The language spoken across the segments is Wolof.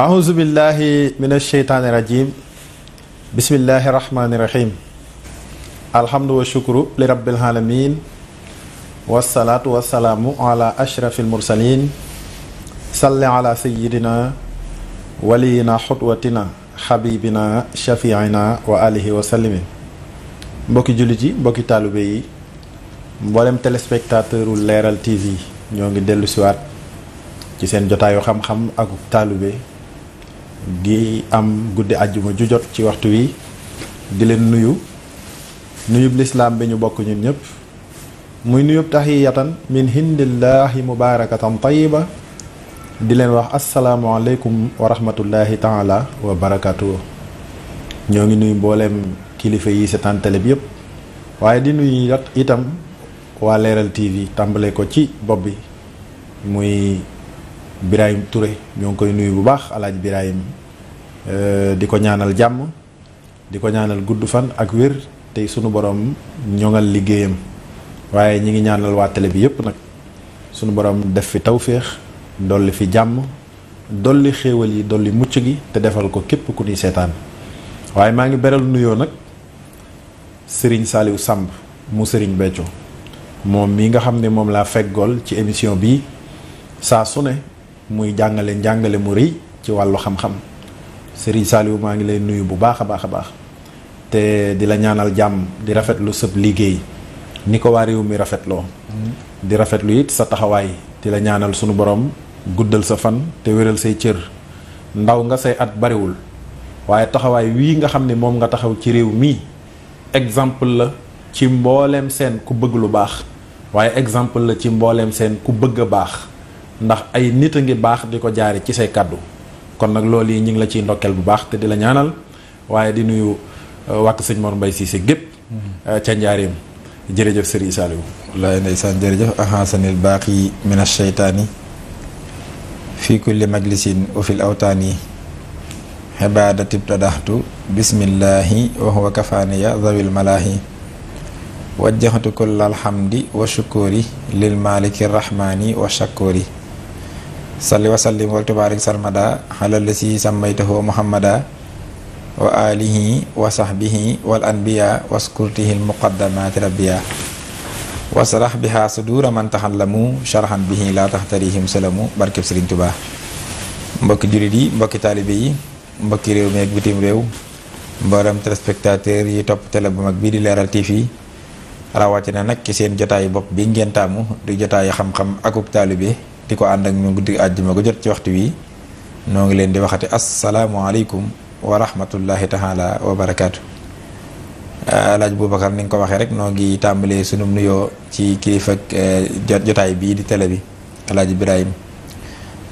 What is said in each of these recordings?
أعوذ بالله من الشيطان الرجيم بسم الله الرحمن الرحيم الحمد والشكر لرب العالمين والصلاة والسلام على أشرف المرسلين salli ala sayidina waliyina xutwatina xabibina shafiina wa alihi wa sallimi mbokki jullit yi mbokki taalibe yi mboolem téléspectateur u leeral tv ñoo ngi dellu siwaat ci seen jotaayu xam-xam ak taalibe gi am guddi àjjuma ju jot ci waxtu wi di leen nuyu nuyub lislaam bi ñu bokk ñun ñëpp muy nuyub taxiyatan min hindillahi mubaarakatan tayiba di leen wax asalaamaaleykum wa rahmatullahi taala wa barakaatu. ñoo ngi nuyu mbooleem kilifa yi seetaan télé bi yëpp waaye di nuy nuyu itam waa Leeral TV tàmbale ko ci bopp bi muy Birahim Touré ñoo ngi koy nuyu bu baax alaaj Birahim euh, di ko ñaanal jàmm di ko ñaanal gudd fan ak wér tey sunu borom ñoŋal liggéeyam waaye ñi ngi ñaanal waa tele bi yëpp nag sunu borom def fi tawféex. dolli fi jàmm dolli xéewal yi dolli mucc gi te defal ko képp ku ni seetaan waaye maa ngi beral nuyoo nag sëriñ Saliou Samb mu sëriñ Béthio moom mi nga xam ne moom laa feggool ci émission bi saa su ne muy jàngale njàngale mu rëy ci wàllu xam-xam Serigne Saliou maa ngi lay nuyu bu baax a baax a baax te di la ñaanal jàmm di rafetlu sëb liggéey ni ko waa réew mi rafetloo mm-hmm. di rafetlu it sa taxawaay di la ñaanal sunu boroom guddal sa fan te wéral say cër ndaw nga say at bariwul waaye taxawaay wii nga xam ne moom nga taxaw ci réew mii exemple la ci mbooleem seen ku bëgg lu baax waaye exemple la ci mbooleem seen ku bëgg a baax ndax ay nit a ngi baax di ko jaare ci say kàddu kon nag lool yi ñu ngi la ciy ndokkeel bu baax te di la ñaanal waaye di nuyu uh, wàkk sëñ Mor si Cissé gépp mm-hmm. uh, ca njaareem jërëjëf Serigne Saliou. wallaahi ndeysaan jërëjëf ahansanil baaqi mina sheytaani fi kulli majlisin wa fil awtaani xibaadati btadaxtu bismillahi wa huwa kafaaniya zawil malaahi wajjaxtu kulla alhamdi wa shukuri lil maliki rahmani wa shakuri salli wa sallim wal tubaarik sarmada xalal si sammaytahu muhammada wa alihi wa sahbihi wal anbiya waskurtihi almuqaddamati rabbiya wasarax biha sudura man taxallamu sharhan bihi laa tax taxtarihim salamu barkeb Sëriñ Tuubaa mbokki jullit yi mbokki taalibe yi mbokki réew mi ak bitim réew mboolem téléspectateur yi topp télé bu mag bii di leeral TV rawatina nag ci seen jotaayu bopp bi ngeen taamu di jotaayu xam-xam akuk taalibe di ko ànd ak ñu guddi àjjuma ko jot ci waxtu wi noo ngi leen di waxati asalaamualeykum wa rahmatullahi taala wa barakaatu. Euh, laaj Boubacar ni nga ko waxee rek noo ngi tàmbalee sunu nuyoo ci kilifa ak euh, jotaay bii di télé bi laaj Ibrahima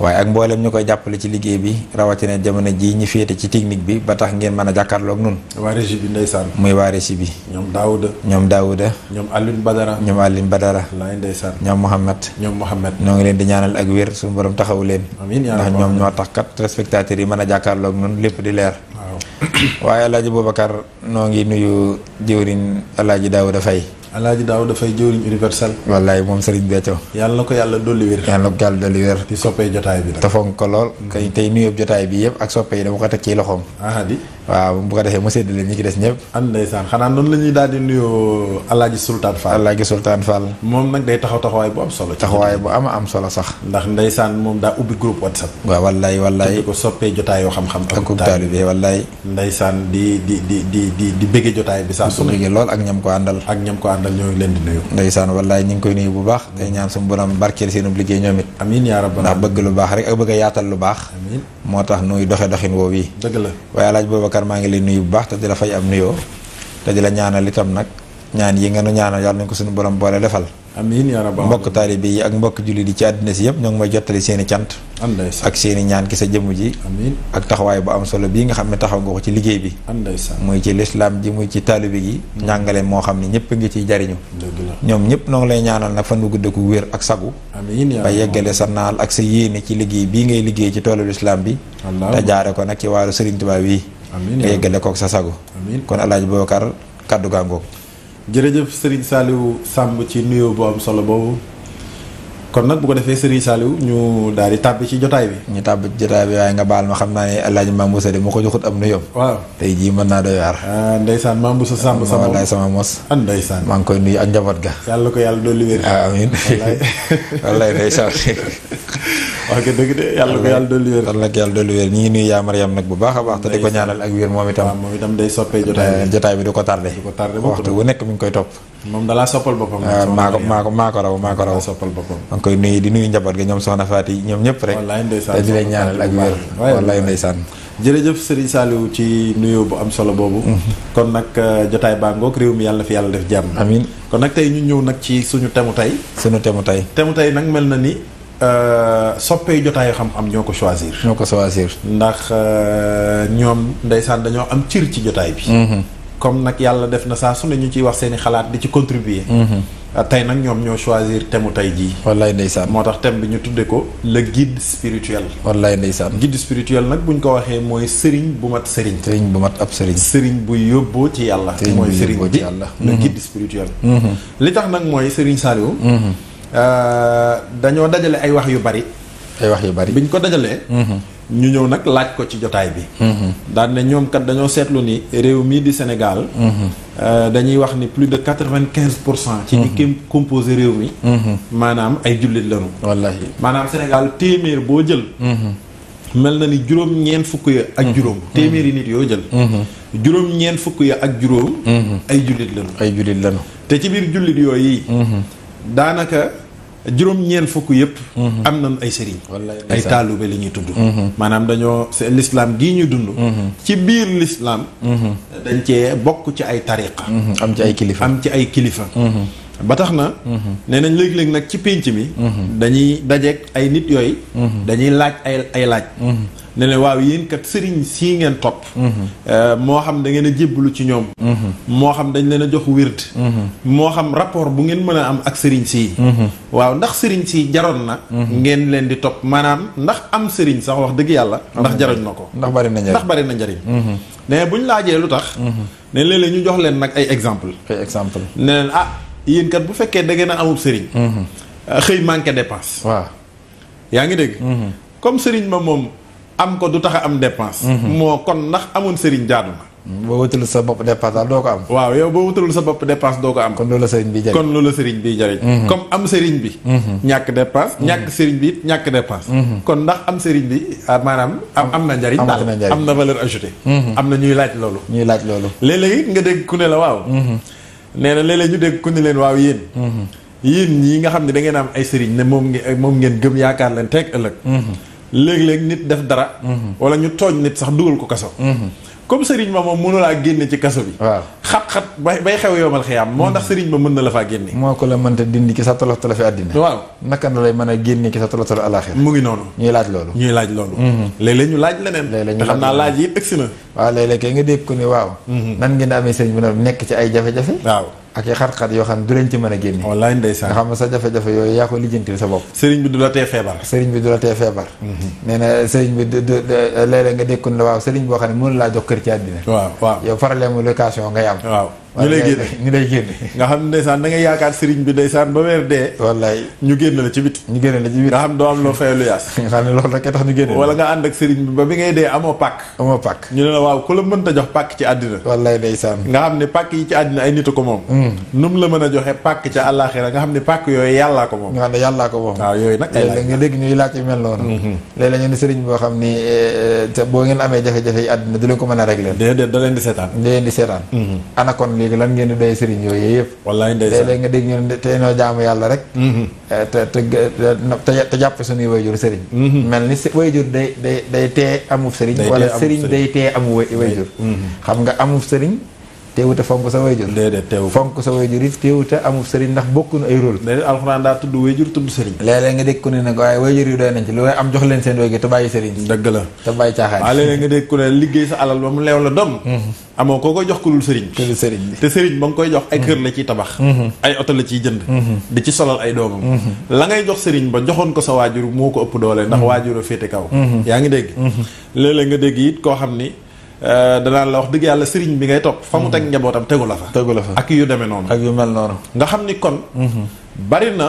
waaye ak mboolem ñu koy jàppale ci liggéey bi rawatina jamono jii ñi féete ci technique bi ba tax ngeen mën a jàkkaarloog nun waa régie bi muy waa régie bi ñoom Daouda ñoom Daouda ñoom Alioune Badara ñoom Alioune Badara laay ndeysaan ñoom Mohamed ñoom Mohamed ñoo ngi leen di ñaanal ak wér su borom taxawu leen amiin ndax ñoom ñoo tax kat téléspectateurs yi mën a jàkkaarloog nun lépp di leer waaye alaaji Boubacar noo ngi nuyu jëwriñ alaaji Daouda Faye alaaji Daouda Faye jëwriñ universel wallaay moom Serigne Béthio yàlla na ko yàlla dolli wér yàlla na ko yàlla dolli wér di soppee jotaay bi nag te ko lool kay tey nuyoo jotaay bi yëpp ak soppe yi dama ko teg ciy loxoom waaw bu ko defee mu séddale ñi ci des ñëpp. am ndeysaan xanaa noonu la ñuy daal di nuyoo Sultaan Fall. Alaaji Sultaan Fall. moom nag day taxaw taxawaay bu am solo. taxawaay bu ama am solo sax. ndax ndeysaan moom daa ubbi groupe WhatsApp. waaw wallaay wallaay te ko soppee jotaayoo xam-xam. ak taalibe wallaay. ndeysaan di di di di di di bëgge jotaay bi saa su ne. bëgge lool ak ñam ko àndal. ak ñam ko àndal ñoo ngi leen di nuyu. ndeysaan wallaay ñu ngi koy nuyu bu baax. day ñaan suñu borom barkeel seenub liggéey ñoom it. amiin yaa rabbal ndax bëgg lu baax rek ak bëgg yaatal lu baax. moo tax nuy doxe doxin woowu yi. dëgg la waaye Alaaji Babacar maa ngi lay nuyu bu baax te di la fay am nuyoo te di ñaanal itam nag ñaan yi nga nu ñaanal yàlla nañ ko suñu borom boole defal. amiin yaa rabbal mbokk taalibe yi ak mbokk jullit yi ci àddina si yëpp ñoo may jottali seen i cant. ak seen i ñaan ki sa jëmm ji. ak taxawaay bu am solo bii nga xam ne taxaw nga ko ci liggéey bi. muy ci lislaam ji muy ci taalibe gi. Mm. njàngale moo xam ne ñëpp ngi ciy jariñu. ñoom ñëpp noo ngi lay ñaanal nag fan wu gudd ku wér ak sagu. amiin ba yeggale sa naal ak sa yéene ci liggéey bii ngay bi. te jaare ko nag ci amiin nga yeggale kook sa sago. amiin kon El Hadj Boubacar kàddu gaa ngoog. jërëjëf Serigne Saliou Samb ci nuyoo bu am solo boobu. kon nag bu ko defee Serigne Saliou ñu daal di tàbbi ci jotaay bi. ñu tàbbi ci jotaay bi waaye nga baal ma xam naa ne El Hadj Mame Moussa de ma ko joxut am nuyoom. waaw tey jii mën naa doy waar. ah ndeysaan Mame Moussa Samb sama wallaay sama mos. ah ndeysaan maa ngi koy nuyu ak njaboot ga. yàlla ko yàlla dolli wér. ah amiin wallaay ndeysaan. wax nga dëgg de yàlla ko yàlla dolli wér. ñu ngi nuyu yaa nag bu baax a baax. te di ko ñaanal ak wér moom itam. waaw ah, moom itam day soppee jotaay bi eh, jotaay bi du ko tardé. waxtu bu nekk mi ngi koy topp moom dalaa soppal boppam. Ah, maa ko maa ko maa ko raw maa ko raw. soppal boppam. maa ngi koy nuyu di nuyu njaboot gi ñoom soxna Faati ñoom ñëpp rek. wallaay ndeysaan te di leen ñaanal ak wér. jërëjëf Serigne Saliou ci nuyoo bu am solo boobu. Mm-hmm. kon nag euh, jotaay bàngoog réew mi yàlla fi yàlla def jàmm. amiin kon nag tey ñu ñëw nag ci suñu temu tey. suñu temu tey. temu tey nag mel na ni. Euh, soppee jotaayu xam-xam ñoo ko choisir. ñoo ko choisir. ndax euh, ñoom ndeysaan dañoo am cir ci jotaay bi. Mm-hmm. comme nag yàlla def na saa su ne ñu ciy wax seen i xalaat di ci contribuer. Mhm. Ah, tey nag ñoom ñoo choisir temu tey jii. wallaay ndeysaan moo tax thème bi ñu tuddee ko. le guide spirituel. wallaay ndeysaan guide spirituel nag buñ ko waxee mooy sëriñ bu mat sëriñ. sëriñ bu mat ab sëriñ. sëriñ bu yóbboo ci yàlla. mooy sëriñ bi le mhm. guide spirituel. Mhm. li tax nag mooy sëriñ Saliou. Ah, dañoo dajale ay wax yu bari. ay wax yu bari biñ ko dajalee. ñu ñëw nag laaj ko ci jotaay bi. Mm-hmm. daan ne ñoom kat dañoo seetlu ni réew mii di Sénégal. Mm-hmm. Euh, dañuy wax ni plus de quatre vingt quinze pour cent. ci ñi mm-hmm. composé réew mi. maanaam ay jullit lañu. wallaahi maanaam Sénégal téeméer boo jël. mel na ni juróom-ñeent fukk ya ak juróom. téeméeri nit yoo jël. juróom-ñeent fukk ya ak juróom. ay jullit lañu. ay jullit lañu. te ci biir jullit yooyu. daanaka. juróom-ñeent fukk yëpp. Mhm. am na nañ ay sëriñ. ay taalube la ñuy tudd. Mhm. maanaam dañoo c'est l'islam gii ñu dund. Mhm. ci biir l'islam. dañ cee bokk ci ay tariqa. am ci ay kilifa ci ay kilifa. ba tax na. ne nañ léeg-léeg nag ci pénc mi. dañuy dajeek ay nit yooy dañuy laaj ay ay laaj. ne leen waaw yéen kat sëriñ sii ngeen topp mhm. moo xam da ngeen a jébbalu ci ñoom mhm. moo xam dañ leen a jox wird mhm. moo xam rapport bu ngeen mën a am ak sëriñ sii waaw ndax sëriñ sii jaroon na ngeen leen di topp maanaam ndax am sëriñ sax wax dëgg yàlla ndax jaroñ na ko ndax bari na njariñ ndax bari na njariñ ne buñ laajee lu tax ne léeg-léeg ñu jox leen nag ay exemple ay exemple ne leen ah yéen kat bu fekkee da ngeen a amub sëriñ xëy manqué dépense yaa ngi dégg comme sëriñ ma moom am ko du tax am dépense. Mhm. moo kon ndax amoon sëriñ jaadu na. Mhm. boo wutalul sa bopp dépense daal doo ko am. waaw yow boo wutalul sa bopp dépense doo ko am. kon loolu la sëriñ bi jariñ kon loolu la sëriñ bi jariñ. Mhm. comme am sëriñ bi. ñàkk dépense. ñàkk sëriñ bi it ñàkk dépense. kon ndax am sëriñ bi ah, maanaam. am am na njariñ daal am na valeur ajoutée. am na ñuy laaj loolu. ñuy laaj loolu. léeg-léeg it nga dégg ku ne la waaw. nee na léeg-léeg ñu dégg ku ne leen waaw yéen. yéen ñii nga xam ne da ngeen am ay sëriñ ne moom ngeen moom ngeen gëm yaakaar leen teg léeg-léeg nit def dara. Mhm. wala ñu tooñ nit sax dugal ko kaso. Mhm. comme sëriñ ba moom mënu laa génne ci kaso bi. waaw xat-xat ba bay xew yomal xiyaam. moo ndax mhm. sëriñ ba mën na la faa génne. moo ko la mënta dindi ci sa tolof tolofi àddina. waaw naka na lay mën a génne ci sa tolof tolof alaaxir. mu ngi noonu ñuy laaj loolu. ñuy laaj loolu. léeg-léeg ñu laaj leneen. léeg-léeg xam naa laaj yi ëgsi na. waaw léeg kay nga dégg ko ni waaw. nan ngeen di amee sëriñ bi nekk ci ay jafe-jafe. ak i xat-xat yoo xam ne du leen ci mën a génne wallaay ndeysaan nga xam sa jafe-jafe yooyu yaa ko lijjantil sa bopp sëriñ bi du la tee feebar sëriñ bi du la tee feebar mhm. nee na sëriñ bi du léeg-léeg nga dékkun la waaw sëriñ boo xam ne mënu laa jox kër ci àddina waaw waaw yow farale location ngay am waaw ñu lay génne ñu lay génne nga xam ne ndeysaan da ngay yaakaar sëriñ bi ndeysaan ba weer dee wallaay ñu génn la ci biti ñu génn la ci biti nga xam doo am loo fay lu yaas nga xam ne loolu rek tax ñu génne wala nga ànd ak sëriñ la mën a jox pàkk ci àddina nga xam ne pàkk yi ci ko moom mm. nu mu la mën a joxe pàkk ca àllaaxira nga xam ne pàkk yooyu yàllaa ko moom nga xam ne yàllaa ko moom waaw yooyu nag nga dégg ñuy laaj yu mel noonu mm-hmm. léeg-léeg ñu sëriñ boo xam ni eh, eh, boo ngeen amee jafe-jafe yi àddina ko mën a régler déedéet da leen di seetaan mm-hmm. léegi lan ngeen di doy sëriñ yooyu yëpp. wallaay ndeysaan léeg-léeg nga dégg ñu ne tey noo jaamu yàlla rek. Mm-hmm. Eh, te te te jàpp suñuy wayjur sëriñ. Mm-hmm. mel ni wayjur day day day tee amuf sëriñ. wala sëriñ day tee amu wayjur. Mm-hmm. xam nga amuf sëriñ. teewut a fonk sa wayjur déedéet teewu fonk sa wayjur it teewut a amul sëriñ ndax bokkuñu ay rôle déedéet alxuraan daa tudd wayjur tudd sëriñ léeg leen nga dégg ku ne liggéey sa alal ba mu leew la doom mm-hmm. amoo koo koy jox ku dul sëriñ bi te sëriñ ba nga koy jox ay kër mm-hmm. la ciy tabax mm-hmm. ay oto la ciy jënd di ci solal ay doomam la ngay jox sëriñ ba joxoon ko sa waajur moo ko ëpp doole ndax waajur a féete kaw yaa ngi dégg léeg nga dégg it koo xam ni Euh, danaan la wax dëgg yàlla sëriñ bi ngay topp fa mu mhm. teg njabootam tegu la fa tegu la fa ak yu demee noonu ak yu mel noonu nga xam ni kon mhm. bari na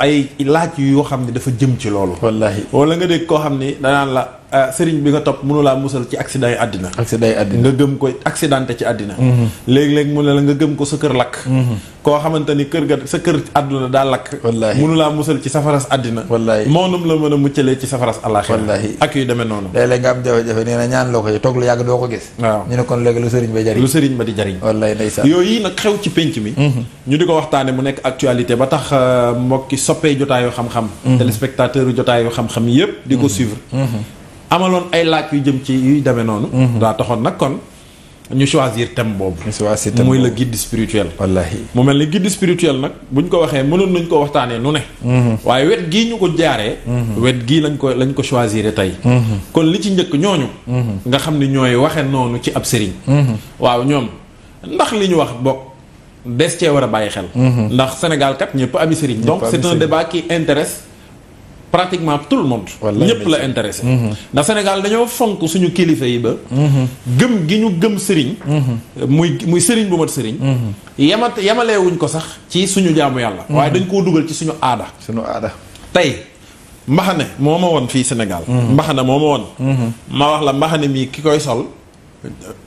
ay laaj yoo xam ne dafa jëm ci loolu wallaahi wala nga dégg koo xam ni danaan la Euh, sëriñ bi nga topp mënu laa musal ci accident yi àddina accident yi ko accidenté ci àddina mm-hmm. léeg-léeg mu ne la nga gëm ko sa kër lakk mm-hmm. koo xamante ni kër ga sa kër àdduna daa lakk wallaahi mënu laa musal ci safaras àddina wallaahi moonum la mën a muccalee ci safaras àllaaxira wallaahi ak yu demee noonu léeg-léeg nga am jafe-jafe nee ñaan loo ko ci lu yàgg doo ko gis waaw ñu ne kon léegi lu sëriñ ba jariñ lu sëriñ ba di jariñ wallaahi yooyu nag xew ci pénc mi mm-hmm. ñu di ko waxtaane mu nekk actualité ba tax euh, mbokki soppee jotaayu xam-xam téléspectateur jotaayu xam-xam yépp di ko suivre amaloon ay laaj yu jëm ci yuy demee noonu. Mhm. daa taxoon nag kon ñu choisir thème boobu. muy la guide spirituel. wallaahi mu mel ni guide spirituel nag buñ ko waxee mënoon nañ ko waxtaanee nu ne. Mhm. waaye wet gii ñu ko jaaree. Mhm. wet gii lañ ko lañ ko choisir tey. kon li ci njëkk ñooñu. nga xam ne ñooy waxe noonu ci ab sëriñ. waaw ñoom ndax li ñu wax bokk. des cee war a bàyyi xel. ndax senegal kat ñëpp ami sëriñ. donc c'est un débat qui intéresse pratiquement tout le monde. ñëpp la intéressé. ndax Sénégal dañoo fonk suñu kilifa yi ba. Mhm. gëm gi ñu gëm sëriñ. Mhm. muy muy sëriñ bu mat sëriñ. Mhm. yamat yamaleewuñ ko sax ci suñu jaamu yàlla. waaye dañ koo dugal ci suñu aada. suñu aada tey mbaxane moo ma woon fii Sénégal. mbaxane moo ma woon. ma wax la mbaxane mii ki koy sol.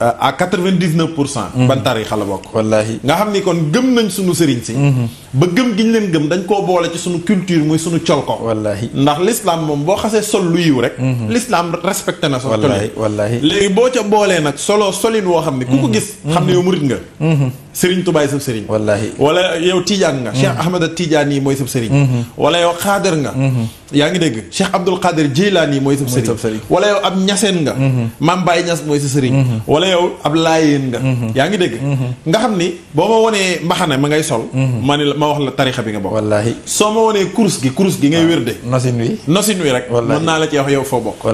Euh, à quatre-vingt-dix-neuf pour cent. Mhm. ban tariixa la bokk. wallaahi nga xam ni kon gëm nañ sunu sëriñ si. Mhm. ba gëm gi ñu leen gëm dañ koo boole ci sunu culture muy sunu col ko. wallaahi ndax l'islam moom boo xasee sol lu yiw rek. Mhm. l'islam respecté na. wallaahi wallaahi léegi boo ca boolee nag solo solin woo xam ni. ku ko gis xam ne yow murit nga. sëriñ tubaay sab sëriñ wallaahi wala yow tiijaan nga cheikh mm-hmm. ahmad a tiijaan yi mooy sab sëriñ mm-hmm. wala yow xaadir nga mm-hmm. yaa ngi dégg cheikh abdul xaadir jeylaan yi mooy sab sëriñ wala yow ab ñaseen nga maam baay ñas mooy sa sëriñ wala yow ab laayeen nga yaa ngi dégg nga xam ni boo ma wonee mbaxana ma ngay sol ma ne ma wax la tarixa bi nga bokk soo ma wonee kurus gi kurus gi ngay wér de nosin wi nosin wi rek mën naa la ci wax yow foo bokk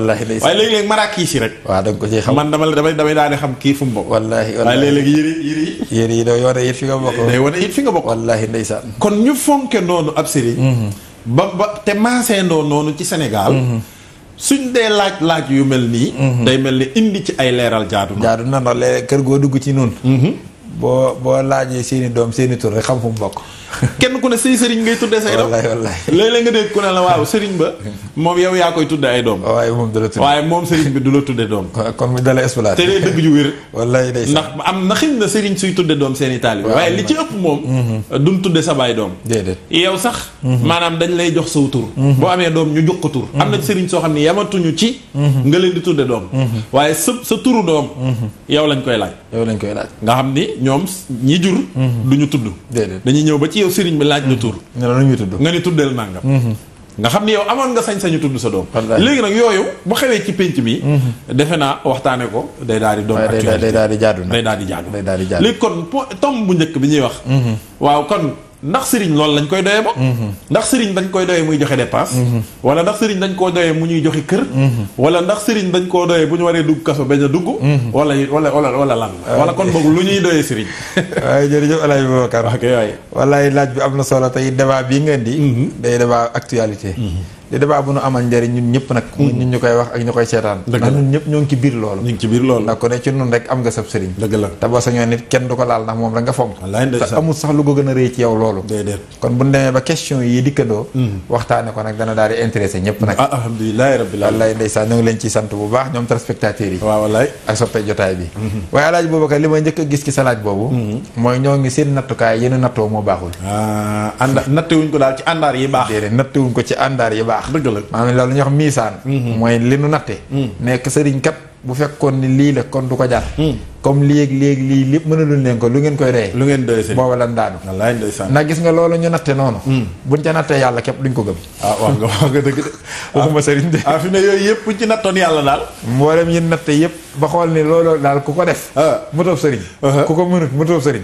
waaye léegi-léegi day a it fi nga bokk. day wane it fi nga bokk. wallaahi ndeysaan. kon ñu fonke noonu ab sëriñ. Mhm. ba ba te maaseendoo noonu ci Sénégal. Mhm. suñ dee laaj laaj yu mel nii. Mhm. day mel ni indi ci ay leeral jaadu na. jaadu na ndax léeg kër goo dugg ci noonu. boo boo laajee seeni doom seeni tur rek xam fu mu bokk. kenn ku ne say sëriñ ngay tuddee say doom léeg-léeg nga dégg ku ne la waaw sëriñ ba moom yow yaa koy tudde ay doom waaye moom du la tudde doom kon i taalibe li ci ëpp moom mhm. duñ tudde sa baay doom déedéet yow sax mhm. maanaam dañ lay jox saw tur mhm. boo amee doom ñu jox ko tur am na sëriñ soo xam ne yamatuñu ci nga leen di tudde doom waaye sa sa turu doom yow lañ koy laaj yow lañ koy laaj nga xam ni ñoom ñi jur duñu tudd dañuy ñëw ba ci fekk yow sëriñ bi laaj na tur. nga ne tudd nga nangam. Mm-hmm. nga xam ni yow amoon nga sañ-sañu tudd sa doom. léegi nag yooyu bu xewee ci pénc mi. Mm-hmm. defe naa waxtaane ko day daal di doon. actualité day daal di jaadu day daal di jaadu. léegi kon tomb bu njëkk bi ñuy wax. Mm-hmm. waaw kon. ndax sëriñ loolu lañ koy doyee ba mhm. ndax sëriñ dañ koy doyee muy joxe dépense mhm. wala ndax sëriñ dañ koo doyee mu ñuy joxe kër mhm. wala ndax sëriñ dañ koo doyee bu ñu waree dugg kaso bañ a dugg wala wala wala wala lan wala kon boog lu ñuy doyee sëriñ waaye jërëjëf El Hadj Boubacar wallaay laaj bi am na solo tey débat bi ngeen di day débat actualité di débat bu nu amal njariñ ñun ñëpp nag hmm. ñun ñu koy wax ak ñu koy seetaan ndax ñun ñëpp ñoo ngi biir loolu ndax ku ne ci nun rek am nga sab sëriñ dëgg la nit kenn du ko laal ndax moom da nga fonk ko a hmm. nag dana daal di intéressé nag ah, alhamdulilah rabbil alamin wallaay ndeysaan leen ci sant bu baax ñoom téléspectateurs yi ak soppe jotaay bi hmm. waaye alaaj Boubacar li ma njëkk a gis ci salaaj boobu mooy ñoo ngi seen nattukaay yéen nattoo moo baaxul ah, nattewuñ ko daal ci àndaar baax dëgg la maanaam loolu ñuy wax miisaan mhm. mooy li nu natte mhm. nekk sëriñ kat bu fekkoon ni lii la kon du ko jar mhm. comme léeg léeg lii lépp mënalul leen ko lu ngeen koy doyee lu ngeen doyee seen booba la daanu wallaay nag gis nga loolu ñu natte noonu buñ ca nattee yàlla képp duñ ko gëm ah wax nga wax nga dëgg de waxuma sëriñ de ah, ah fi ne yooyu yëpp buñ ci nattoon yàlla daal mboolem yi natte yëpp ba xool ni loolu daal ku ko def ah. mu toob sëriñ uh-huh. ku ko mënut mu toob sëriñ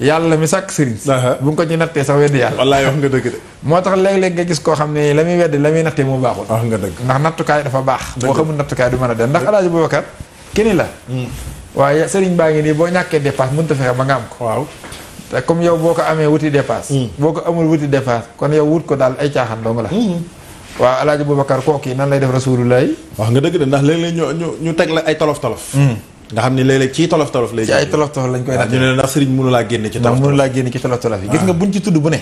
yàlla mi sàkk sëriñ bu nga ko ci nattee sax weddi yàlla wallaay wax nga dëgg de moo tax léeg-léeg nga gis koo xam ne la muy weddi la muy nattee moo baaxul wax nga dëgg ndax nattukaay dafa baax boo xamul nattukaay du mën a dem ndax alaaji Boubacar kini la hmm. baa ngi nii boo ñàkkee dépasse mënut a fexe ba am ko waaw te yow boo ko amee wuti dépasse hmm. boo ko amul wuti dépasse kon yow wut ko daal ay caaxaan dong la hmm. waaw alaaji Boubacar kooku nan lay def rasulullah wax nga dëgg de ndax léeg-léeg ñu ñu teg la ay tolof tolof nga xam ni léeg-léeg ci tolof tolof lay ci ay lañ koy def ñu ne ndax sëriñ mënu laa génne ci tolof tolof yi gis nga buñ ci tudd bu ne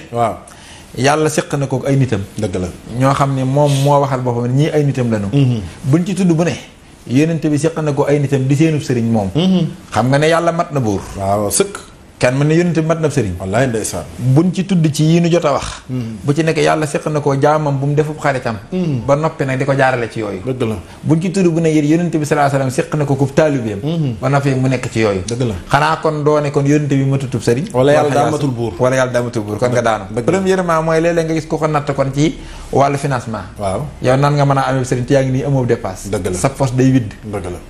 yàlla seq na ko ay nitam dëgg la ñoo xam ne moom moo waxal boppam ne ñii ay nitam lañu mm-hmm. buñ ci tudd bu ne yonent bi seq na ko ay nitam di seenub sëriñ moom mm-hmm. xam nga ne yàlla mat na buur waaw sëkk kenn mën hmm. hmm. ne yonent bi a xanaa kon doone kon yonent bi matutub sëriñ wala nga daanu premièrement mooy léeg nga gis ku ko natt kon ci wàllu financement waaw nan nga mën a amee sëriñ te yaa ngi nii amoo dépasse dëgg sa poche day widd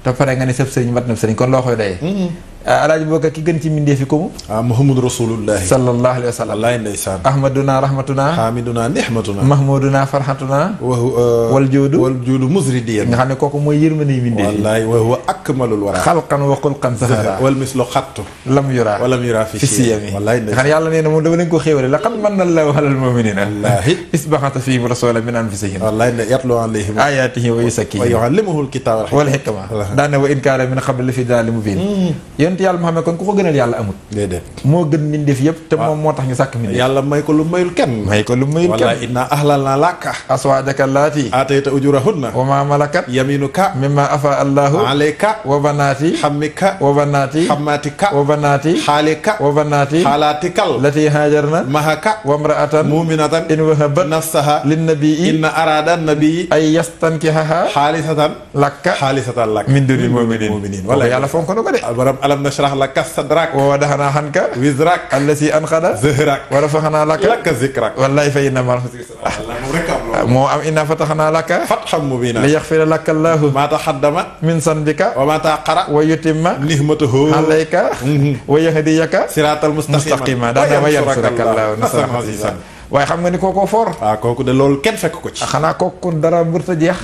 dëgg nga ne sab sëriñ mat na sëriñ kon loo koy doyee hmm. Ah, alaaji Boubacar ki gën ci mbindee fi ko mu ah Muhammadu Rasulullahi sallallahu alayhi wa sallam wallaay ndeysaan ahmaduna rahmatuna hamiduna nihmatuna mahmuduna farhatuna wa uh, wal joodu wal joodu musridiyan nga xam ne kooku mooy yërmande mbindee wallaay wa huwa akmalul wara xalqan wa xulqan sahara wal mislu xattu lam yura wa lam yura fi siyami wallaay ndeysaan xam yàlla nee na moom dama leen ko xéewale laqad manna allahu alal muminina wallahi isbaxata fihim rasula min anfusihim wallaay ne yatlu alayhim ayatihi wa yusakkihim wa yuallimuhul kitaba wal hikma daane wa in kaana min qabl fi daali mubin mm. yonent yàlla Muhammad kon ku ko gënal yàlla amut déedéet moo gën mbindeef yëpp te ah. moom moo tax ñu sàkk mbindeef yàlla may ko lu mayul kenn may ko lu mayul kenn wala inna ahlalna laka aswaajaka laati aatayta ujurahunna wa ma malakat yaminuka mimma afa allahu alayka wa banaati xammika wa banaati xammaatika wa banaati xaalika wa banaati xaalaatikal lati haajarna mahaka wa mraatan muminatan in wahabat nafsaha linnabii inna arada nabii ay yastankihaha xaalisatan lakka xaalisatan lakk min dunil muminin de alam nashrah laka sadrak wa wadaxanaa xanka wisrak allasi anqada zëhrak wa rafaxanaa laka laka zikrak wallaay fa inna mal moo am inna fataxanaa laka fatxan mubina li yaxfira laka allahu maa taxaddama min sanbika wa maa taqara wa yutimma nihmatahu alayka wa yahdiyaka siraatal mustaqima daana wa yansuraka allahu nasran azizan waaye xam nga ni kookoo foor ah kooku de loolu kenn fekk ko a xanaa kooku dara mbër ta jeex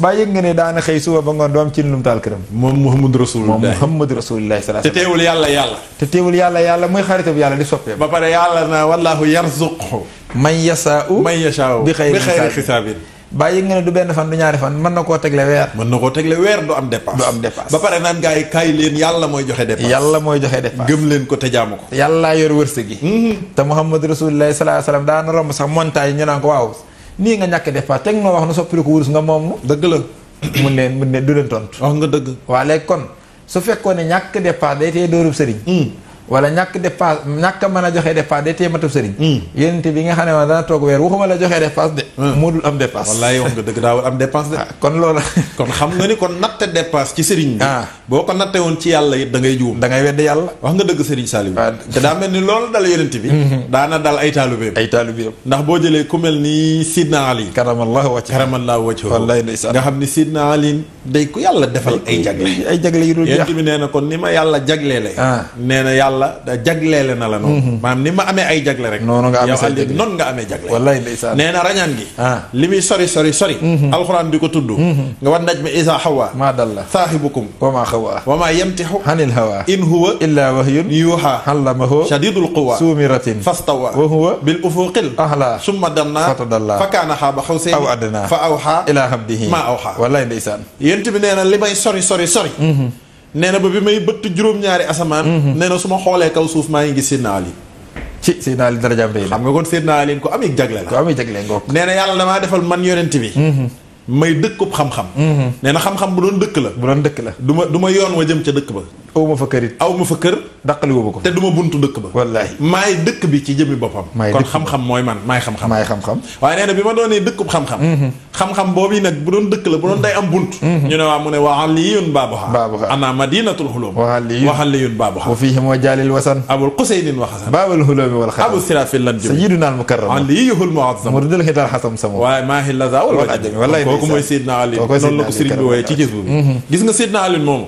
ba baa yëg nga ne daana xëy suba ba ngoon doom ci lum taal këram moom Muhammad Rasulullah moom Muhammad Rasulullah te teewul yàlla yàlla te teewul yàlla yàlla muy xaritab yàlla di soppee ba pare yàlla na wallahu yarzuqu man yasaau man yasaau bi xayri xisaabin bàyyi nga ne du benn fan du ñaari fan mën na koo tegle weer. mën na koo tegle weer du am dépense. du am dépense ba pare naan gars yi leen yàlla mooy joxe dépense. yàlla mooy joxe dépense gëm leen ko te jaamu ko. yàllaa yor wërsëg gi. Mm-hmm. te Muhammad Rasulullah sallallahu alayhi wasallam daan romb sax ko waaw nii nga ñàkk dépense teg noo wax nu soppali ko wurus nga moom. dëgg la mun ne mun ne du leen tontu. wax nga dëgg. waa léegi kon su fekkoon ne ñàkk dépense day tee dóorub sëriñ mm. wala ñàkk dépasse ñàkk a mën a joxe dépasse de téye matub sëriñ hmm. yénente bi nga xam ne ma dana toog weer waxuma la joxee dépasse de hmm. moo dul am dépasse wallaay wax nga dëgg daa war am dépasse de ah, kon loola kon xam nga ni kon natte dépasse ci sëriñ bi ah. boo ko natte woon ci yàlla it da ngay juum da ngay wedd yàlla wax nga dëgg sëriñ Saliou ah. te daa mel ni loolu dal yénente bi hmm. daana dal ay taalubeem ay taalubeem ndax boo jëlee ku mel ni Sidna Ali karamallahu wajhahu karamallahu wajhahu wallaay ndeysaan nga xam ni Sidna Ali day ku yàlla defal ay jagle ay jagle yu dul jeex yénente bi nee na kon ni ma yàlla jaglee yàlla jagleele na la noonu maanaam mhm. ni ma amee ay jagle rek noonu nga amee sa jagle noonu nga amee jagle wallaay ndeysaan nee na rañaan gi ah. li muy sori sori sori mhm. alxuraan di ko tudd mhm. nga war naj mi isa hawa maa dalla saahibukum wa maa xawa wa maa yamtixu anil in huwa illaa wahyun yuuhaa allamahu shadidul quwa suumiratin fastawa wa huwa bil ufuqil ahla fa kaana xaaba fa awxaa ilaa abdihi maa awxaa wallaay ndeysaan yent bi nee na nee na ba bi may bëtt juróom-ñaari asamaan. Mhm. neena su ma xoolee kaw suuf maa ngi gis Seydina Ali. ci Seydina Ali darajaam rëy xam nga kon Seydina Ali ko amee jagle la. ko amee jagle ngoog. nee na yàlla damaa defal man yonent bi. Mhm. may dëkkub xam-xam. Mhm. nee na xam-xam bu doon dëkk la. bu doon dëkk la du ma du ma yoon wa jëm ca dëkk ba. aw ma fa kër it aw ma fa kër daqali wu ma ko te du ma buntu dëkk ba wallaahi maay dëkk bi ci jëmmi boppam kon xam-xam mooy man maay xam-xam maay xam-xam waaye nee na bi ma doonee dëkkub xam-xam mm-hmm. xam-xam boobu nag bu doon dëkk la bu doon day am bunt mm-hmm. ñu ne waa mu ne wa aliyun baabuha baabuha ana madinatul xulum wa aliyun baabuha wa fihi wa jaalil wasan abul qusaynin wa xasan baabul xulumi wal xasan abu sirafil lan sayyiduna al mukarram aliyul muazzam murdal xital xasam sama waaye maa hi laza wal wajami wallaahi kooku mooy Seydina Ali noonu la ko sëriñ bi wooyee ci jës bu mm-hmm. gis nga Seydina Ali moomu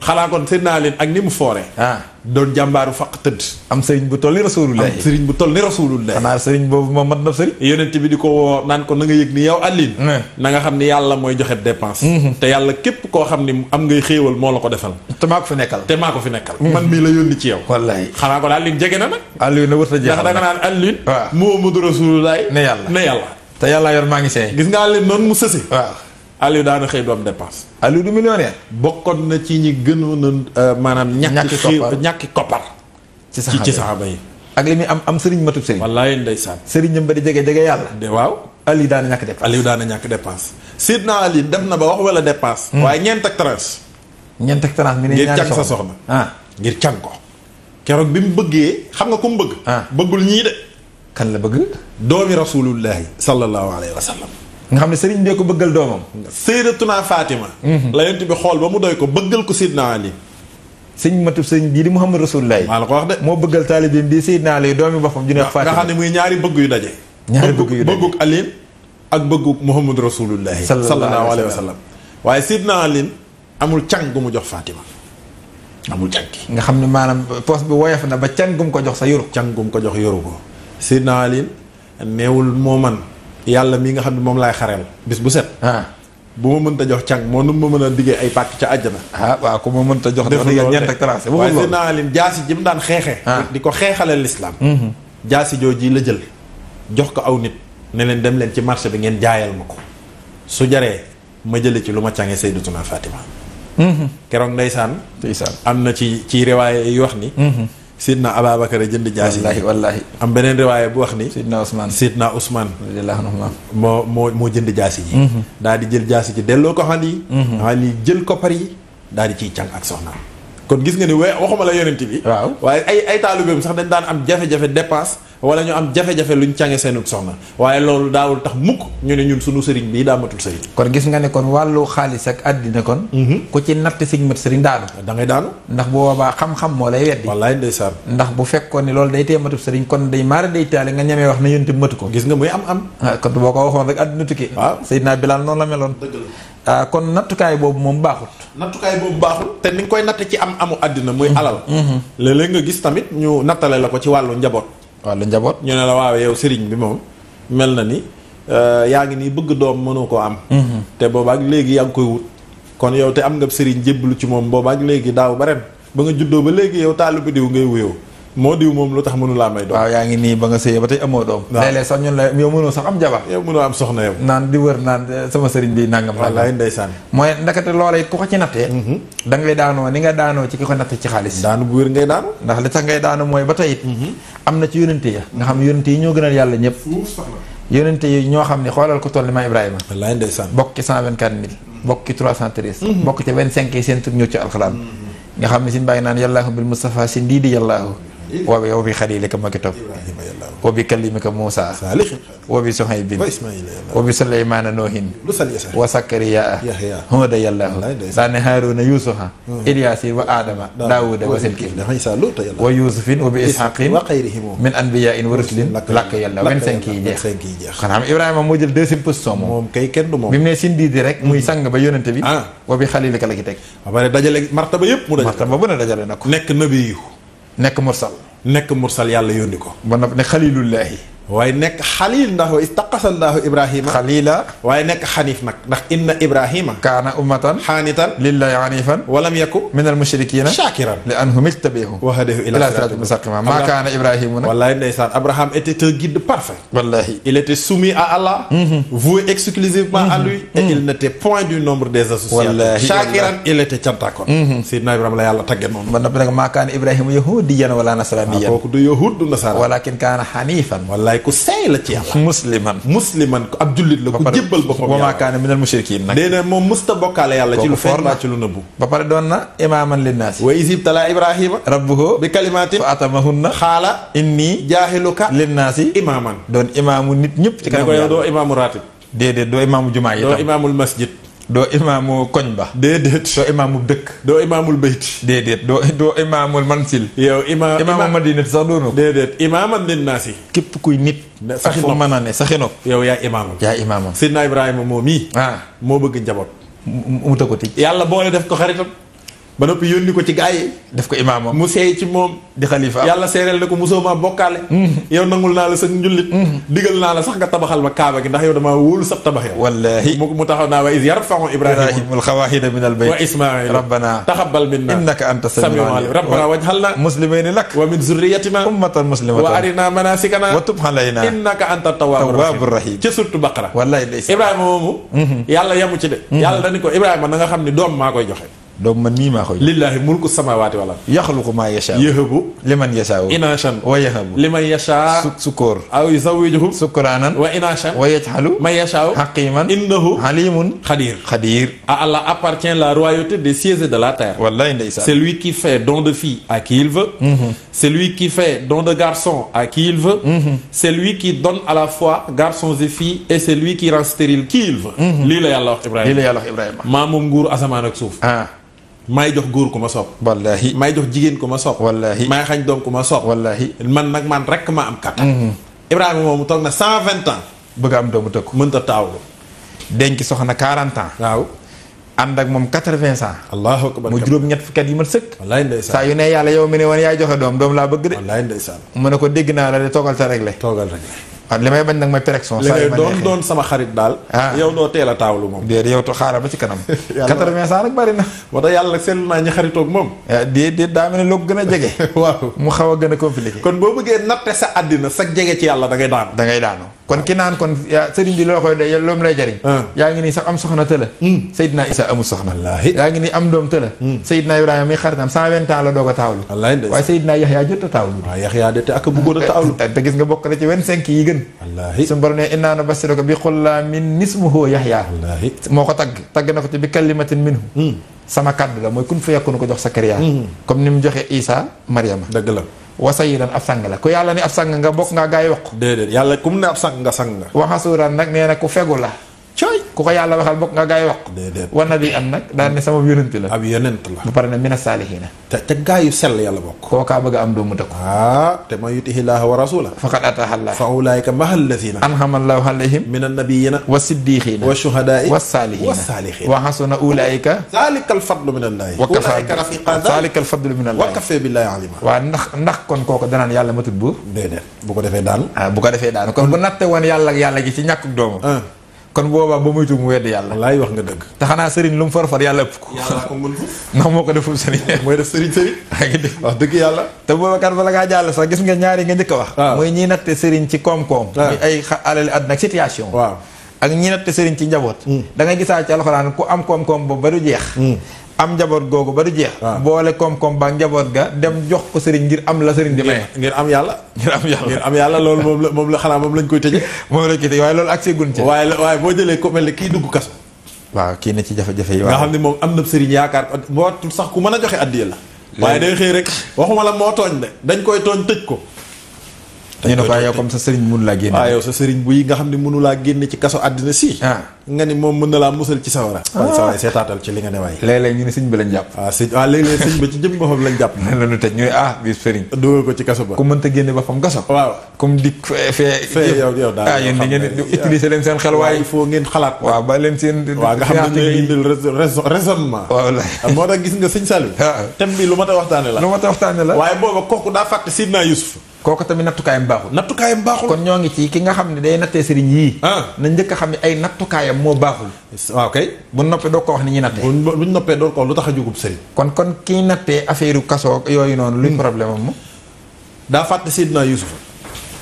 xanaa kon seen naa leen ak ni mu foore ah. doon jàmbaaru faq tëdd am sëriñ bu toll ni rasulullah am sëriñ bu toll ni rasulullah xanaa sëriñ boobu moom mat na sëriñ yonent bi di ko woo naan ko na nga yëg ni yow àllin eh. na nga xam ni yàlla mooy joxe dépense mm-hmm. te yàlla képp koo xam ni am ngay xéewal moo la ko defal te maa ko fi nekkal te maa ko fi nekkal mm-hmm. man mii la yónni ci yow wallaay xanaa kon àllin jege na nag àllin na wër ta jeex a naan àllin waaw Muhammadu yàlla ne yàlla te yor maa ngi see gis nga àllin noonu mu sësi waaw Aliou daana xëy doom dépense. Aliou du millionnaire. bokkoon na ci ñi gënoon a euh, maanaam. ñàkki koppar ñàkki koppar. ci saxaaba yi ci saxaaba yi. ak li muy am am sëriñ matub sëriñ. wallaay ndeysaan. sëriñam ba di jege jege yàlla. de waaw. Aliou daana ñàkk dépense. Aliou daana ñàkk dépense. Sidna Ali def na ba wax wala dépense. Hmm. waaye ñeent ak tranche. ñeent ak tranche mi ne ñaari soxna ngir càng sa soxna. ah ngir càng ko. keroog bi mu bëggee xam nga ku mu bëgg. Ah. bëggul ñii de. kan la bëgg. doomi rasulullahi sallallahu alayhi wa sallam nga xam ne sëriñ dee ko bëggal doomam sayyidatuna Fatima mhm. la yent bi xool ba mu doy ko bëggal ko Sidna Ali sëñ matub sëriñ bii di Muhammad Rasulullah maa la ko wax de moo bëggal taalibeem bii Sidna Ali doomi boppam ju neex Fatima nga xam ne muy ñaari bëgg yu daje ñaari bëgg yu daje bëgguk Ali ak bëgguk Muhammad Rasulullah sallallahu alayhi wa sallam waaye Sidna Ali amul càng gu mu jox Fatima amul càng nga xam ne maanaam poste bi woyof na ba càng gu mu ko jox sa yoru càng gu ko jox yoru ko Sidna Ali neewul moo man yàlla mi nga xam ne moom laay xareel bis bu set ah. bu ma mënta jox càng moo nu ma mën a diggee ay pàkk ca àjjana ah waaw ku ma mënta jaasi ji mu daan xeexee ah. di ko xeexale lislaam mm-hmm. jaasi jooji la jël jox ko aw nit ne dem leen ci marché bi ngeen jaayal ma ko su jaree ma jële ci lu ma càngee Sayyidatuna Fatima mm-hmm. keroog ndeysaan ndeysaan am na ci ci riwaaye yu wax ni mm-hmm. sidna a jënd jaasi. wallaahi wallaahi. am beneen riwaaya bu wax ni. sidna Ousmane sidna Ousmane. radiyallaahu anhu moo moo moo jënd jaasi ji. Mhm. daal di jël jaasi ji delloo ko Ali. Mhm. Ali jël koppar yi daal di ciy càng ak soxna kon gis nga ni we waxuma la yonent bi. waaw waaye ay ay taalibeem sax dañ daan am jafe-jafe dépense. wala ñu am jafe-jafe ñu cànge seenug soxna waaye loolu daawul tax mukk ñu ne ñun suñu sëriñ bii daa matul sëriñ kon gis nga ne kon wàllu xaalis ak àddina kon mhm. ko ci natt siñ mat sëriñ daanu da ngay daanu ndax bu boobaa xam-xam moo lay weddi wallaay ndax bu fekkoon ne loolu day tee matub sëriñ kon day maara day taale nga ñemee wax na yonte matu ko gis nga muy am am ah, kon boo ko waxoon rek àddina tukki waaw Seydina Bilaal noonu la meloon ah kon nattukaay boobu moom baaxut nattukaay boobu baaxul te ni nga koy natt ci am amu àddina muy mhm. alal mhm. léeg-léeg nga gis tamit ñu nattale la ko ci wàllu njaboot wàllu njaboot ñu ne la waaw yow sëriñ bi moom mel na ni euh, yaa ngi nii bëgg doom mënu koo am mhm. te boobaak léegi yaa ngi koy wut kon yow te am nga sëriñ jébbalu ci moom boobaak léegi daaw ba ren ba nga juddoo ba léegi yow taalibe diw ngay wuyoo moo diw moom lu tax mënu laa may doom waaw yaa ngi nii ba nga sëyee ba tey amoo doom léeg-léeg sax ñun la yow mënoo sax am jabar yow mënoo am soxna yow naan di wër naan eh, sama sëriñ bi nangam wallaay ndeysaan mooy ndakate loola it ku ko ci mhm. ngay daanoo ni nga daanoo ci ki ko xaalis daanu bu wér ndax li tax mooy ba tey mhm. am na ci yónente ya nga xam yónente yi ñoo gënal yàlla ñëpp yónente yi ñoo xam ni xoolal ko toll ni ma Ibrahima wallaay bokk ci cent vingt quatre mille bokk ci trois cent treize mhm. bokk ci vingt cinq yi seen tur ñëw ci alxuraan nga xam ne sin bàyyi naan wa bi wa bi xalilika makitob wa bi kalimika Muusa wa bi Suhaybin wa bi Suleymaana Noohin wa Sakariyaa Huuda yàllahu daane Haaruna Yuusufa hmm. Ilyaasin wa Aadama Daawuda wa Silkin wa Yuusufin wa bi Isxaaqin min anbiyaain wa rusulin lakk yàlla vingt-cinq yi jeex kon xam Ibrahima moo jël deuxième position moom kay kenn du bi mu ne sindi di rek muy hmm. sang ba yonente bi ah. wa bi xalilika la ki martaba yëpp mu dajale martaba na ko nekk nabi nekk mursal nekk mursal yàlla yónni ko. ba noppi ne xalilullahi waaye nekk xalil ndax wa istaqasa allahu ibrahima xalila waaye nekk xaniif nag ndax inna ibrahima kaana ummatan xaanitan lillahi hanifan walam yaku min al mushrikina shakiran li anhum ijtabihu wa hadahu ila sirati mustaqima maa kaana ibrahimu nag wallahi ndeysaan abraham était un guide parfait wallahi il était soumis à allah mm-hmm. voué exclusivement à lui et mm-hmm. il n'était point du nombre des associés wallahi shakiran il était cantakoon mm-hmm. sidna ibrahima la yàlla tagge noonu ba noppi nag maa kaana ibrahima yahudiyan wala nasraniyan ah, kooku du yahud du nasara walakin kaana hanifan wallahi waaye ku seey la ci yàlla musliman musliman ku ab jullit la ku jébbal boppam yàlla wa maa kaana minal mushrikiin nag déedéet moom musta bokkaale yàlla ci lu nëbbu ba pare doon na imaaman linnaasi wa isib ibrahima rabbuhu bi kalimatin fa atamahunna xaala inni jaahiluka linnaasi imaaman doon imaamu nit ñëpp ci kanam doo imaamu raatib déedéet doo imaamu jumaa yi doo imaamul masjid doo imaamu koñ ba. déedéet doo imaamul dëkk. doo imaamul bayti. déedéet doo imaamul mansil. yow imaam imaamu madina sax doonoo. déedéet imaaman linnaasi. képp kuy nit. sax fu mën a yow yaa imaamam. yaa imaamam Seydina Ibrahima moom mii. Ah. moo bëgg njaboot. mu ko tëj. yàlla boole def ko xaritam. ba noppi yónni ko ci gaa yi def ko imaamam mu seey ci moom di xalifa yàlla seereel na ko mosoo maa bokkaale mm-hmm. yow nangul naa la sax njullit mm-hmm. digal naa la sax nga tabaxal ma kaaba gi ndax yow damaa wóolu sab tabax yow mu mu naa wa is yarfau ibrahima alxawaahida min albayt wa ismail rabbana taxabal minna innaka anta samiul alim rabbana wajhalna muslimayni lak wa min zurriyatina ummatan muslimatan wa arina manasikana wa tub alayna innaka anta surtu baqara wallahi ibrahima mm-hmm. yàlla yamu ci de yàlla dani ko ibrahima na xam ne doom maa koy joxe donc man nii maa koy. lillaahi mulku samaawaati wala. yaxluqu maa yashaa. yahabu liman yashaa. inaasan wa yahabu liman yashaa. su sukkoor. aw yuzawijuhum sukuraanan. wa inaasan. wa yajxalu. man yashaa. xaqiiman. innahu. alimun. xadiir xadiir. à Allah appartient la royauté des cieux et de la terre. wallaay ndeysaan. celui qui fait don de fille à qui il veut. Mhm. celui qui fait don de garçon à qui il veut. Mhm. celui qui donne à la fois garçons et filles et celui qui rend stérile qui il veut. Mhm. lii la yàlla wax Ibrahima lii la yàlla wax Ibrahima. maa moom nguuru asamaan ak suuf. Ah. maay jox góor ku ma soob wallaahi maay jox jigéen ku ma soob wallaahi maay xañ doom ku ma soob wallaahi man nag man rek ma am kattan mm-hmm. Ibrahima mu toog na cent vingt ans bëgg am doomu tëkku mënta taawlu denc soxna quarante ans waaw ànd ak moom quatre-vingts ans allahu akbar mu juróom ñett fukki at yi mat sëkk saa yu ne yàlla yow mi ne woon yaay joxe doom doom laa bëgg de wallaay ndeysaan mu ne ko dégg naa la de toogal te réglé toogal réglé waaw li may bañ nag mooy pérection. saa yu ma doon sama xarit daal. Ah. yow doo teel a taawlu moom. déedéet yow to xaaral ba ci kanam. yàlla quatre-vingts ans na. moo tax yàlla nag seetlu naa ñi xaritoog moom. Eh, déedéet daa mel ne loo a da ngay ki naan kon sëriñ bi loo koy de loom lay jariñ. Ah. yaa ngi nii sax am soxna tëla. Hmm. Seydina Isa amul soxna. yaa ngi nii am doom tëla. Hmm. Seydina Ibrahima mi xaritam cent vingt ans la doog a taawlu. wallaahi waaye Seydina Yaxya jot a taawlu. waaak ah, a bëggoon a taawlu te gis nga bokk na ci vingt-cinq yi gën gën wallaahi suñu borom ne innaa nubashiruka bi ghulaamin ismuhu Yahyaa wallaahi moo ko tagg tagg na ko ci bi kalimatin minhu hmm. sama kàddu la mooy kun fa yakunu ko jox Sakariya hmm. comme ni mu joxe Isa Mariama dëgg la wa sayyidan ab sang la ku yàlla ne ab sang nga bokk ngaa gaay wax déedéet yàlla kum ne ab sang nga sang nga waxasuuran nag nee na ku fegu la cooy ku ko yàlla waxal bokk nga gaay wax ko wan na am nag daan ne sama yonent la ab yonent la ba pare ne mina saalihiina te te gaay yu sell yàlla bokk kookaa a am doomu dëkk ah te man yutihi wa rasula faqad ataaha allah fa ulaayika maha allazina anhama allahu alayhim wa wa shuhadaai ndax kon kooko danaan yàlla ma tudd buur déedéet bu ko defee daan ah, bu ko defee daan kon bu natte woon yàlla ak yàlla gi ci ñàkkuk doomu ah. kon boobaa ba moytu mu wedd yàlla. wallaay wax nga dëgg. te xanaa Serigne lu mu farfar yàlla ëpp ko. yàlla ko mën ndax moo ko deful Serigne. mooy def Serigne Serigne. ngi dégg yàlla. te boobakat bala ngaa jàll sax gis nga ñaari nga njëkk a wax. mooy ñiy natte Serigne ci koom-koom. muy ay xa alal àddina ak situation. waaw ak ñi natte ci njaboot. Hmm. da nga gisaa ci alxuraan ku am koom-koom ba du jeex. Hmm. am njaboot googu ba du jeex. Ah. boole koom-koom ba njaboot ga dem jox ko sëriñ ngir am la sëriñ di may. ngir am yàlla. ngir am yàlla ngir am yàlla loolu moom la moom la xanaa moom lañ koy tëjee. moom lañ koy tëjee waaye loolu ak seegun boo jëlee ko mel ne kii dugg kaso. waaw kii na ci jafe yi. waaw xam ne moom am na sëriñ yaakaar boo sax ku mën a joxe addiya la. waaye day xëy rek waxuma la moo tooñ de dañ koy tooñ tëj ko. dañ koy tooñ tëj ne ko yow comme sa sëriñ mënu laa génne. waaw sa sëriñ bu yi nga xam ne mënu laa génne ci kaso àddina si ah. nga ni moom mën na laa musal ci sawara ah. waaye seetaatal ci li nga ne waay léeg-léeg ñu ne sëñ bi lañ jàpp waaw ah, sëñ waaw ah, léeg-léeg sëñ bi lañ jàpp la ñu bi ci kaso ba ku mënta ngeen xalaat waaw ba leen seen waaw nga xam ne ñooy indil raisonnement waaw moo tax bi lu ma ta waxtaane la lu ma ta waxtaane la waaye booba kooku daa fàtte Sidna Yusuf kooku tamit nattukaayam baaxul nattukaayam baaxul kon ñoo ngi ci ki nga xam ne day nattee sëriñ yii na njëkk a xam ne ay nattukaayam am moo baaxul. waaw kay bu noppee doo ko wax ni ñuy nattee. bu ñu noppee doo ko wax lu tax a jugub sëriñ. kon kon kii nattee affaire yu yooyu noonu. luy hmm. problème am daa fàtte Seydina Yuusufa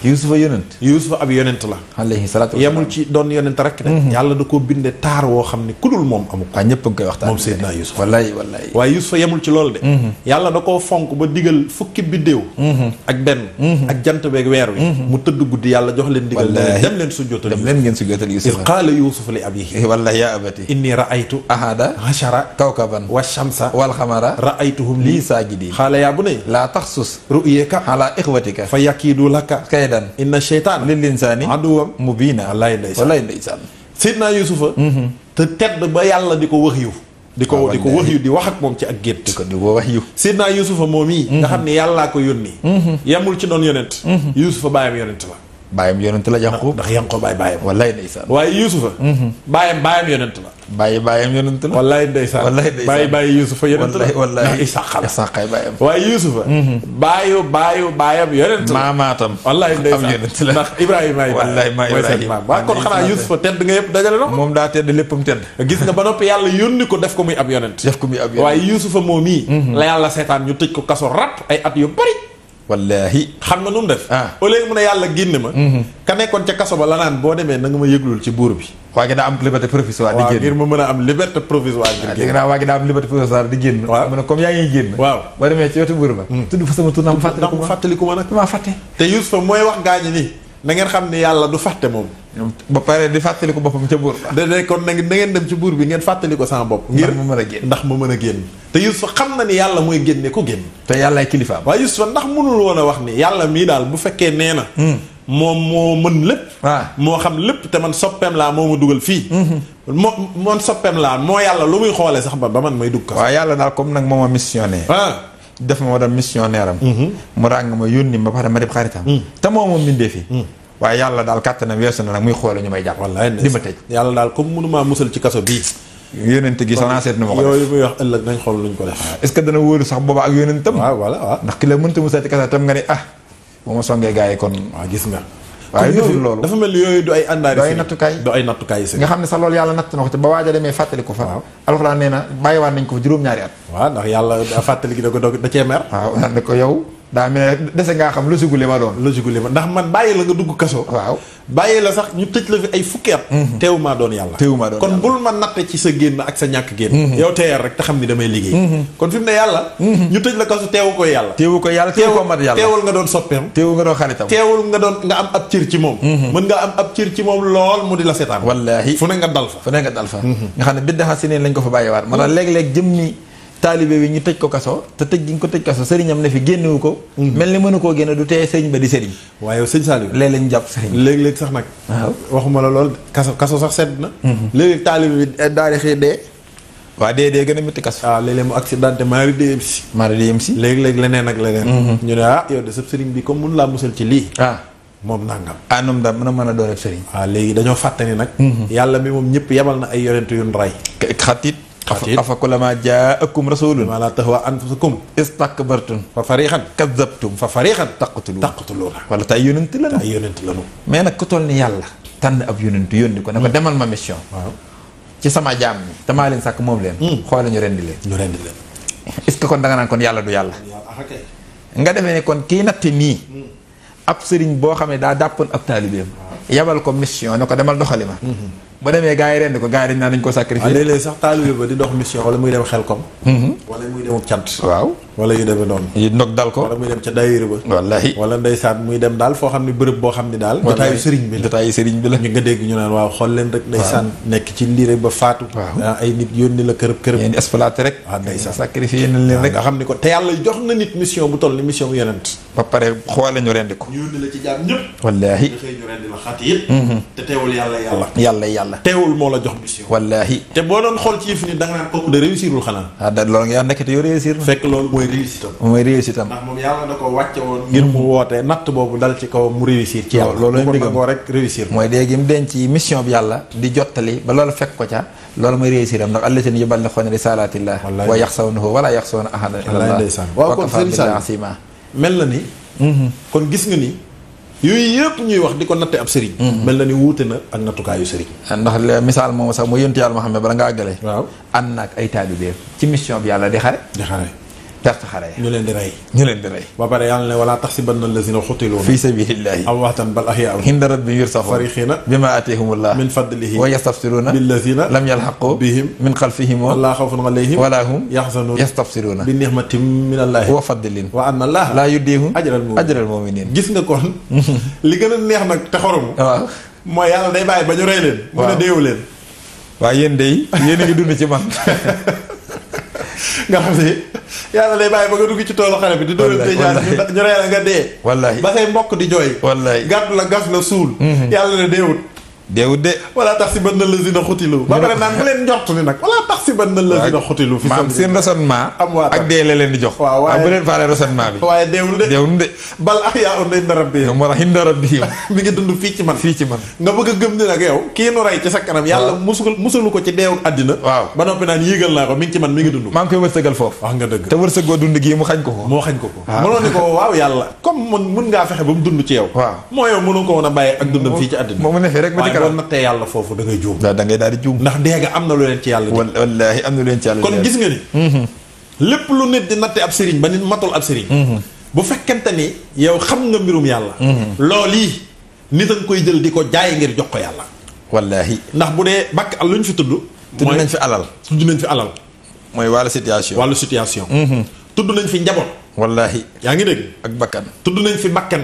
yuusufa yonent yuusufa ab yonent la alayhi salaatu yemul ci doon yonent rek de mhm. yàlla da koo binde taar woo xam ne ku dul moom amu ko ñëpp a ngi koy waxtaan moom seydina yuusufa wallaay wallaay waaye yuusufa yemul ci loolu de mhm. yàlla da koo fonk ba digal fukki biddéew mhm. ak benn ak jant beeg weer wi mu tëdd guddi yàlla jox leen digal dem leen sujjootal dem leen ngeen sujjootal yuusufa qaala yuusufa li abiihi eh, yaa abati inni raaytu ahada ashara kawkaban wa shamsa wal raaytuhum lii saajidin qaala yaa bunayya laa taxsus ru'yaka ala fa yakiidu aydan inna sheytaan lil insaani aduwam mubiina wallaay ndeysaan wallaay ndeysaan sidna yusufa mhm. te tedd ba yàlla di ko wax yu di ko di ko wax yu di wax ak moom ci ak gétt di ko di wax yu sidna yusufa moom yi nga mhm. xam ne yàllaa ko yónni mhm. yemul ci noonu yonent yusufa bàyyam yonent la bàyyam yonent la yànqub ndax yànqub ay bàyyam wallaay ndeysaan waaye yuusufa mhm. bàyyam bàyyam yonent la bàyyi bàyyam yonent la wallaay ndeysaan wallaay ndeysaan bàyyi bàyyi yuusufa yonent la wallaay ndax isaaqa la isaaqa ay bàyyam waaye yuusufa mhm. bàyyu bàyyu bàyyam yonent la maamaatam wallaay ndeysaan yonent la ndax ibrahima ay wallaay ma mooy seen maam waaw kon xanaa yuusufa tedd nga yëpp dajale na moom daa tedd léppam tedd gis nga ba noppi yàlla yónni ko def ko muy ab yonent def ko muy ab yonent waaye yuusufa moom mii mhm. la yàlla seetaan ñu tëj ko kaso rap ay at yu bari wallahi xam nga nu mu def. ah au lieu mu yàlla génn ma. Mm-hmm. ka nekkoon ca kaso ba la naan boo demee na ma yëglul ci buur bi. waa gi ah, am liberté provisoire di génn waaw ngir a comme yaa ngi génn. waaw boo demee ci wetu buur ba. Mm. tudd fa sama tur na mu fàttaliku ma na mu fàttaliku ma nag. maa fàtte. te Youssouf mooy wax gaañu ni na ngeen xam ni yàlla du fàtte moom. ba pare di fàttaliku boppam ca buur. déedéet kon na ngeen dem ci buur bi ngeen fàttali ko sama bopp. ngir mu mën a génn ndax mu mën a génn. te fa xam na ni yàlla mooy génne ko génn. te yàllaay kilifaam. waaye Yuusufa ndax mënul woon a wax ni yàlla mii daal bu fekkee nee na. Hmm. moom moo mën lépp. Ah. moo xam lépp te man soppeem laa moo ma dugal fii. Hmm. moo man soppeem laa moo yàlla lu muy xoolee sax ba ba man may dug ko. waaw yàlla daal comme nag moo ma missionné. Ah. def ma ma doon missionnaire am mhm. mu ràng ma yónni ma pare ma def xaritam mhm. te moom bindee fi mhm. waaye yàlla daal kàttanam na muy xoole ñu may jàpp di ma tëj yàlla daal comme mënumaa musal ci kaso bii yónente gi sax naa seet nu ma ko def yooyu muy wax ëllëg nañ xool luñ ko def ah, est dana wóoru sax booba ak yónentam ndax ki la mënta musal ci kaso tam nga ne ah bu ma songee gars yi kon waaw gis nga waaye deful loolu dafa mel ni yooyu du ay àndaari du ay nattukaay du nga xam ne sa loolu yàlla natt na ko te ba waaja demee fàttali ko fa alxuraan nee na bàyyiwaat nañ ko fa juróom-ñaari at waaw ndax yàlla fàttali gi da ko da cee mer waaw naan ko yow daa mel ne dese ngaa xam logique gu li ma doon. logique gu li ma ndax man bàyyi la nga dugg kaso. waaw bàyyi la sax ñu tëj la fi ay fukki mhm. teewu maa doon yàlla. teewu mhm. mhm. ko yàlla. teewu nga doon soppeem. teewu nga doon xaritam. teewul nga doon nga am ab cër ci moom. mën nga am ab cër ci moom lool mu di la seetaan. fu ne nga dal fa fu ne nga dal fa nga xam ne biddaxa si ne lañ ko fa bàyyiwaat ma tax léeg-léeg jëm ni taalibe bi ñu tëj ko kaso te tëj gi ñu ko tëj kaso sëriñam ne fi génnewu ko mhm. mel ni mënu koo génne du teye sëriñ ba di sëriñ waaye la lool kaso kaso sax sedd na mhm. léeg-léeg taalibe bi daal di xëy dee dee gën a métti kaso waaw ah, mu accidenté maari dem si maari dem si léeg-léeg leneen ak leneen mhm. ñu ne ah yow de sab sëriñ bi comme mun laa musal ci lii ah moom nangam ah noonu daal mën a mën a dooreb sëriñ waaw ah, léegi dañoo fàttani nag yàlla mi moom ñëpp yebal na ay yonent yu ray xatit afa kullama jaakum rasulun ma la tahwa anfusukum istakbartum fa fariqan kazzabtum fa fariqan taqtuluun taqtuluun wala tay yonent la nu tay yonent la nu mais nag ku toll ni yàlla tànn ab yonent yónni ko ne ko hmm. demal ma mission waaw ci sama jaam ñi damaa leen sàkk moom leen hmm. xoole ñu rendi leen ñu rendi leen est-ce kon da nga kon yàlla du yàlla ah, nga defee ne kon kii natt nii hmm. ab sëriñ boo xam ne daa dàppoon ab taalibeem yabal ko mission ne ko demal doxali ma ba demee gars yi rend ko gars yi dañ naan nañ ko sacrifier ah, léeg sax taalibe ba di dox mission wala muy dem xel kom mhm. wala muy dem ak cant waaw wala yu demee noonu yi ndog dal ko wala muy dem ca daayira ba wallahi wala ndeysaan muy dem daal foo xam ne bërëb boo xam ne daal jotaayu sëriñ sëriñ bi la nga dégg ñu naan waaw xool leen rek nekk ci lii rek ba faatu waaw ah, ay nit yónni la kërëb ah, ah, xam ne ko te yàlla jox na nit mission bu toll ni mission bu yonent ba pare xoole ñu rendi ko ñu yónni la ci jaam ñu rendi mm-hmm. yàlla yàlla teewul moo la jox mission wallahi te boo doon xool ci yëf ni da nga naan kooku réussirul xanaa ah da loolu mooy réussite am mooy réussite am ndax moom da kaw mu réussir ci yàlla loolu mooy mbigam boo rek réussir mooy léegi mu denc mission bi yàlla di jottali ba loolu fekk ko ca loolu mooy réussir am ndax allatina yuballighuna risalatillah wa yaxsawnahu wala yaxsawna ahadan illallah mel na ni mm-hmm. kon gis nga ni yooyu yëpp ñuy wax di ko natte ab sëriñ mm-hmm. mel na ni wuute na ak nattukaayu sëriñ ah, ndax misaal moom sax mu yëntu yàlla moo xam ne bala nga àggale waaw ànd na ak ay taalibeem ci mission bi yàlla di xare di xare perte xare ya ñu leen di rey ñu leen di rey ba pare yàlla ne wala taxsibanna allazina xutilu fi sabilillahi amwaatan bal ahyaa'un inda rabbihim yurzaquun farixiina bima aatihumullah min fadlihi wa yastabsiruuna billazina lam yalhaqu bihim min xalfihim wala xawfun alayhim wala hum yaxzanuun yastabsiruuna bi nixmatin min allahi wa fadlin wa anna allaha laa yudiihu ajral muminin gis nga kon li gën a neex nag te xoromu waaw mooy yàlla day bàyyi ba ñu rey leen mu ne deewu leen waaw yéen day yéen a ngi dund ci man nga xam si yàlla na bàyyi ba nga dugg ci toolu xare bi di dóor déjà ñu rey nga dee ba say mbokk di jooy wallaahi gàddu la gas la suul mhm. yàlla la deewut deewut de. wala tax si ban na la zina xutilu. ba pare naan bu leen njort ni nag wala tax si ban na la xutilu. maam seen raisonnement. ak dee la leen di jox. waaw a gëm ni nag yow. mu xañ ko ko. ba mu ko a bàyyi mais na lu leen ci yàlla. wallaahi am na lu leen ci yàlla. kon mhm. ba nit matul ab mhm. nga mbirum yàlla. Mhm. loolu yi nit a nga koy jël di ko jaay ngir jox ko yàlla. wallaahi. ndax bu dee bakk lu ñu fi tudd. tudd nañ fi alal tudd nañ fi alal. mooy wàllu situation wàllu situation. tudd nañ fi njaboot. wallaahi. yaa ngi dégg. ak bakkan. tudd nañ fi bakkan.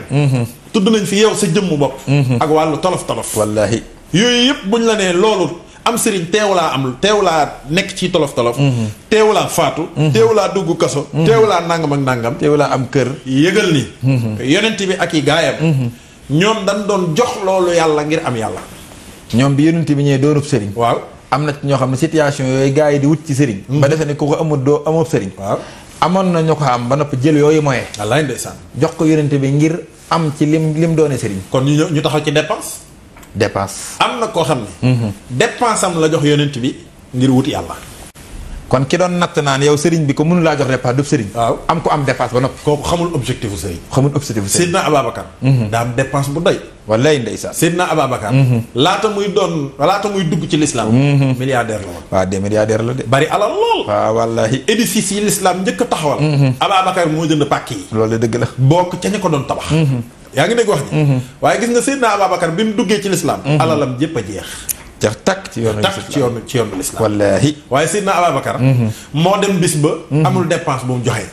tudd nañ fi yow si jëmmu bopp. Mhm. ak wàllu tolof tolof. wallaahi yooyu yëpp buñ la nee loolu am sëriñ teew laa am teew laa nekk ci tolof tolof. Mhm. teew laa faatu. Mhm. teew laa dugg kaso. teew laa nangam ak nangam. teew laa am kër. yëgal ni. yonent bi ak i gaayam. ñoom dañ doon jox loolu yàlla ngir am yàlla. ñoom bi yonent bi ñëwee doonub sëriñ. waaw am na ñoo xam ne situation yooyu gars yi di wut ci sëriñ. ba defee ne ku ko amul doo amul sëriñ. waaw amoon na ñoo ko am ba nopp jël yooyu moyen. am ci lim lim doone sëriñ. kon ñu ñu taxaw ci dépense. dépense am na koo xam ne. Mhm. dépense am la jox yonent bi ngir wuti yàlla. kon ki doon natt naan yow sëriñ bi ko mënu laa jox dépasse du sëriñ. waaw am ko am dépasse ba noppi. kooku xamul objectif bu sëriñ. xamul objectif bu sëriñ Seydina Ababacar. Mhm. am dépense bu doy. wallaay ndeysaan Seydina Ababacar. Mhm. laata muy doon laata muy dugg ci l'islam. Mhm. la woon. waaw de la de. bari alal lool. waaw wallaahi. édifice yi njëkk a taxawal. Ababacar moo jënd pàkk yi. loolu dëgg la. bokk ca ña ko doon tabax. yaa ngi dégg wax ji. waaye gis nga Seydina Ababacar bi mu duggee ci l'islam. alalam jëpp a jeex jeex takk ci yoonu lislaam wallaahi waaye Seydina Ababacar mhm. moo dem bis ba mhm. amul dépense bu mu joxee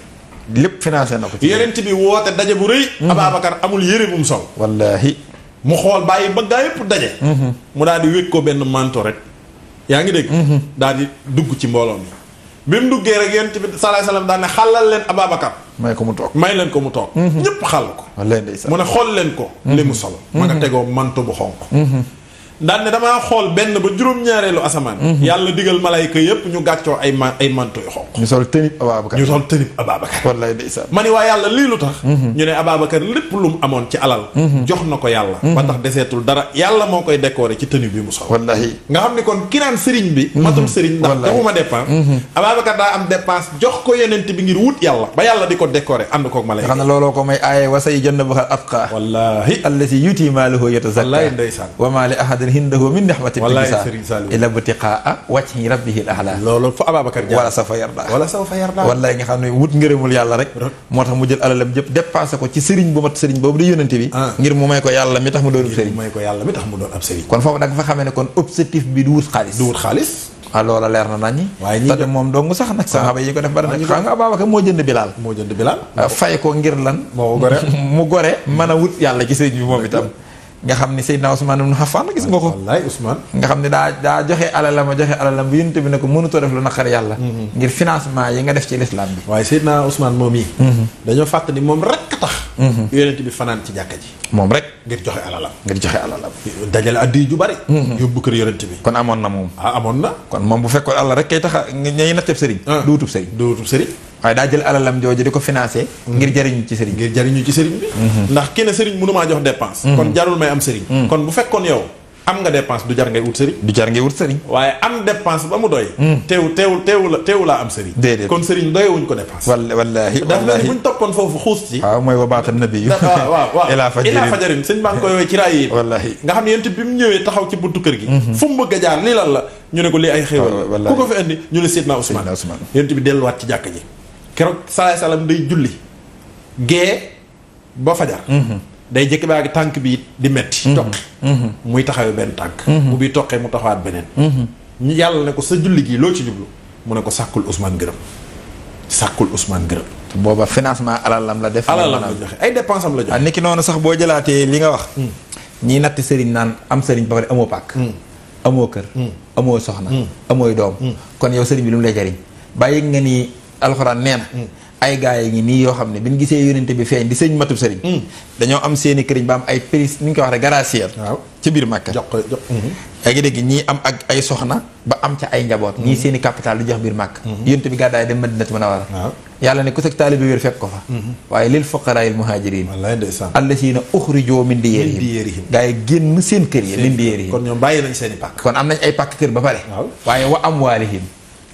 lépp financé na ko ci yenent bi woote daje bu rëy mhm. Ababacar amul yére bu mu sol wallaahi mu xool bàyyi ba gaa yëpp daje mu daal di wékk ko benn manto rek yaa ngi dégg daal di dugg ci mbooloo mi bi mu duggee rek yenent bi salaay salaam daal ne xalal leen Ababacar may ko mu toog may leen ko mu toog ñëpp xàll ko mu ne xool leen ko li mu sol ma nga tegoo manto bu xonq daan ne xool benn ba juróom-ñaareelu asamaan. Mhm. yàlla digal malayka yëpp ñu gàccoo ay ma ay manto xonq. ñu sol tënib Ababacar ñu ma ni waa yàlla lii lu tax. Mhm. ñu ne Ababacar lépp lu mu amoon ci alal. Mhm. jox na ko yàlla. ba tax deseetul dara yàlla moo koy décorer ci tënib bi mu sol. wallahi nga xam ni kon ki naan sëriñ bi. matul sëriñ ndax defuma dépense. Ababacar daa am dépense jox ko yeneen bi ngir wut yàlla. ba yàlla di ko décorer ànd koog malayka. xanaa looloo ko may aaye wasay jënd ba atqa. wallahi allati yuti maaluhu yatazakka. wallahi ndeysaan xayrin hindahu min nihmatin illa btiqaa wajhi rabbihil a'la loolu fa Ababacar jaar wala sawfa yarda wala sawfa yarda wallaay nga xam ne wut ngërëmul yàlla rek moo tax mu jël alalam jëpp dépensé ko ci sëriñ bu mat sëriñ boobu di yónnante bi ah. ngir mu may ko yàlla mi fa xamee ne leer na nañi waaye ñi moom dong sax nag ah. saxaaba yi ko def bari nag xam nga Ababacar moo jënd Bilaal ah, fay ko ngir lan mu gore mën a wut yàlla ci sëriñ bi moom itam nga xam ni Seydina Ousmane ibn Affan gis nga ko wallaay Ousmane nga xam ni daa daa joxe alalam a joxe alalam bu yonent bi ne ko mënutoo def lu naqar yàlla mhm. ngir financement yi nga def ci l'islam bi waaye Seydina Ousmane moom yi mhm. dañoo fàtt ni moom rek a tax mhm. yonent bi fanaan ci jàkka ji moom rek ngir joxe alalam ngir joxe alalam dajale addi ju bari yóbbu kër yonent bi kon amoon na moom ah amoon na kon moom bu fekkoon Allah rek kay taxa ñay natteb sëriñ ah. duutub sëriñ duutub sëriñ waaye daa jël alalam jooju di ko financé. ngir jëriñu ci sëriñ. ngir jëriñu ci sëriñ bi. Mhm. ndax ki ne sëriñ mënumaa jox dépense. Mhm. kon jarul may am sëriñ. Mhm. kon bu fekkoon yow am nga dépense du jar ngay jar ngay wut sëriñ. waaye am dépense ba mu doy. teew teewul teewul laa am sëriñ. déedéet kon sëriñ doyewuñ ko dépense. wallaahi wallaahi dafa mel ni buñ toppoon foofu xuus ci. waaw mooy wabaatan nabi yu. waaw waaw ilaa fajarin ilaa fajarin sëñ maa ngi koy woowee ci raay yi. nga xam ne yéen bi mu ñëwee taxaw ci buntu kër gi. fu mu bëgg jaar lii la ñu ne ko lii ay xéewal ku ko ji keroog salaay salaam day julli gee ba fajar mhm. day jëkk baa ngi tànk bi di metti mhm. toq mhm. muy taxawee benn tànk bu bii toqee mu taxawaat beneen ñu yàlla ne ko sa julli gi loo ci jublu mu ne ko sàkkul Ousmane gërëm sàkkul Ousmane gërëm booba financement alalam la def alalam la joxe ay dépense am sax boo jëlaatee li nga wax mm. ñiy natt sëriñ naan am sëriñ ba pare amoo pàkk mm. amoo kër mm. amoo soxna amooy doom kon yow sëriñ bi lu mu lay jariñ bàyyi nga ni alxuraan nee na ay gaay yi nii yoo xam ne bi ñu gisee yonente bi feeñ di sëñ matub sëriñ hmm. dañoo am seeni këriñ ba am ay pris ni ko wax rek garasiel ci biir Màkka jox jox hmm. yaa ngi dégg ñii am ak ay ba am ay njaboot ñii hmm. seeni capital du jox biir Màkka yonente bi gàddaay dem Madinatu Munawwara yàlla ne ku sag taalibi wér fekk ko fa waaye lil fuqaraa il muhaajiriin allasiina uxrijoo min diyarihim gaa yi génn seen kër yi min diyarihim kon ñoom bàyyi nañ kon am nañ ay pàkk kër ba pare waaye wa amwaalihim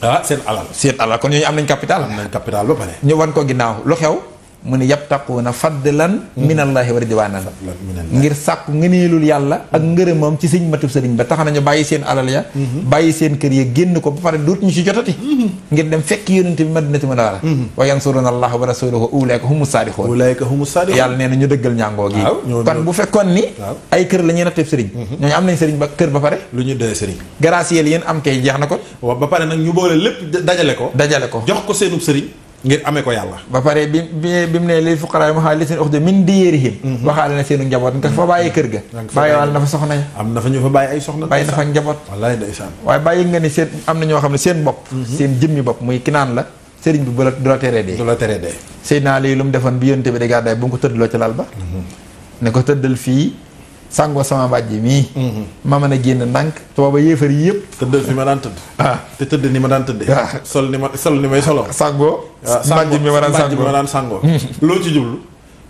ah seen alal. seen alal kon ñooñu am nañ capital. am nañ capital ba pare. ñu wan ko ginnaaw lu xew. mu ne na fadlan hmm. minallaahi wa ridwaanan ngir sàkk sàkku ngëneelul yàlla ak hmm. ngërëmam ci sëñ matub sëriñ ba tax nañu bàyyi seen alal ya hmm. bàyyi seen kër ya génn ko ba pare dootuñu ci jotati ngir dem fekk yonente bi madinati munawara wa yansuruna allaha wa rasulahu ulaika humu saadixoon ulaika humu saadixoon yàlla nee na ñu dëggal ñàngoo gi kon bu fekkoon ni ay kër la ñuy natteb sëriñ ñooñu am nañ sëriñ ba kër ba pare lu ñu dee sëriñ graciel yéen am jeex na ko ba pare nag ñu boole lépp dajale ko dajale ko jox ko seenub sëriñ ngir amee ko yàlla ba pare bi bi mu ne lil fuqaraa muhaajiriin uxrijuu min diyaarihim mhm. waxaale na seenu njaboot nga fa bàyyi kër ga bàyyi waaye bàyyi nga ne seen am na ñoo xam ne seen bopp mhm. seen jëmmi bopp muy kinaan la sëriñ bi bu la du la teree dee du la lu mu defoon bi yonte bi de gàddaay bu mu ko tëddloo ca lal ba mhm. ne ko tëddal fii sangoo sama mbàjj mii. Mhm. ma mën a génn ndànk. ba yéefar yi yëpp. tëddal fi ma daan tëdd. ah te tëdd ni ma daan tëddee. Ah. sol ni ma sol ni may solo ah, sangoo. Ah, mbàjj mi ma daan sangoo mbàjj mi hmm. loo ci jublu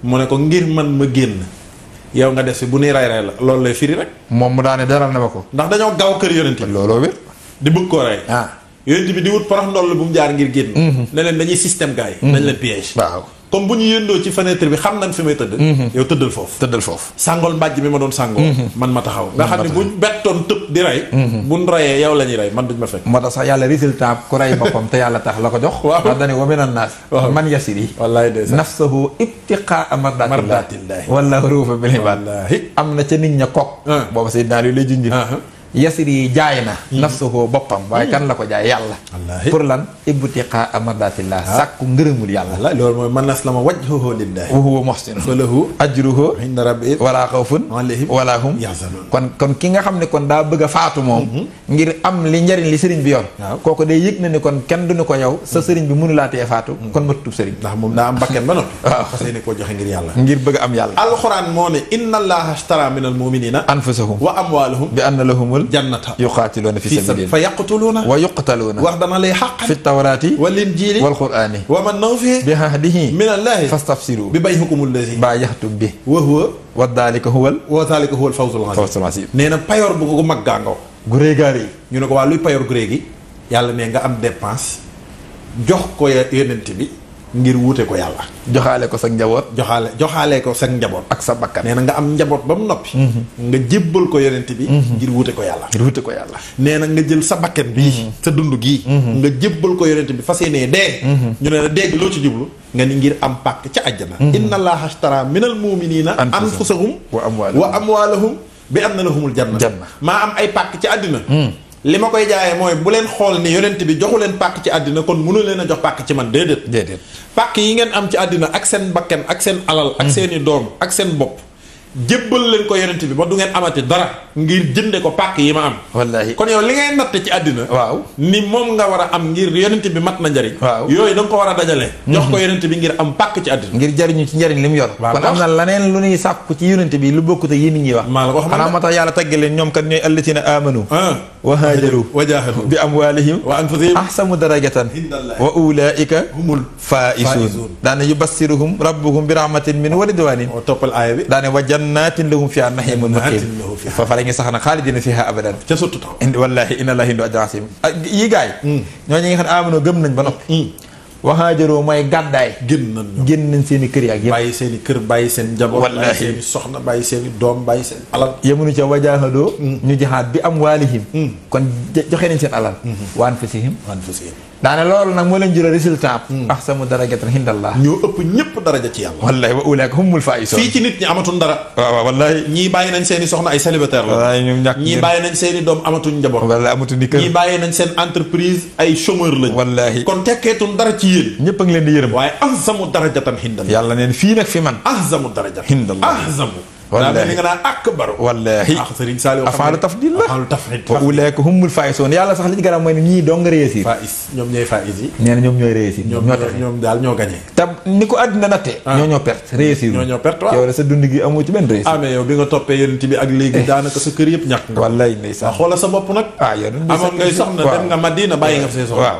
mu ne ko ngir man ma génn. yow nga def si bu nuy ray ray la loolu lay firi rek. moom mu daane dara ne ma ko. ndax dañoo gaaw kër yonent bi looloo bi di bëgg koo rey. ah yonent bi di wut porox ndoll bu mu jaar ngir génn. Hmm. ne leen dañuy système gars yi. dañ hmm. leen piège waaw. comme bu ñu yëndoo ci fenêtre bi xam nañ fi may tëdd. Mhm. yow tëddal foofu. tëddal foofu sàngool mbàjj mi ma doon sàngoo. Mhm. man ma taxaw nga xam ne buñ bettoon tëb di rey. Mhm. buñ reyee yow la ñuy rey man duñ ma fekk. moo tax sax yàlla résultat ku rey boppam te yàlla tax la ko jox. waaw ndax dañuy wa minan naas. man yasiri. wallaay de sax nafsahu ibtiqaa mardatillah. wallaahu ruufa bil ibaad. am na ca nit ña kook. booba Seydina Ali lay junj. yasiri jaay na hmm. nafsuhu boppam waaye hmm. kan la ko jaay yàlla pour lan ibtiqa amadatillah ah. sàkku ngërëmul yàlla loolu mooy man aslama wajhahu lillahi wa huwa muhsin falahu ajruhu inda rabbi wala xawfun alayhim wala hum yahzanun kon kon ki nga xam ne kon daa bëgg faatu moom hmm, ngir am li njariñ li sëriñ bi yor kooku day yëg na ni kon kenn duñu ko yow sa sëriñ bi mënulaa tee faatu kon matutub sëriñ ndax moom daa am bakken ba noppi waaw fas yéene ngir yàlla ngir bëgg am yàlla alxuraan moo ne inna allaha ashtara min almuminina anfusahum wa amwalahum bi anna duxulul jannata yuqaatiluuna fi sabilillah fa yaqtuluuna wa yuqtaluuna wax dana lay xaq fi tawraati wal injiili wal quraani wa man nawfi bi ahdihi min allahi fastafsiru bi bayhikum allazi baayaxtum bi wa huwa wa daalika huwal wa daalika huwal fawzul aziim nee na payoor bu ko mag gàngoo gu rëy gaa rëy ñu ne ko waa luy payoor gu rëy gi yàlla ne nga am dépense jox ko yonent bi ngir wuute ko yàlla joxaale ko sa njaboot joxaale joxaale ko sa njaboot ak sa bakkan nee na nga am njaboot ba mu noppi mhm. nga jébbal ko yonent bi mhm. ngir wute ko yàlla ngir wuute ko nee na nga jël sa bakkan bii mhm. sa dund gii nga jébbal ko yonent bi fas yéenee dee ñu ne la dee gi loo ci jublu nga ni ngir am pàkk ca àjjana inna allaha ashtara min al muminina anfusahum wa amwalahum bi am na anna lahumul janna maa am ay pàkk ci àddina li ma koy jaayee mooy bu leen xool ni yonent bi joxu leen pàkk ci àddina kon mënu leen jox pàkk ci man déedéet déedéet pàkk yi ngeen am ci àddina ak seen bakken ak seen alal ak mm. seeni doom ak seen bopp jébbal leen ko yonent bi ba du ngeen amati dara ngir jënde ko pàkk yi am kon yow li ngay natt ci àddina waaw ni moom nga war am ngir yonent bi mat na njariñ waaw yooyu da nga ko war a dajale mhm. jox ko yonent bi ngir am pàkk ci àddina ngir jariñu ci njariñ li yor kon am na leneen lu ñuy sàkku ci yonent bi lu bokkut ak yi nit ñi wax maa la ko xam xanaa moo tax yàlla tagge leen ñoom kat ñooy allatina amanu ah. wa haajaru bi amwaalihim wa darajatan wa ulaika humul faaizuun daane yubassiruhum jannatin lahum fiha nahimun muqim fa fa la ñuy sax na xaalidina fiha abadan ca surtout temps indi wallahi inna allaha hindu ajrasim ah, yi gaay mm. ñoo ñi nga xam ne amono gëm nañ ba noppi mm. waxaajaroo mooy gàddaay génn seen i kër yëpp bàyyi seen i kër bàyyi seen njaboot bàyyi seen i soxna bàyyi seen i doom bàyyi seen alal yemunu ca wajaahadoo mm. ñu jaxaat bi am waalihim kon joxe nañ seen alal mm-hmm. waan fasihim waan fasihim daane lool nag moo leen jural résultat hmm. ahsanu darajatan hindallah ñoo ëpp ñëpp daraja ci yàlla wallahi wa ulaika humul faisun fii ci nit ñi amatuñ dara waaw wallahi ñii bàyyi nañ seeni i soxna ay célibataire la ñii bàyyi nañ seen i doom amatuñ njaboot wallahi amatuñ kër ñii bàyyi nañ seen entreprise ay chômeur lañ wallahi kon tekkeetuñ dara ci yéen ñëpp a leen di yërëm waaye ahsanu darajatan hindallah yàlla neen fii nag fi man ahsanu darajatan hindallah ahsanu wallaahi nga naan akbar. wallaahi ah Serigne Saliou. afaalu tafdil la afaalu tafdil la. wa ulaika humul faisoon yàlla sax li ci a mooy ne ñii dong nga réussir. faïs ñoom ñooy faïs yi. nee ñoom ñooy réussir. ñoom daal ñoo gagné. te ni ko àddina nattee. Ah. ñoo ñoo perte réussir. ñoo ñoo perte waaw yow de sa dund gi amoo ci benn réussir. ah yow bi nga toppee yonent bi ak léegi eh. daanaka sa kër yëpp ñàkk nga. wallaahi ndeysaan. waaw xoolal bopp nag. ah yow amoon ngay soxna dem nga Madina bàyyi nga fa say soxna waaw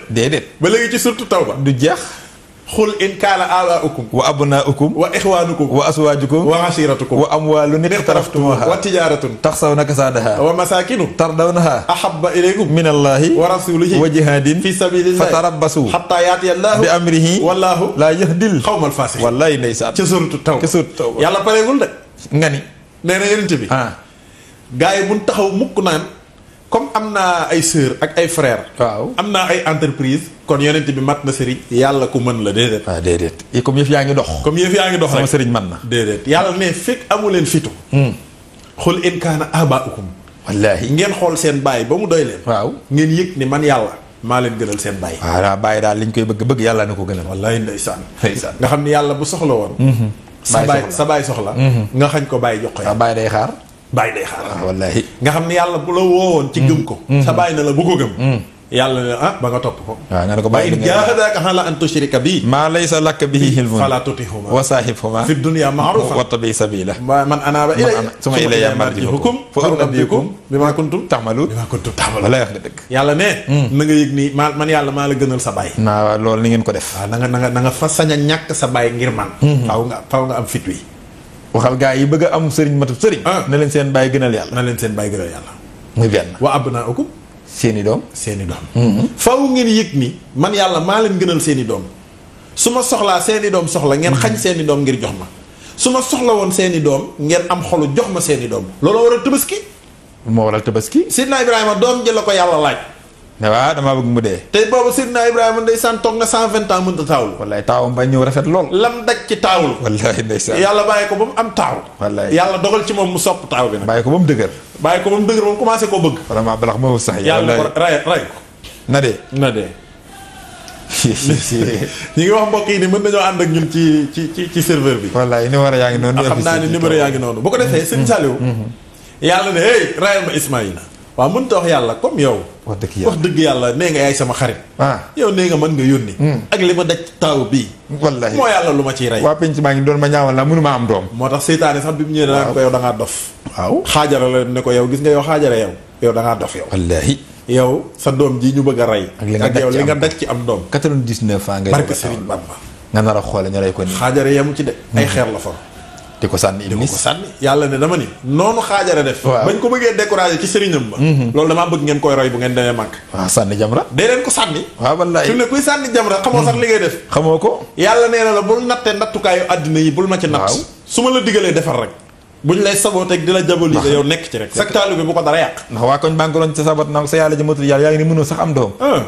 déedéet ba léegi ci a tawba du jeex xul in kaana aabaukum wa abnaukum wa ixwaanukum wa aswaajukum wa ashiratukum wa amwaalun iqtaraftumuha wa tijaaratun taxsawna kasaadaha wa masaakinu tardawnaha ahabba ilaykum min allahi wa rasulihi wa jihaadin fi sabilillahi fatarabbasu xatta yaatiya allahu bi amrihi wallahu laa yahdil xawma alfaasiqiin wallaay ndeysaan ca suratu tawba ca suratu tawba yàlla pareegul de nga ni nee na yonent bi gaa yi taxaw mukk naan comme am na ay sœur ak ay frère waaw am na ay entreprise kon yonent bi mat na sëriñ yàlla ku mën la déedéet waaw ah, comme yëf yaa ngi dox comme yëf yaa ngi dox sama sëriñ man na déedéet yàlla ne fekk amu leen fitu hmm. xul in kaana abaaukum wallaahi ngeen xool seen baay ba mu doy leen waaw ngeen yëg ni man yàlla maa leen gënal seen baay waaw daa bàyyi daal liñ koy bëgg bëgg yàlla na ko gënal wallaahi ndeysaan ndeysaan nga xam ne yàlla bu soxla woon mhm. sa baay sa baay soxla mhm. nga xañ ko bàyyi day xaar. Ah, wallaahi nga xam ne yàlla bu la woowoon. ci gëm ko. Mm. sa bàyyi na la bu ko gëm. Mm. yàlla ne ah ba nga topp ko. waaw nga ne ko bàyyi nga jaahadaaka alaa an tushrika bii. maa laysa laka bihi ilmun falaa tutihuma wa saahibhuma fi dunya ma'rufa wa tabi sabila. man anaaba ilayya summa ilayya marji'ukum fa unabbi'ukum bimaa kuntum ta'maluun bimaa kuntum ta'maluun wala mm. na nga yëg nii maa man yàlla maa la gënal sa baay. naa loolu ni ngeen ko def. waaw na nga na nga na nga fa sañ a ñàkk sa baay ngir man. Mm-hmm. faaw nga faaw nga am fit wi. waxal gaa yi bëgg a am sëriñ matub sëriñ. Ah. na leen seen bàyyi gënal yàlla. na leen seen bàyyi gënal yàlla. muy benn wa ab naa ukum. seen i doom seeni i doom. Mm-hmm. faaw ngeen yëg ni man yàlla maa leen gënal seeni doom su ma soxlaa seeni doom soxla ngeen xañ mm-hmm. seeni doom ngir jox ma su ma soxla woon seeni doom ngeen am xolu jox ma seen i doom looloo waral tabaski. moo waral tabaski. Sidna Ibrahima doom ji la ko yàlla laaj. waaw damaa bëgg mu dee. te boobu Seydina Ibrahima ndeysaan toog na cent vingt ans mënut a taawlu. wallaay taawam ba ñëw rafet lool. lam daj ci taawlu. wallaay yàlla bàyyi ko ba mu am taaw. wallaay yàlla dogal ci moom mu sopp taaw bi nag. bàyyi ko ba mu dëgër. bàyyi ko ba mu dëgër moom commencé koo bëgg. vraiment balax ma yàlla ko ray ray na na dee. ñi ngi wax mbokk yi ni mën nañoo ànd ak ñun ci ci ci ci serveur bi. wallaay numéro yaa ngi noonu. xam naa ne numéro yaa ngi noonu bu ko defee sëñ Saliou mm-hmm. yàlla ne hey ma Ismaïla waaw mënta wax yàlla comme yow. wax dëgg yàlla dëgg yàlla nee nga yaay sama xarit. Ah. yow nee nga mën nga yónni. Hmm. ak li ma daj taaw bii. wallaahi moo yàlla lu ma ci rey. waa penc maa ngi doon ma ñaawal la mënu maa am doom. moo tax seytaane sax bi mu ñëwee da ko yow dof. waaw xaajara la ne ko yow gis nga yow xaajara yow. yow da ngaa dof yow. wallaahi. yow sa doom ji ñu bëgg a rey. ak li nga daj ci am doom. 99 ans ngay barke Serigne Bamba nga nar a xoole rey ko nii. xaajara yemu ci de ay hmm. xeer la fa di ko sànni di ko sànni yàlla ne dama ni noonu xaajara def bañ ko bëggee découragé ci sëriñam ba mhm. loolu damaa bëgg ngeen koy roy bu ngeen demee màkk waaw sànni jamra dee leen ko sànni waaw wallaay su ne kuy sànni jamra xamoo sax mhm. li def xamoo ko yàlla nee na la bul nattee nattukaayu àddina yi bul ma ci natt su ma la digalee defar rek bu ñu lay saboteeg di la jaboli da yow nekk ci rek sa taalibe bi bu ko dara yàq ndax waa koñ baa ngi sa yàlla ji matul yàlla yaa ngi ne mënoo sax am ah.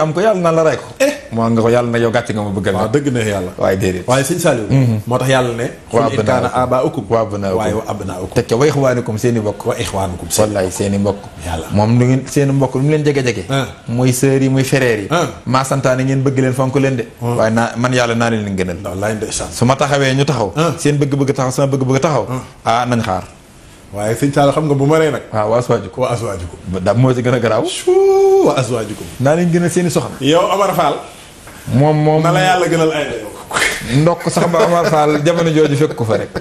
am ko la ko eh. moo nga ko yàlla na yow gàcce nga ma bëggal waaw dëgg na yàlla waaye déedéet waaye sëñ Saliou mhm. moo tax yàlla ne xul in kaana abaakum wa abnaakum waaye wa abnaakum teg ca wa ixwaanukum seen i mbokk wa ixwaanukum seen i mbokk yàlla moom lu ngeen seen mbokk lu mu leen jege-jege ah. muy sœurs yi muy frères yi ah. maa ngeen bëgg leen fonk leen de ah. waaye naa man yàlla naa leen gënal wallaay ndeysaan su ma taxawee ñu taxaw seen bëgg-bëgg taxaw sama bëgg-bëgg taxaw ah nañ xaar waaye sëñ Talla xam nga bu ma ree nag. waaw ah, waa Aswaajukum waa Aswaajukum. daal moo ci gën a garaaw. suuu waa Aswaajukum. naa leen gënal seen i soxna. yow Amar Fall. moom moom na la yàlla gënal ay la yow. ndokk sax ba Amar Fall jamono jooju fekk ko fa rek.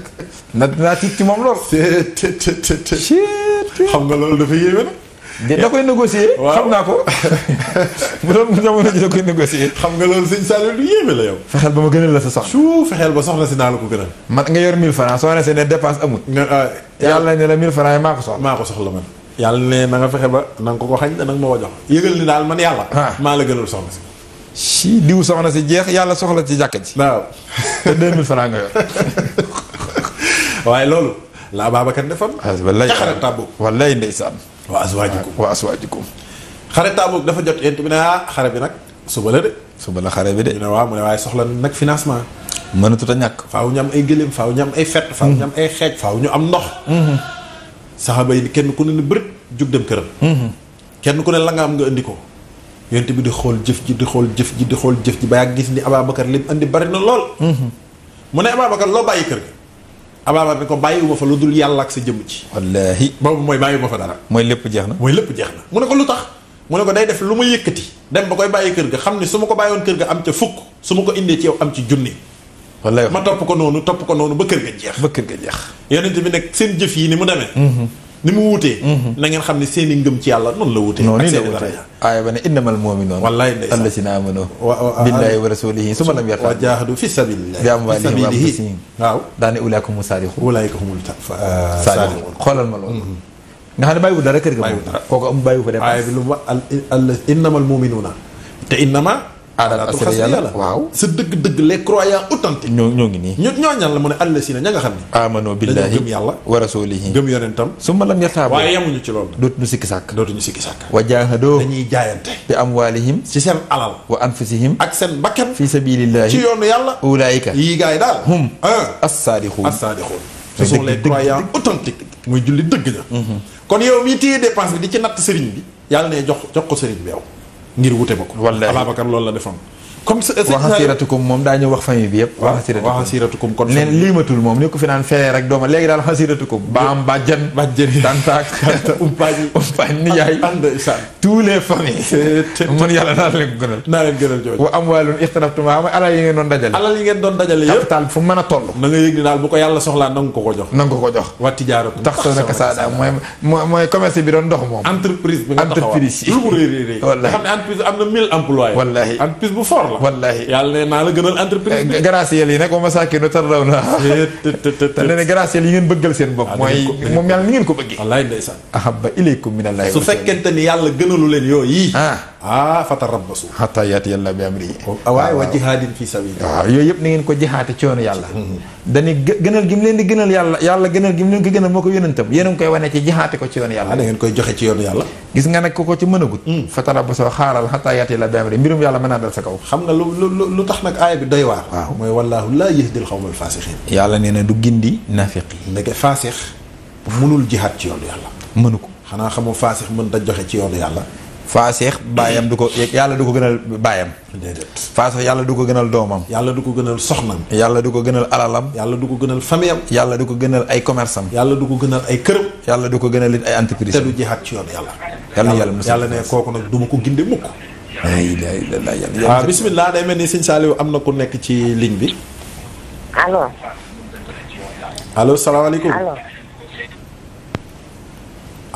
na naa tiit ci moom lool. te te te te. xam nga loolu dafa yéeme na. da koy négocier. xam naa ko bu doon jamono ji da koy négocier. xam nga loolu sëñ Saliou du yéeme la yow. fexeel ba ma gënal la sa soxna. su fexeel ba soxna si naa la ko gënal. man nga yor 1000 francs soo resee ne dépense amut. Ah, yàlla ne la maa ko soxla. maa ko soxla fexe ba na nga ko ko xañ na nga ma ko yëgal ni daal man yàlla. maa la gënal soxna si. si diw soxna si jeex yàlla soxla ci jàkka ji. waaw te 2000 francs nga yor. waaye loolu. laa baabakat defam. wallay jaxara tàbbu waa aswaajikum wa aswaajikum xare Tabouk dafa jot yéen bi ne ah xare bi nag suba la de. suba la xare bi de. ñu ne waaw mu ne waaye soxla nag financement. mënatut a ñàkk. faaw ñu am ay gëléem faaw ñu am ay fett. faaw ñu mm-hmm. am ay xeej faaw ñu am ndox. Mm-hmm. saxaba kenn ku ne ni bërit jug dem këram. Mm-hmm. ku ne la nga am nga indi ko. yonent bi di xool jëf ji di xool jëf ji di xool jëf ji ba yaa gis ni Ababacar lim andi bari na lool. mu ne Ababacar loo bàyyi kër Ababacar ne ko bàyyiwuma fa lu dul yàlla ak sa jëmm ci wallaahi boobu mooy bàyyiwuma fa dara mooy lépp jeex na mooy lépp jeex na mu ne ko lu tax mu ne ko day def lu ma yëkkati dem ba koy bàyyi kër ga xam ne su ma ko bàyyoon kër ga am ca fukk su ma ko indee ci yow am ci junni wallaahi ma topp ko noonu topp ko noonu ba kër ga jeex ba kër ga jeex yonent bi nag seen jëf yi ni mu demee mm-hmm. ni mu wutee mhm. na ngeen xam ne seen i ngëm ci yàlla noonu la wutee ak seen i daraja aaya ba ne innamal mu'minuuna wallaay ndeysaan allazina amanu billahi wa rasulihi summa lam yartaddu wa jaahadu fi sabilillahi bi amwaalihim wa anfusihim waaw daane ulaa'ika humu saadiquun ulaa'ika humul saadiquun xoolal ma loolu mhm. nga xam ne bàyyiwul dara kër ga bàyyiwul dara kooku am bàyyiwu fa dem aaya bi lu ma innamal mu'minuuna te innama aadaatu xas yàlla waaw sa dëgg-dëgg les croyants authentiques ñoo ñoo ngi nii ñun ñoo ñan la mu ne àll si na ña nga xam ne amano billahi gëm yàlla wa rasulihi gëm yonentam su ma lam yataabu waaye yemuñu ci loolu dootuñu sikki sàkk dootuñu sikki sàkk wa jaahadoo dañuy jaayante bi amwaalihim ci seen alal wa anfusihim ak seen bakkan fi sabilillahi ci yoonu yàlla ulaayika yii gars yi daal hum assaadixuun assaadixuun ce sont les croyants authentiques muy julli dëgg ña mm-hmm. kon yow mii téye di ci natt sëriñ yàlla ne jox ko sëriñ bi yow ngir wute ba ko. wallaahi Ababacar loolu la defoon. comme waxasiratukum moom daa ñëw wax famille bi yëpp waxasiratukum kon neen liimatul moom ni ko fi naan felee rek dooma léegi daal waxasiratukum baam bàjjan a toll na nga saada mooy mooy commerce bi doon dox moom entreprise bi nga taxawal entreprise yi lu mu rëy rëy rëy wallaahi xam ne entreprise am na mille bu fort la wallaahi yàlla ne la gënal entreprise eh, graciel yi nag wa masaakinu tardaw na te nee na seen bopp mooy moom yàlla ni ngeen ko bëggee wallaahi ndeysaan ahabba ilaykum minallaahi su fekkente ah fatarabbasu hatta yaati allah bi amri waaye ah, wa jihaadin fi sabilillah waaw yëpp na ngeen ko jihaate ci yoonu yàlla hmm. dañu gënal gi leen di gënal yàlla yàlla gënal gi mu leen moo ko yónentam yéen a ngi koy wane ci jihaate ko ci yoonu yàlla da ah, ngeen koy joxe ko ko ci mënagut hmm. fatarabbasu xaaral hatta yaati allah bi amri mbirum yàlla mën naa dal sa kaw xam nga lu lu tax nag aaya bi doy waar waaw mooy wallaahu laa yahdil xawmal faasixiin yàlla nee na du gindi nafiq yi ndeke faasix mënul jihaat ci yoonu yàlla mënu ko xanaa xamu faasix mën ta joxe ci yoonu yàlla faaseex baayam du ko yàlla du ko gënal baayam faaseex yàlla du ko gënal doomam yàlla du ko gënal soxnam yàlla du ko gënal alalam yàlla du ko gënal famiyam yàlla du ko gënal ay commerce yàlla du ko gënal ay këram yàlla du ko gënal it ay entreprise te du jihaat ci yoon yàlla yàlla yàlla yàlla ne kooku nag du ko ginde mukk waaw ah, bismillah day mel ni sëñ Saliou am na ku nekk ci ligne bi allo allo salaamaaleykum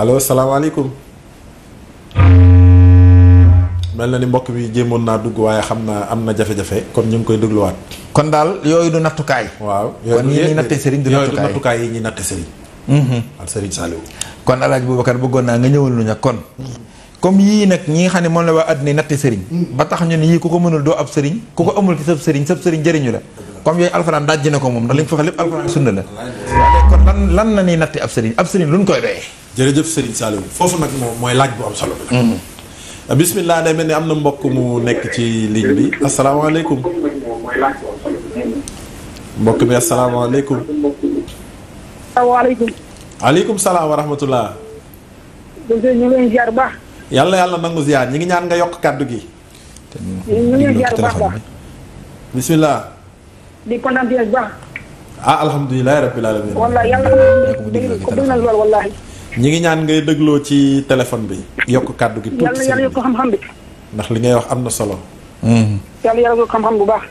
allo mel na ni mbokk bi jéemoon naa dugg waaye xam naa am na jafe-jafe kon ñu ngi koy dégluwaat. kon daal yooyu du nattukaay. waaw kon yi ñuy nattee Serigne du nattukaay yooyu du nattukaay yi ñuy nattee Serigne. Mhm. ak Serigne Saliou. kon El Hadj Boubacar bëggoon naa nga ñëwal lu yii nag ñi nga xam ne moom la waa àddina natte sëriñ ba tax ñu ne yii ku ko mënul doo ab sëriñ ku ko amul ci sab sëriñ sab sëriñ jëriñu la comme yooyu alxuraan dajji na ko moom ndax li ñu lépp alxuraan sunna la waaye kon lan lan la ñuy natte ab sëriñ ab sëriñ luñ koy doyee jërëjëf sëriñ Saliou foofu nag moom mooy laaj bu am solo bi mhm. bismillah day mel ni am na mbokk mu nekk ci ligne bi asalaamaaleykum mbokk bi asalaamaaleykum. asalaamaaleykum. aleykum salaam wa yàlla yàlla nangu ziar ñi ngi ñaan nga yokk kàddu gi. bismillah. ah alhamdulilah rabbil alamin. wallaahi yàlla ñi ngi ñaan ngay dégloo ci téléphone bi. yokk kàddu gi tuuti yàlla yokk xam-xam bi. ndax li ngay wax am na solo. Hmm. yàlla yàlla yokk xam-xam bu baax.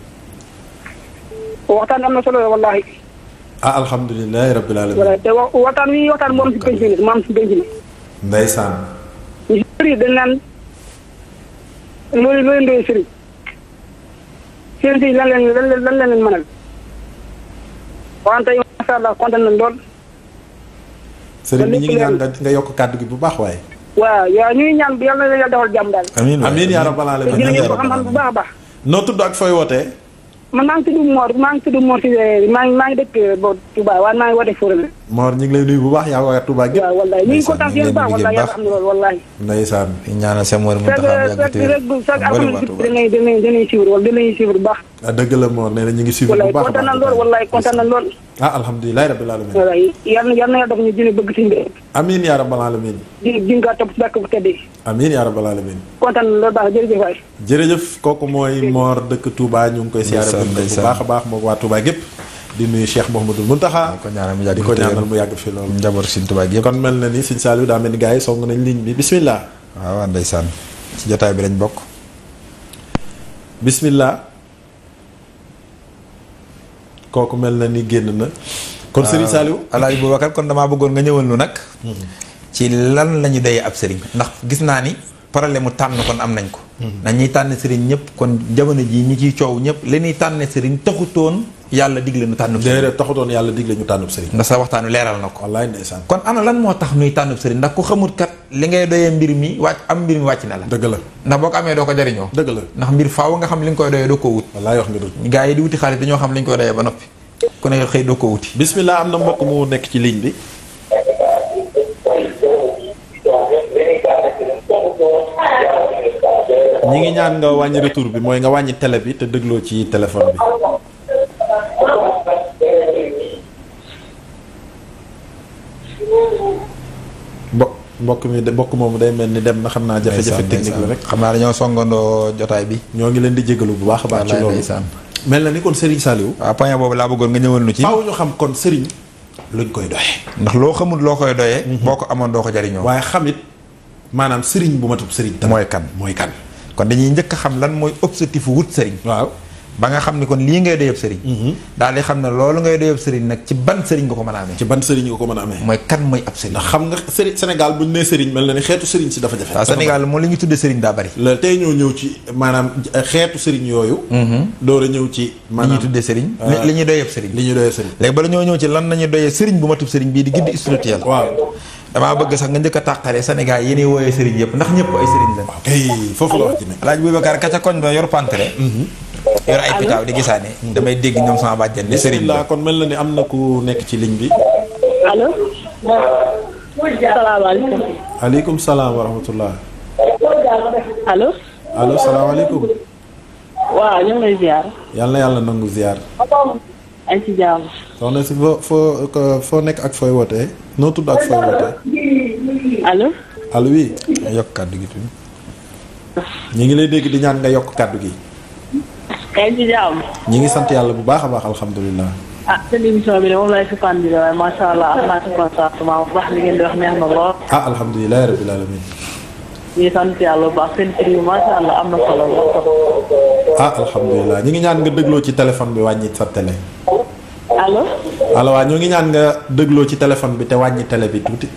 waxtaan am na solo wallaahi. ah alhamdulilah rabbil alamin. voilà moom si penc mi moom si penc mi. ndeysaan. ñu si bëri leen lan leen mënal. wante macha allah la nañ lool. sëriñ bi ñu ngi ñaan nga yokk kàddu gi bu baax waaye. waaw yow ñuy ñaan yal na yàlla defal jàmm daal. amiin amiin yaa rabbal aalamiin amiin yaa rabbal aalamiin bu baax a baax. noo tudd ak fooy wootee. man maa ngi tudd Mor maa ngi tudd Mor si eh, maa ngi maa ngi dëkk eh, bo Touba waaye maa ngi wootee Fouréné. Mor ñu ngi lay nuyu bu baax yaa waa Touba gi. waaw wallaay ñu ngi kontaan si yéen baax wallaay yàlla xam ne loolu wallaay. ndeysaan ñaanal sa Mor mu taxaw yàgg te wala waa Touba chaque chaque alxames dinañ dinañ dinañ suivre wala dinañ suivre bu baax ah dëgg la moo nee na ñu ngi suivre bu baax kontaan na lool wallaay kontaan na lool. ah alhamdulilah rabbil alamin. wallaay yal baax jërëjëf waay. kooku mooy dëkk Touba ñu ngi koy. siyaare bu baax a baax moom waa Touba gépp di nuyu Cheikh Mouhamadul Mountakha di ko ñaanal mu yàgg fi loolu njaboot Sëriñ Tuubaa gi kon mel na ni Sëriñ Saliou daa mel ni gars yi song nañ ligne bi bismillah waaw ndeysaan ci jotaay bi lañ bokk bismillah kooku mel na ni génn na. kon ah, Serigne Saliou. Alaaji Boubacar kon damaa bëggoon nga ñëwal nu nag. Mhm. ci lan la ñu doyee ab Serigne ndax gis naa ni problème mu tànn kon am nañ ko. Mhm. nañuy tànn Serigne ñëpp kon jamono jii ñi ciy coow ñëpp li ñuy tànne Serigne taxutoon yàlla digle ñu tànnub Serigne. déedéet taxutoon yàlla digle ñu tànnub Serigne. ndax sa waxtaanu leeral na ko. wallaay ndeysaan kon ana lan moo tax ñuy tànnub Serigne ndax ku xamut kan li ngay doyee mbir mi wàcc am mbir mi wàcc na la. dëgg la ndax boo ko amee doo ko jariñoo. dëgg la ndax mbir faaw nga xam li nga koy doyee doo ko wut. wallaay wax nga dëgg. gaa yi di wuti xaalis dañoo xam li ñu koy doyee ba noppi. ku ne xëy doo ko wuti. bismillah am na mbokk mu nekk ci ligne bi. ñi ngi ñaan nga wàññi retour bi mooy nga wàññi télé bi te dégloo ci téléphone bi. mbokk mi de mbokk moomu day mel ni dem na xam naa jafe-jafe technique la rek xam naa dañoo songandoo jotaay bi ñoo ngi leen di jégalu bu baax a baax ci loolu mel na ni kon Serigne Saliou waaw point boobu laa bëggoon nga ñëwal nu ci faaw xam kon Serigne luñ koy doyee ndax loo xamul loo koy doyee mhm. boo ko amoon doo ko jariñoo waaye xamit maanaam Serigne bu matub Serigne mooy kan mooy kan kon dañuy njëkk a xam lan mooy objectif wut Serigne waaw ba nga xam ni kon lii ngay doyob sëriñ mhm. daal di xam ne loolu ngay doyob sëriñ nag ci ban sëriñ nga ko mën a amee ci ban sëriñ nga ko mën a amee mooy kan mooy ab sëriñ ndax xam nga sëriñ Sénégal buñ nee sëriñ mel xeetu sëriñ si dafa yooyu mhm. door a ñëw ci maanaam li ñuy tuddee euh, sëriñ li ñuy doyob sëriñ li ñuy doyob sëriñ léegi bala ñëw ci lan nañu doyee sëriñ bu matub sëriñ bii di guide spirituel waaw damaa bëgg yi ni wooyee sëriñ yëpp ndax ñëpp ay sëriñ foofu la wax ji ne ka ca koñ ba yor pantre mhm. yor ay pitaaw di gisaane damay dégg ñoom sama bàjjen ne sëriñ la kon mel na ni am na ku nekk ci ligne bi allo salaamaaleykum salaam wa rahmatullah allo allo salaamaaleykum waaw ñu ngi lay yàlla yàlla nangu ziar ay ci jàmm si foo foo foo nekk ak fooy wootee noo tudd ak fooy wootee allo allo oui yokk kàddu gi tuuti ñu ngi lay dégg di ñaan nga yokk kàddu gi yaa ngi ñu ngi sant yàlla bu baax a baax alhamdulilah. ah seen allah am na lool. ah alhamdulilah rabbil alamin. ñu ngi sant yàlla bu baax seen prix bi allah am na solo ah alhamdulilah ñu ngi ñaan nga dégloo ci téléphone bi wàññi sa télé. allo. waaw ñoo ngi ñaan nga dégloo ci téléphone bi te wàññi télé bi tuuti.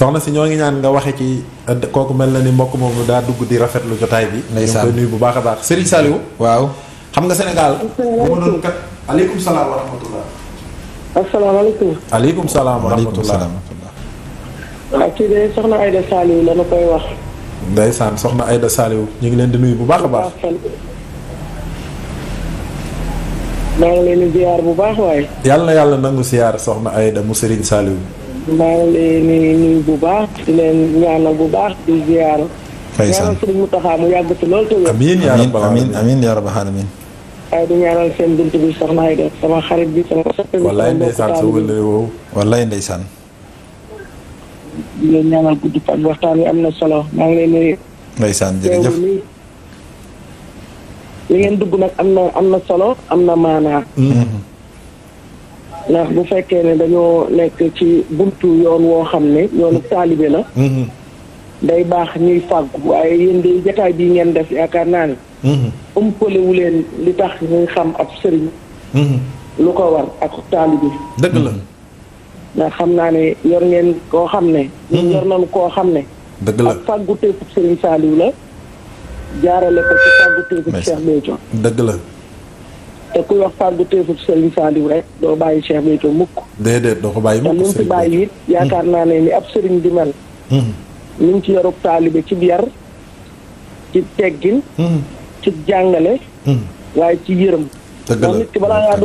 soxna si ñoo ngi ñaan nga waxe ci kooku mel na ni mbokk moomu daa dugg di rafetlu jotaay bi. ndeysaan ñu koy bu baax baax Serigne Saliou. waaw xam nga Sénégal. bu salaam wa salaam wa rahmatullah. waaw soxna Aïda Saliou ñu ngi leen di nuyu bu baax a baax. maa yàlla na yàlla nangu ziar soxna Aïda mu Serigne Saliou. maa ngi leen nuyu bu baax di leen ñaanal bu baax di ziar. ndeysaan ñaanal sëñ mu yàgg ci lool te wér. amiin amiin amiin waaye di ñaanal seen bunt bi soxna Ayda sama xarit bi sama. soppe bi wallaay ndeysaan sa waxtaan wi am na solo maa ngi leen nuyu. ndeysaan jërëjëf li ngeen dugg nag am na am na solo am na maanaa. Mm-hmm. ndax bu fekkee ne dañoo nekk ci buntu yoon woo xam ne yoonu mm-hmm. taalibe la mm-hmm. day baax ñuy fàggu waaye yéen de jataay bii ngeen def yaakaar naa ne ëmpalewu mm-hmm. leen li tax ñuy xam ab sëriñ lu ko war ak taalibe dëgg la ndax xam naa ne yor ngeen koo xam ne ñun yor nañu koo xam ne dëgg la ak fàggu teefu sëriñ Saliou la jaarale ko ci fàggu teefu Cheikh Béthio dëgg la te ku wax fàggu teefut Serigne Saliou rek doo bàyyi Cheikh Béthio mukk déedéet doo ko bàyyi mukk te ni ab sëriñ di mel ñu hmm. ngi ci yorub taalibe ci yar ci teggin hmm. ci jàngale hmm. waaye ci yërëm ndax nit ki balaa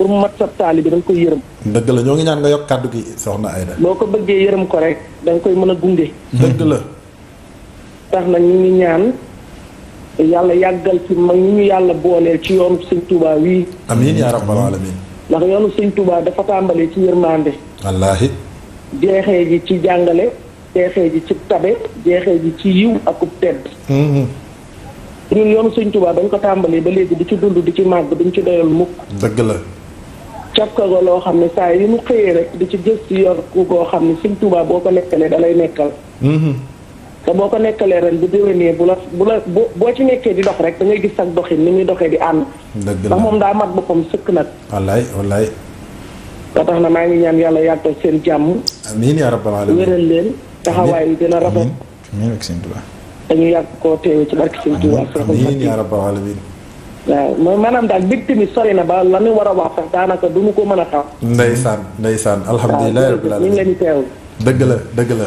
pour mu mat sa taalibe da nga koy yërëm dëgg la ñoo ngi ñaan nga yokk kàddu gi soxna Aïda boo ko bëggee yërëm ko rek da koy mën a gunge dëgg la tax na ñu ngi ñaan yàlla yàggal ci mag ñu yàlla booleel ci yoonu sëñ Touba wii. amiin yaa rabbal alamin ndax yoonu sëñ Touba dafa tàmbalee ci yërmande. wallaahi. jeexee ji ci jàngale. jeexee ji ci tabe. jeexee ji ci yiw ak tedd. Mhm. ñun yoonu sëñ Touba dañ ko tàmbalee ba léegi di ci dund di ci màgg duñ ci doyal mukk. dëgg la. cafkago loo xam ne saa yi mu xëyee rek di ci gëstu yor ku koo xam ne sëñ Touba boo ko lekkalee dalay lay nekkal. Mhm. te boo ko nekkalee ren bu déwénee bu la bu la boo ci nekkee di dox rek da gis ak doxin ni muy doxee di ànd. dëgg la moom daa mat boppam sëkk nag. wallaay wallaay. ba na maa ngi ñaan yàlla yàggal seen jàmm. amiin yaa rabbal alamin wéral leen. taxawaay yi dina rafet. amiin ak seen Tuubaa. dañu yàgg koo ci barke seen Tuubaa. amiin yaa rabbal alamin waaw maanaam daal mbégte mi sori na ba la ñu war a daanaka du ñu ko mën a taw. ndeysaan ndeysaan alhamdulilah rabbil alamin ñu ngi leen teew. dëgg la dëgg la.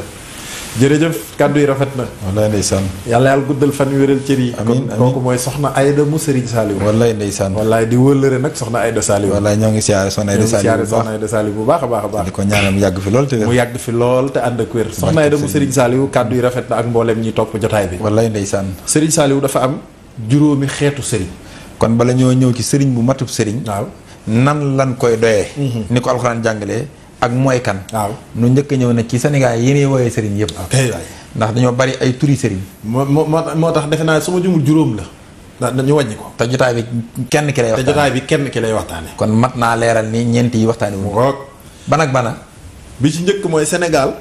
jërëjëf kàddu yi rafet na. wallaay ndeysaan. yàlla yàlla guddal fan yu wéral cër yi. amiin amiin kooku mooy Soxna Aida mu Serigne Saliou. wallaay ndeysaan. wallaay di wëllëre nag Soxna Aida Saliou. wallaay ñoo ngi siyaare Soxna ngi siyaare baax a baax a baax. di ko ñaanal mu yàgg fi lool te mu yàgg fi lool te ànd ak wér. Soxna Aida mu Serigne Saliou kàddu yi rafet na ak mboolem ñi topp jotaay bi. wallaay ndeysaan. Serigne Saliou dafa am juróomi xeetu Serigne. kon bala ñoo ñëw ci Serigne bu matub Serigne. waaw nan lan koy doyee. Mhm. ni ko alxuraan jàngalee ak mooy kan. waaw nu njëkk ñëw na ci Sénégal yéenay woowee sëriñ yëpp. ndax dañoo bari ay turi sëriñ. moo moo tax defe naa su ma jumul juróom la. dañu wàññi ko. te jotaay bi kenn ki lay. waxtaanee bi kenn ki lay waxtaanee. kon mat naa leeral ni ñeent yi waxtaanee wu ñu. ban ak bi ci njëkk mooy Sénégal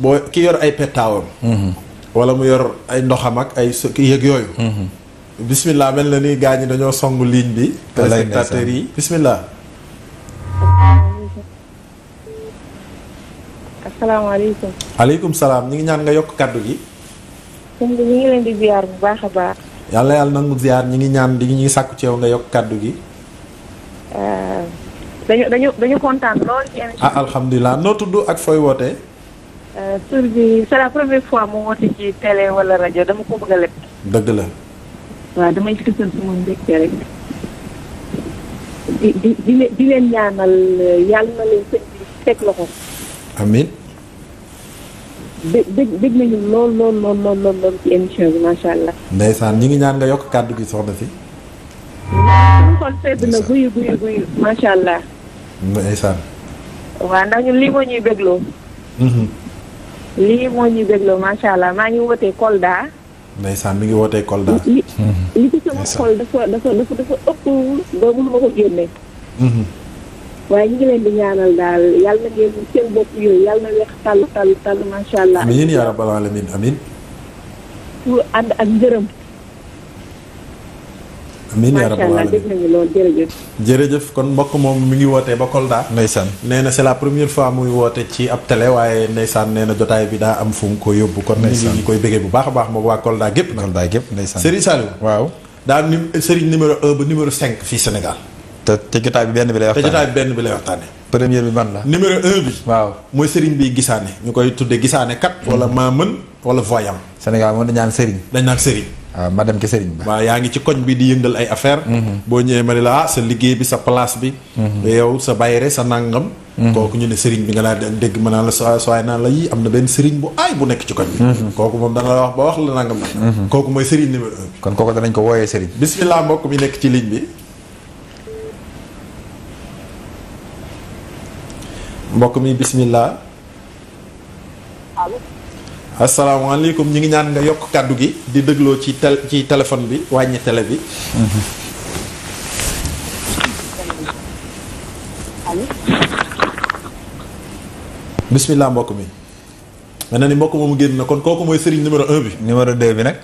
boo ki yor ay pettaawam. Mhm. wala mu yor ay ndoxam ak ay ki yëg yooyu. Mhm. bismillah mel na ni gars ñi dañoo songu ligne bi. téléspectateurs yi bismillah salaamaaleykum. aleykum salaam ñu ngi ñaan nga yokk kàddu gi. sëñ ngi leen di ziar bu baax a baax. yàlla yàlla nangu ziar ñu ngi ñaan di ñu ngi sàkku ceew nga yokk kàddu gi. Euh, dañu dañu kontaan lool ci émission ah, noo tudd ak fooy wootee. Euh, tur bi la première fois mu woote ci télé wala rajo dama ko bëgg a dëgg la. waaw damay fësal sama mbégte rek. di di di leen ñaanal yàlla na leen sëñ bi teg loxo. amiin. dé dégg nañu lool lool lool lool ci émission bi macha allah. ndeysaan ñi ngi ñaan nga yokk kàddu gi soxna si. suñu xol sedd na guyu guyu guyu macha allah. ndeysaan. waaw ndax ñun lii moo ñuy bégloo. Mhm. lii moo ñuy bégloo macha allah maa ngi wootee Kolda. ndeysaan mi ngi wootee Kolda. li li ci sama xol dafa dafa dafa dafa ëpp ba mënuma ko génne. Mhm. waaye ñu ngi leen di ñaanal daal yàlla na ngeen seen bopp yooyu yàlla na weex tàll tàll tàll macha allah. amiin yaa rabbal alamin amiin. pour ànd ak ngërëm. amiin yaa rabbal alamin macha allah dégg nañu loolu jërëjëf. jërëjëf kon mbokk moom mu ngi wootee ba Kolda. ndeysaan nee na c'est la première fois muy woote ci ab télé waaye ndeysaan nee jotaay bi daa am fu mu ko yóbbu. kon ndeysaan ñu ngi koy bëggee bu baax a baax moom waa Kolda gépp. Kolda gépp ndeysaan Serigne Saliou. waaw daal ba numéro 5 fii Sénégal. te te jotaay bi benn bi lay waxtaanee te jotaay bi benn bi lay waxtaanee. première bi ban la. numéro un bi. waaw mooy sëriñ bi gisaane. ñu koy tuddee gisaane kat. wala mm. maa mën wala voyant. Sénégal moom dañu naan sëriñ. dañ naan sëriñ. Ah, ma dem ci sëriñ ba. yaa ngi ci koñ bi di yëngal ay affaire mm-hmm. boo ñëwee ma ne la ah sa liggéey bi sa place bi. Mm-hmm. yow sa bayre sa nàngam. Mm-hmm. kooku ñu ne sëriñ bi nga laa dégg ma naan la so sowaay naan la yi am na benn sëriñ bu aay bu nekk ci koñ bi kooku moom dana la wax ba wax la nangam nag kooku mooy sëriñ numéro un kon kooku danañ ko wooyee sëriñ bismillah mbokk mi nekk ci ligne bi mbokk mi bismillah asalaamaaleykum ñu ngi ñaan nga yokk kàddu gi di dégloo ci tel bi wàññi télé bi mm-hmm. bismillah mbokk mi mel na ni mbokk moomu génn na kon kooku mooy sëriñ numéro un bi numéro de bi nag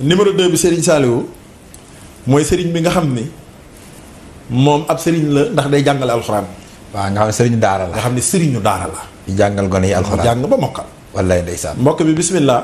numéro de bi sëriñ Saliou mooy sëriñ bi nga xam ni moom ab sëriñ la ndax day jàngale alxuraan waaw nga xam ne sëriñu daara la nga xam ne sëriñu daara la di jàngal gone yi alxuraan jàng ba mokkal wallaay ndeysaan mbokk bi bismillah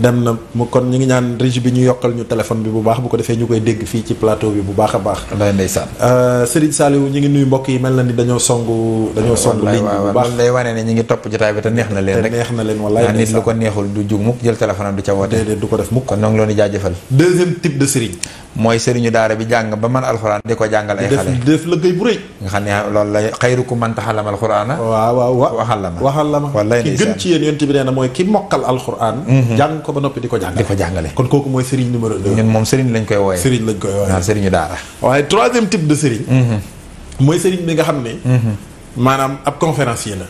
dem na mu kon ñu ngi ñaan régie bi ñu yokkal ñu téléphone bi bu baax bu ko defee ñu koy dégg fii ci plateau bi bu baax a baax. wallaay ndeysaan. Euh, ñu ngi nuyu mbokk yi mel na ni dañoo songu. dañoo songu ligne bi bu baax loolu wane ne ñu ngi topp jotaay bi te neex na leen rek te na leen wallaay nit lu ko neexul du jug mukk jël téléphone du ca woote. déedéet du ko def mukk kon ñoo ngi leen mooy sëriñu daara bi jàng ba man alxuraan di ko jàngal ay xale def lëggéey bu rëy nga xam ne loolu la xayrukum man taxallama alxuraana waaw waaw wa waxallama waxallama ki gën ci yéen yonent bi nee na mooy ki mokkal alxuraan mhm. ko ba noppi di ko jàngale di ko jàngale kon kooku mooy sëriñ numéro 2 ñun moom sëriñ lañ koy wooye sëriñ lañ koy wooye waaw sëriñu daara waaye troisième type de sëriñ mm-hmm. mooy sëriñ bi nga xam ne mm-hmm. maanaam ab conférencier la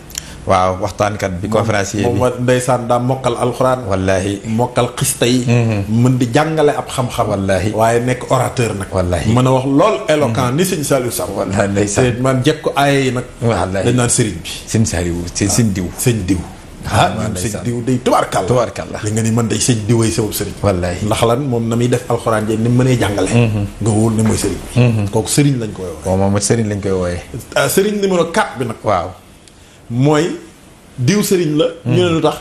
waaw waxtaankat bi conférencier bi moom ndeysaan daa mokkal alxuraan. wallaahi mokkal xista yi. Mm-hmm. mën di jàngale ab xam-xam. wallaahi waaye nekk orateur nag. wallaahi a wax lool éloquent ni sëñ Saliou Samb. wallaahi ndeysaan man jekk aaye yi nag. wallaahi naan sëriñ bi. sëñ Saliou sëñ diw. ah ñun ah, sëñ diw day tubaarkàlla tubaarkàlla li nga ni man day sëñ diw ay sawub sëriñ wallaay ndax lan moom na muy def alxuraan jeeg ni mu mënee jàngale mm-hmm. nga wóor ne mooy sëriñ bi mm-hmm. kooku sëriñ lañ koy wooye moom moom sëriñ lañ koy wooye ah, sëriñ numéro 4 bi nag waaw mooy diw sëriñ la mm-hmm. ñu ne lu tax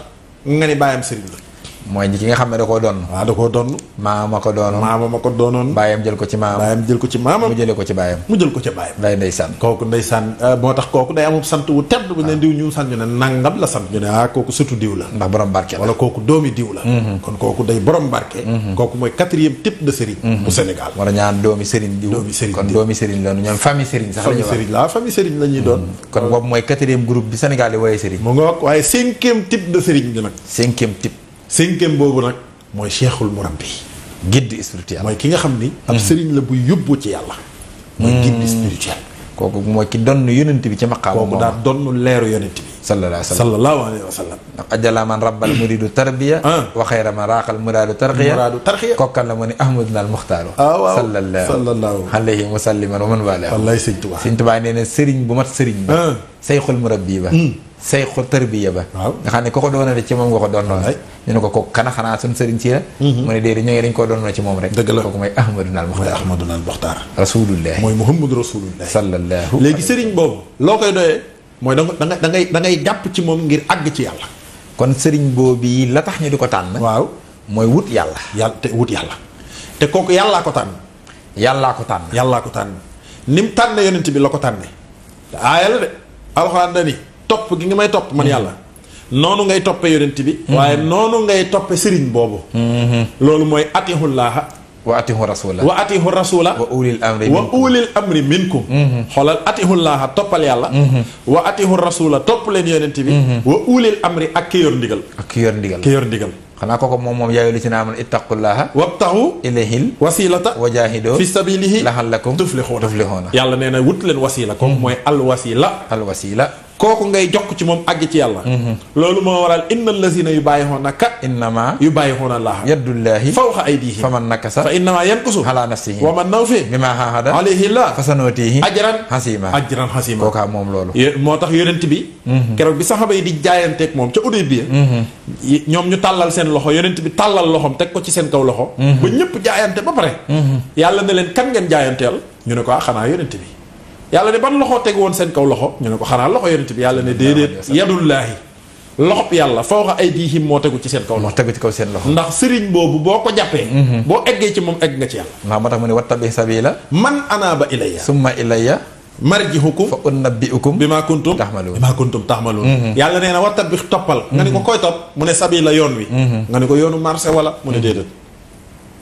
nga ni bàyyam sëriñ la mooy ji ki nga xam ne da koo doon. waaw da koo doon. ko doonoon maama ma ko doonoon. baayam jël ko ci maam baayam jël ko ci maamam. mu jëlee ko ci baayam. mu jël ko ci baayam. day euh, moo tax kooku day amub sant wu tedd. bu ne ah. diw ñu la sant ñu ne ah kooku surtout diw la. ndax borom doomi diw mm-hmm. borom barke. Mm-hmm. kooku mooy quatrième type de sëriñ. Mm-hmm. bu Sénégal wala ñaan doomi sëriñ diw. doomi sëriñ kon doomi sëriñ la doon. kon boobu mooy quatrième groupe bi Sénégal yi wooyee sëriñ. mu ngoog waaye cinquième type de sëriñ bi nag. cinquième type cinquième boobu nag mooy cheikhul murabbi guide spirituel mooy ki nga xam ni ab hmm. sëriñ la bu yóbbu ci yàlla mooy hmm. guide spirituel kooku mooy ki donn yonent bi ci maqaam kooku daa donn leeru yonent bi sallallahu alayhi wa sallam ndax muridu tarbiya ah. wa xayra man raaqal muraadu tarqiya muraadu tarqiya kokkan la mu ne ahmaduna al muxtaaru ah, sallallahu alayhi wa salliman wa man wala wallaay sëñ Tuubaa sëñ Tuubaa nee na sëriñ bu mat sëriñ ba ah. sayxul murabbi ba hmm. sayxu tarbiya ba nga xam ne ko ko doona de ci moom nga ko doon ñu ne ko kooku kana xanaa suñ sëriñ si la mhm. mu ci moom rek kooku mooy ahmaduna al muxtaar mooy muhammadu rasulullah sallallahu léegi sëriñ boobu loo koy doyee mooy da nga da ngay da ngay jàpp ci moom ngir àgg ci yàlla kon sëriñ boobu yi la tax ñu di ko tànn waaw mooy wut yàlla yàlla te wut yàlla te kooku yàllaa ko tànn yàllaa ko tànn yàllaa ko tànn ni mu tànn yonent bi la ko tànne aaya la de alxuraan dani topp gi nga may topp man mm-hmm. yàlla noonu ngay toppee yonent bi mm-hmm. waaye noonu ngay toppe sëriñ boobu mm-hmm. loolu mooy atihullaaha wa atihu rasula wa atihu rasula wa ulil amri wa ulil amri minkum xoolal atihullaaha toppal yàlla wa atihu rasula topp leen yonent bi wa ulil amri ak ki yor ndigal ak ki yor ndigal ki yor ndigal xanaa kooku moom moom yaayu li ci naa amoon ittaqullaha wabtahu ilayhil wasilata wajahido fi sabilihi laxallakum tuflixuuna tuflixuuna yàlla nee na wut leen wasila kooku mooy al wasila al wasila kooku ngay jokk ci moom àgg ci yàlla mhm. loolu moo waral inna allazina yu bàyyi xoon naka innama yu bàyyi xoon allaha yaddullahi fawqa aydihim fa man fa innama yankusu ala nafsihi wa man nawfi bima haahada alayhi llah ajran hasima ajran hasima kooka moom loolu moo tax yonent bi mhm. keroog bi saxaba yi di jaayanteeg moom ca Udaybiya mhm. ñoom ñu tàllal seen loxo yonent bi tàllal loxom teg ko ci seen kaw loxo ba ñëpp jaayante ba pare yàlla ne leen kan ngeen jaayanteel ñu ne ko ah xanaa yàlla ne ban loxo teg woon seen kaw loxo ñu ne ko xanaa loxo yonent bi yàlla ne déedéet yadullaahi loxob yàlla ay aydihim moo tegu ci seen kaw moo tegu ci kaw seen loxo ndax sëriñ boobu boo ko jàppee mhm. boo eggee ci moom egg nga ci yàlla waaw moo tax mu ne wattabi sabila man anaaba ilayya summa ilayya marjihukum fa unabbiukum bi maa kuntum taxmaluun bi maa kuntum taxmaluun mhm. yàlla nee na wattabi toppal nga ni ko mhm. koy topp mu ne sabila yoon wi nga ni ko yoonu marché wala mu ne déedéet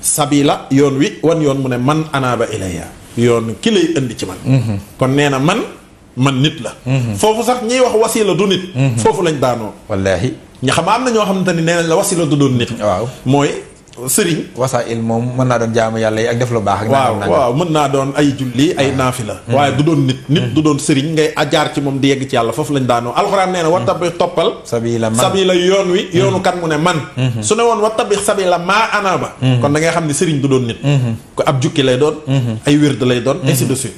sabila yoon wi wan yoon mu ne man anaaba ilayya yoon ki lay indi ci man mhm. kon nee na man man nit la mhm. foofu sax ñiy wax wasila du nit mhm. foofu lañ daanoo wallaahi ña xam am na ñoo xamante ni nee nañ la wasila du doon nit waaw mooy sëriñ wasaa'il moom mën naa doon jaamu yàlla yi ak def lu baax ak waaw waaw mën naa doon ay julli ay naafi la hmm. waaye du doon nit nit hmm. du doon sëriñ ngay ajaar ci moom di yegg ci yàlla foofu lañ daanoo alxuraan nee na wa hmm. tabi toppal sabila man maa anaba kon da ngay xam ne sëriñ du doon nit ko ab jukki lay doon ay wérd lay doon ainsi de suite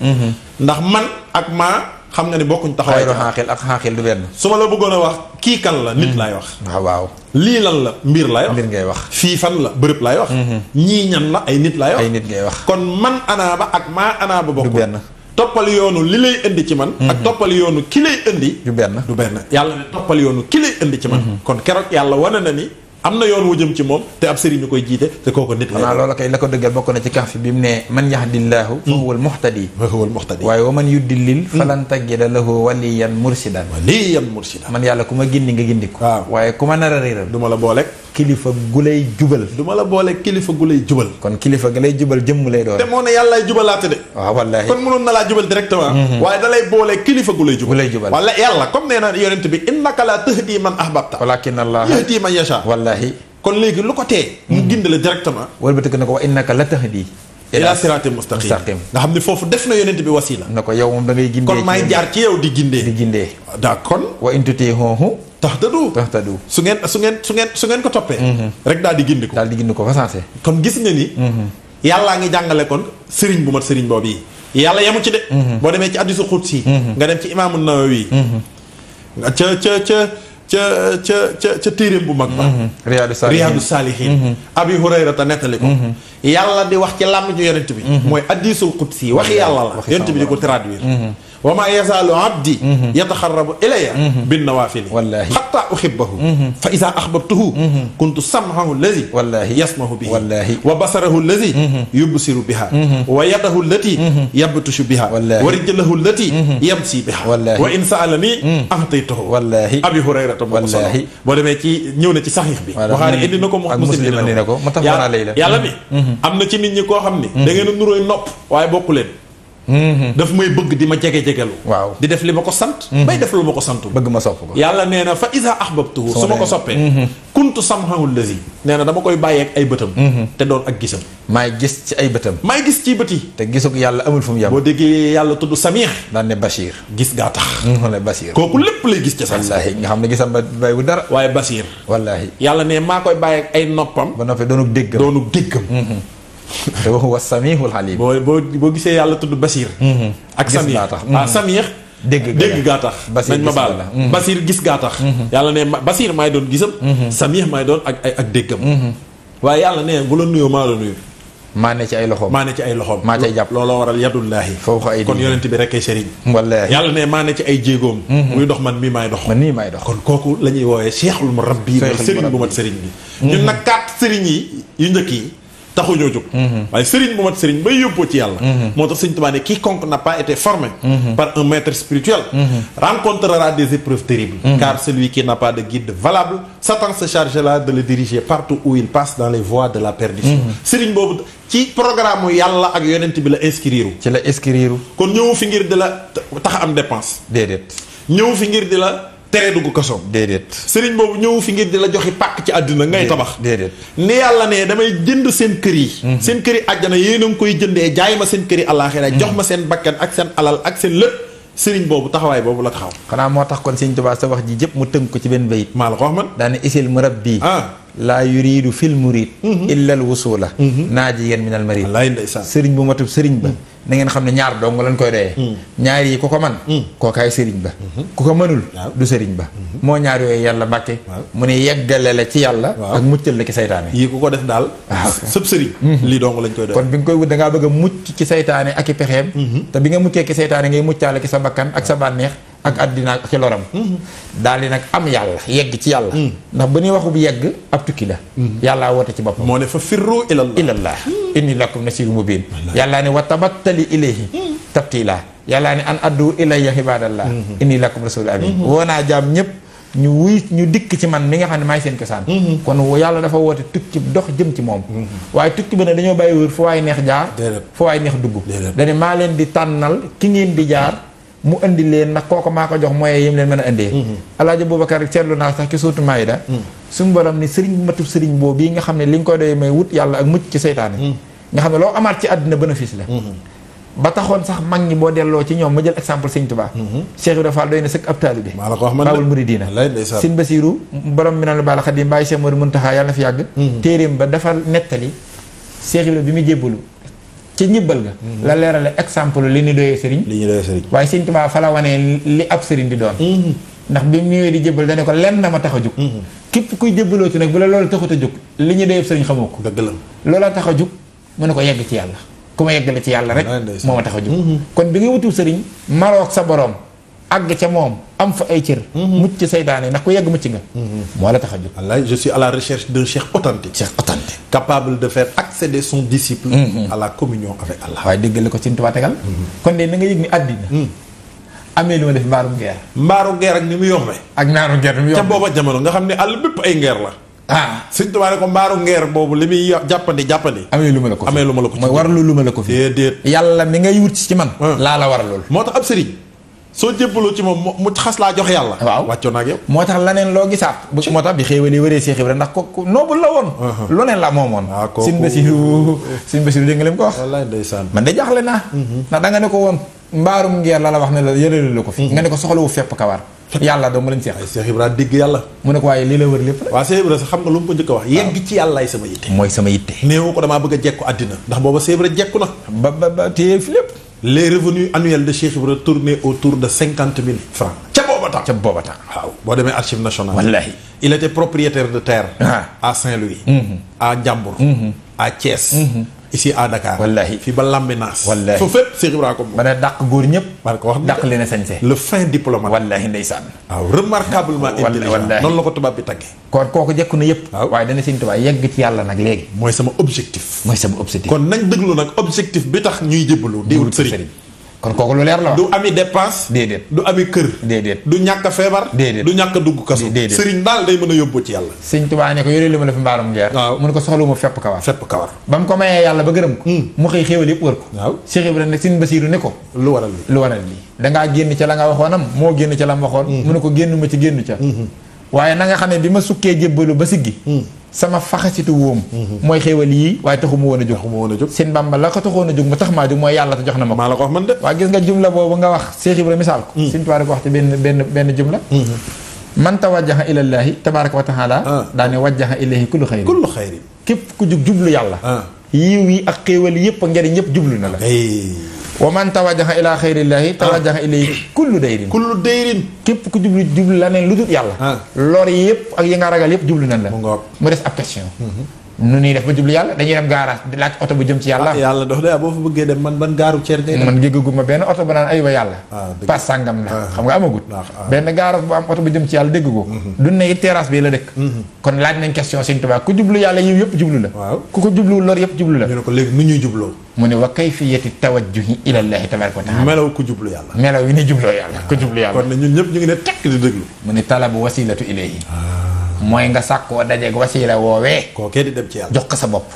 ndax man ak maa xam nga ni bokkuñ taxawaay xaaxil ak xaaxil du benn su ma la bëggoon wax kii kan la nit laay wax ah, waaw lii lan la mbir laay wax mbir ngay wax fii fan la bërëb laay wax mhm. ñii ñan la ay nit laay wax ay nit ngay wax kon man anaaba ak maa anaaba bokkul du benn toppal yoonu li lay indi ci man ak mhm. toppal yoonu ki lay indi du benn du benn yàlla ne toppal yoonu ki lay indi ci man mhm. kon keroog yàlla wane na ni am na yoon wu jëm ci moom te ab sëriñ ñu koy jiite te kooku nit xanaa loola kay la ko dëggal bokk na ci kaaf bi mu ne man yahdillaahu fa huwa al muhtadi hmm. fa huwa al muhtadi waaye wa man yuddilil hmm. falan tajida lahu waliyan mursidan waliyan mursidan man yàlla ku ma gindi nga gindi ko waaw waaye ku ma nar a réeral du ma la boolek kilifa gu lay jubal. du la boole kilifa gu lay jubal. kon kilifa gu lay jubal jëmm lay doon. te moo ne yàlla lay jubalaate de. waaw wallaahi kon mënoon na laa jubal directement. Mhm. waaye kilifa gu jubal. gu lay wala yàlla comme nee na yonent bi innaka la tahdi man ahbabta. walakin allah yahdi man wallaahi. kon léegi lu ko tee. mu mhm. gindale directement. wala ba tëgg na ko wa innaka la ilaa siraatil mustaqim nga xam ne foofu def na yonent bi wasila na ko yow moom da gindee kon maay jaar ci yow di gindee di gindee daa kon wa intuti hoohu tahtadu tahtadu su ngeen su ngeen su ngeen su ngeen ko toppee mm-hmm. rek daal di gindi ko daal di gindi ko fa kon gis nga ni mm-hmm. yàllaa ngi jàngale kon sëriñ bu mat sëriñ boobu yi yàlla yemu ci de mm-hmm. boo demee ci addisu xut si nga dem ci imaamu Nawawi ca ca ca ca ca ca ca bu mag ba mhm. riyaadu saalihiin mhm. abi hurayrata nettali ko mhm. yàlla di wax ci làmm ju yonent bi mooy addiisul qudsi wax yàlla la yonent bi di ko traduire wa maa yazaalu abdi mhm. yataxarrabu ilayya mhm. bin nawaafili wallaahi xataa uhibbahu mhm. fa idaa ahbabtuhu kuntu sam'ahu allazi wallaahi yasmahu bihi wallaahi wa basarahu allazi yubsiru biha wa yadahu allati yabtushu biha wa rijlahu allati yamsi biha wa in saalani ahtaytuhu wallaahi abi hurayrata moo ko solo boo demee ci ñëw na ci saxiix bi buxaari mm. indi na ko mu muslim indi na ko yàlla mm. bi mm. am na ci nit ñi koo xam ni da ngeen a nuróoy nopp waaye bokku leen Mm-hmm. daf may bëgg di ma jege-jegelu waaw di def li ma ko sant mm-hmm. bay def lu ma ko santu bëgg ma sopp ko yàlla nee na fa isa ahbabtuhu su ma ko soppee mm-hmm. kuntu samhahu lazi nee na dama koy bàyyee ak ay bëtam te doon ak gisam maay gis ci ay bëtam maay gis ci bët yi te gisuk yàlla amul fu mu yem boo déggee yàlla tudd samih daan ne bachir gis gaa tax ne bachir kooku lépp lay gis ci sa wallaahi nga xam ne gisam ba bay bu dara waaye bachir wallaahi yàlla ne maa koy bàyyee ak ay noppam ba noppee doonuk déggam doonuk te wa samihul alim boo boo boo gisee yàlla tudd Basir. Mm-hmm. ak Samih tax ah mm-hmm. Samih. dégg dégg gaa tax nañ ma baal mm-hmm. Basir gis gaa tax yàlla ne Basir maay doon gisam Samih maay doon ak ak déggam waaye yàlla ne bu la nuyoo maa la nuyu maa ne ci ay loxoom maa ne ci ay loxoom maa cay jàpp looloo waral yadullaahi foofu ay kon yonent bi rek ay sëriñ yàlla ne maa ne ci ay jéegoom muy dox man mii maay dox man nii maay dox kon kooku la ñuy woowee cheikhul murabbi sëriñ bu mat sëriñ bi ñun nag quatre taxu ñoo jóg mhm. waaye sëriñ bu mat sëriñ bay yóbboo ci yàlla mhm. moo tax sëñ Tuubaa ne quiconque n'a été formé mhm. par un maître spirituel rencontrera des épreuves terribles car celui qui n'a de guide valable Satan se chargera de le diriger partout où il passe dans les voies de la perdition sëriñ boobu ci programme yàlla ak yonent bi la inscrire ci la inscrire kon ñëw fi ngir di la tax am dépense déedéet fi ngir di la tere dugg kaso. déedéet sëriñ boobu ñëw fi ngir di la joxi pàkk ci àddina ngay tabax. déedéet ni yàlla ne damay jënd seen kër yi. Mhm. seen kër yi àjjana yéen a ngi koy jëndee jaay ma seen kër yi àllaaxira mhm. jox ma seen bakkan ak seen alal ak seen lépp sëriñ boobu taxawaay boobu la taxaw. xanaa moo tax kon sëriñ Tuubaa sa wax ji jëpp mu tënk ko ci benn bayit. maa la ko wax man daane isil mu rabbi. ah laa yuriidu fil murid mhm. illa al wusula mhm. naajiyan min al marid sëriñ bu matub sëriñ ba mhm. na ngeen xam ne ñaar dong lañ koy doyee ñaar yi ku ko man kookaay sëriñ ba ku ko mënul du sëriñ ba moo ñaar yooyu yàlla mbàkke mu ne yeggale la ci yàlla ak muccal la ci saytaane yi ku ko def daal ah. sëb sëriñ lii dong lañ koy doyee kon bi nga koy wut da ngaa bëgg a mucc ci saytaane ak i pexeem te bi nga muccee ki saytaane ngay muccaale i sa bakkan ak sa bànneex ak àddina ak ci loram daal di nag am yàlla yegg ci yàlla mm. ndax ba ñuy waxub yegg ab tukki la mm. yàllaa woote ci boppam moo ne fa firru ilallah ilallah mm. inni lakum nasiru mubin yàllaa ne wa tabattali ilayhi tabtila yàllaa ne an addu ilayya ibadallah mm-hmm. inni lakum rasul amin mm-hmm. woo jaam ñëpp ñu wuy ñu dikk ci man mi nga xam ne maay seen cosaan mm-hmm. kon yàlla dafa woote tukki dox jëm ci moom waaye tukki bi nag dañoo bàyyi wër fu waay neex jaar fu waay neex dugg dañu mu indi leen nag kooku maa ko jox moyens yi mu leen mën a indee mm-hmm. alaaji Boubacar seetlu naa sax ci suutu Maayda mm-hmm. suñu borom ni sëriñ matub sëriñ boobu bii nga xam ne li nga koy doy may yàlla ak mucc ci seytaane mm-hmm. nga xam ne loo amaat ci àddina bénéfice la ba taxoon sax mag ñi boo delloo ci ñoom ma jël exemple sëñ Tuubaa Cheikh Ibrahima Fall doy na sëkk ab taalibe baawul muridiina sëñ Basiiru borom mi naan baal Xaadim Baay Cheikh Mouhamadou Mountakha yàlla na fi yàgg téeréem ba dafa nettali Cheikh bi mu jébbalu ci ñibbal ga mhm. la leerale exemple li ñu doyee sëriñ li ñu doyee sëriñ waaye sëriñ Tuubaa fa la wanee li ab sëriñ di doon mhm. ndax bi mu ñëwee di jébbal dañu ko lenn na ma tax a jóg mhm. képp kuy jébbaloo ci nag bu la loolu taxut a jóg li ñu doyee sëriñ xamoo ko dëgg la tax a jug mu ne ko yegg ci yàlla ku ma yegg yeggale ci yàlla rek moo ma tax a jug kon bi nga wutul sëriñ maroog sa boroom àgg ca moom am fa ay cër. Mhm. mucc seytaane ndax ku yegg mucc nga. Mhm. moo la tax a jóg. wallaay je suis à la recherche d'un cheikh authentique. cheikh authentique. capable de faire accéder son disciple. Mhm. à la communion avec Allah. waaye déggal ko ci Tuubaa tegal. kon de nga yëg ni àddina. amee lu ma def mbaaru ngeer. mbaaru ngeer ak ni mu yombee. ak naaru ngeer ni mu yombee booba jamono nga xam ne àll bépp ay ngeer la. ah Sëñ Tuubaa ne ko mbaaru ngeer boobu li muy jàppandi jàppandi. amee lu ma la ko fi amee lu ma la ko mooy warlu lu ma la ko fi. déedéet yàlla mi ngay wut ci man. Ah. laa la war lool moo tax ab sëriñ soo jébbaloo ci moom mu xas laa jox yàlla. waaw wàccoon ak yow. moo tax laneen loo gisaat. bu moo tax bi xéewal yi wëree Seex Ibra ndax ko noobul la woon. Uh-huh. loneen la moomoon. waaw ah, kooku Sëñ Basiru Sëñ ko wax. wallaay ndeysaan man de jaaxle naa. Mm-hmm. ndax da nga ne ko woon mbaarum ngeer la la wax ne la yëlelu la ko fi. Mm-hmm. nga ne ko soxlawu fepp kawar. yàlla dong ma leen seex. ay Seex yàlla. mu ne ko waaye li la wër lépp rek. waaw Seex Ibra sax xam nga lu mu ko njëkk a wax. yegg ci yàllaay sama yitte. mooy sama yitte. a jekku àddina. ndax booba Seex Ibra jekku na. ba ba ba lépp. les revenus annuels de Cheikh Ibra tournaient autour de francs. ca booba temps ca booba temps waaw boo demee archive nationale. wallaahi il était propriétaire de terre. Ah. à Saint-Louis. Mhm. à Ndiambour. Mhm. à Thiès. Mhm. ici à Dakar. wallaahi fii ba Lambe Naas. wallaahi fu ba ne dàq góor ñëpp. parce que wax dàq leen a sañse. le fin diplomate. wallaahi ndeysaan. waaw remarquablement. intelligent wallaahi noonu la ko tubaab bi tàggee. kon kooku jekku na yëpp. waaw waaye dana sëñ tubaab yegg ci yàlla nag léegi. mooy sama objectif. mooy sama objectif kon nañ déglu nag objectif bi tax ñuy jébbalu. di wut sëriñ kon kooku lu leer la du ami dépense. déedéet du ami kër. déedéet du ñàkk feebar. déedéet du ñàkk dugg kaso. déedéet sëriñ daal day mën a yóbbu ci yàlla. sëriñ Tuubaa ne ko yore li ma la mbaarum ngeer. waaw mu ne ko soxla ma fepp kawar. ba mu ko mayee yàlla ba gërëm ko. Hmm. mu xëy xéewal yëpp wër ko. waaw Cheikh Ibrahima nag sëriñ Basiiru ne ko. lu waral lii dangaa génn ca la nga waxoonam moo génn ca la mu waxoon. Hmm. mu ne ko génn ma ci génn ca. Hmm. waaye na nga xam ne bi ma sukkee jébbalu ba siggi sama faxasitu wóom mhm. mooy xéewal yii waaye taxu ma woon a jóg taxu ma a jóg seen bamba la ko taxoon a jóg mu tax maa jóg mooy yàlla te jox na ma ko maa la ko wax man de waaw gis nga jumla boobu nga wax Cheikh Ibra misaal ko mm. Sëñ Tuubaa ko wax ci benn benn benn jumla mm-hmm. man tawajjaha ilallaahi tabaraka wa taala ah. daane wajjaha ilayhi kullu xayri kullu xayri képp ku jug jublu yàlla ah. yiiw yi ak xéewal yëpp a njëriñ ñëpp jublu na la wa man tawajjaha ilaa xayrillaahi tawajjaha ilayhi kullu dayrin kullu dayrin képp ku jublu jublu la neen lu dul yàlla ah. lor yëpp ak yi nga ragal yëpp jublu nañ la mu des ab question mm-hmm. nu ñuy def ba jublu yàlla dañuy dem garage laaj oto bu jëm ci ah, yàlla. yàlla dox de boo fa bëggee dem man ban gaaru ceer ngay dem. benn oto ba naan aywa yàlla. Ah, pas sàngam la. Ah, xam nga amagut. benn garage bu am oto bu jëm ci yàlla dégg ko. Mhm. du ne it terrasse la dëkk. Mhm. kon laaj nañ question Sëñ Tuubaa ku jublu yàlla yiw yëpp jublu la. ku ko jubluwul lor yëpp jublu la. ñu ne ko léegi nu ñuy jubloo. mu ne wa kayfiyati tawajjuhi ila llahi tabaraka wa taala melaw ku jublu yàlla melaw yi ne jubloo yàlla ku jublu yàlla kon ñëpp ngi ne tekk di déglu mu mooy nga sàkkoo dajeeg wasiila woowee. kookee di dem ci jox ko sa bopp.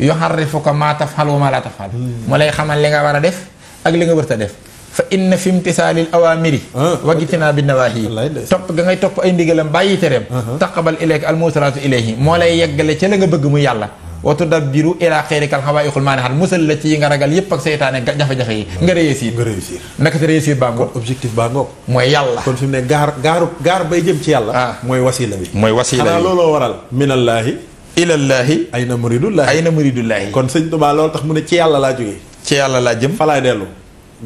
yuharrifuka maa taf'al wa maa laa taf'al. Hmm. mu lay xamal li nga war a def ak li nga wërta def. fa inna fi imtisaalil awaamiri ah, wa jitinaa bi nawaahi topp ga ngay topp ay ndigalam bàyyi tereem. Uh-huh. taqabal ilayka al musaraatu ilayhi moo lay yeggale ca la nga bëgg mu yàlla. watu dabbiru ila xeyrikal xawaayiqul maanihat musal la ci nga ragal yépp ak seytaane jafe-jafe yi nga réussir nga réussir naka te réussir baa ngoog objectif baa ngoog mooy yàlla kon fi mu ne gaar gaaru gaar bay jëm ci yàlla ah. mooy wasiila bi mooy wasila bi xanaa looloo waral minallaahi ilallaahi ay na muridullaahi ay na muridullaahi kon sëñ Tuubaa loolu tax mu ne ci yàlla laa jógee ci yàlla laa jëm falaa laay dellu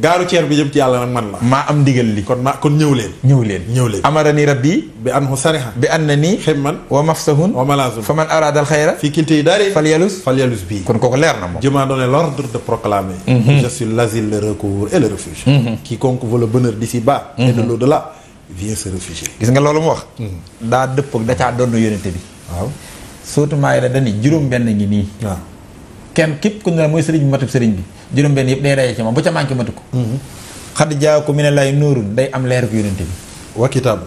gaaru ceer bi jëm ci yàlla nag man la maa am ndigal li kon ma kon ñëw leen ñëw leen ñëw leen amarani rabbi bi anhu sariha bi annani ximman wa mafsahun wa malazun fa man arada al xayra fii kilti yi daari falyalus falyalus bii kon kooku leer na moom je m'en donne l'ordre de proclamer mhm. je suis l'asile le recours et le refuge mhm. quiconque veut le bonheur d'ici-bas et de mhm. l'au-delà vient se réfugier gis nga loolu mu wax daa dëpp ak da caa doon yónente bi waaw surtout maa yi la dani juróom benn ngi nii waaw kenn képp ku ne la mooy sëriñ bi matub sëriñ bi juróom-benn yëpp day daje ci moom bu ca manqué matu ko mhm. xad jaa ko minallaahi nuurun day am leer ko yonente bi wa kitaab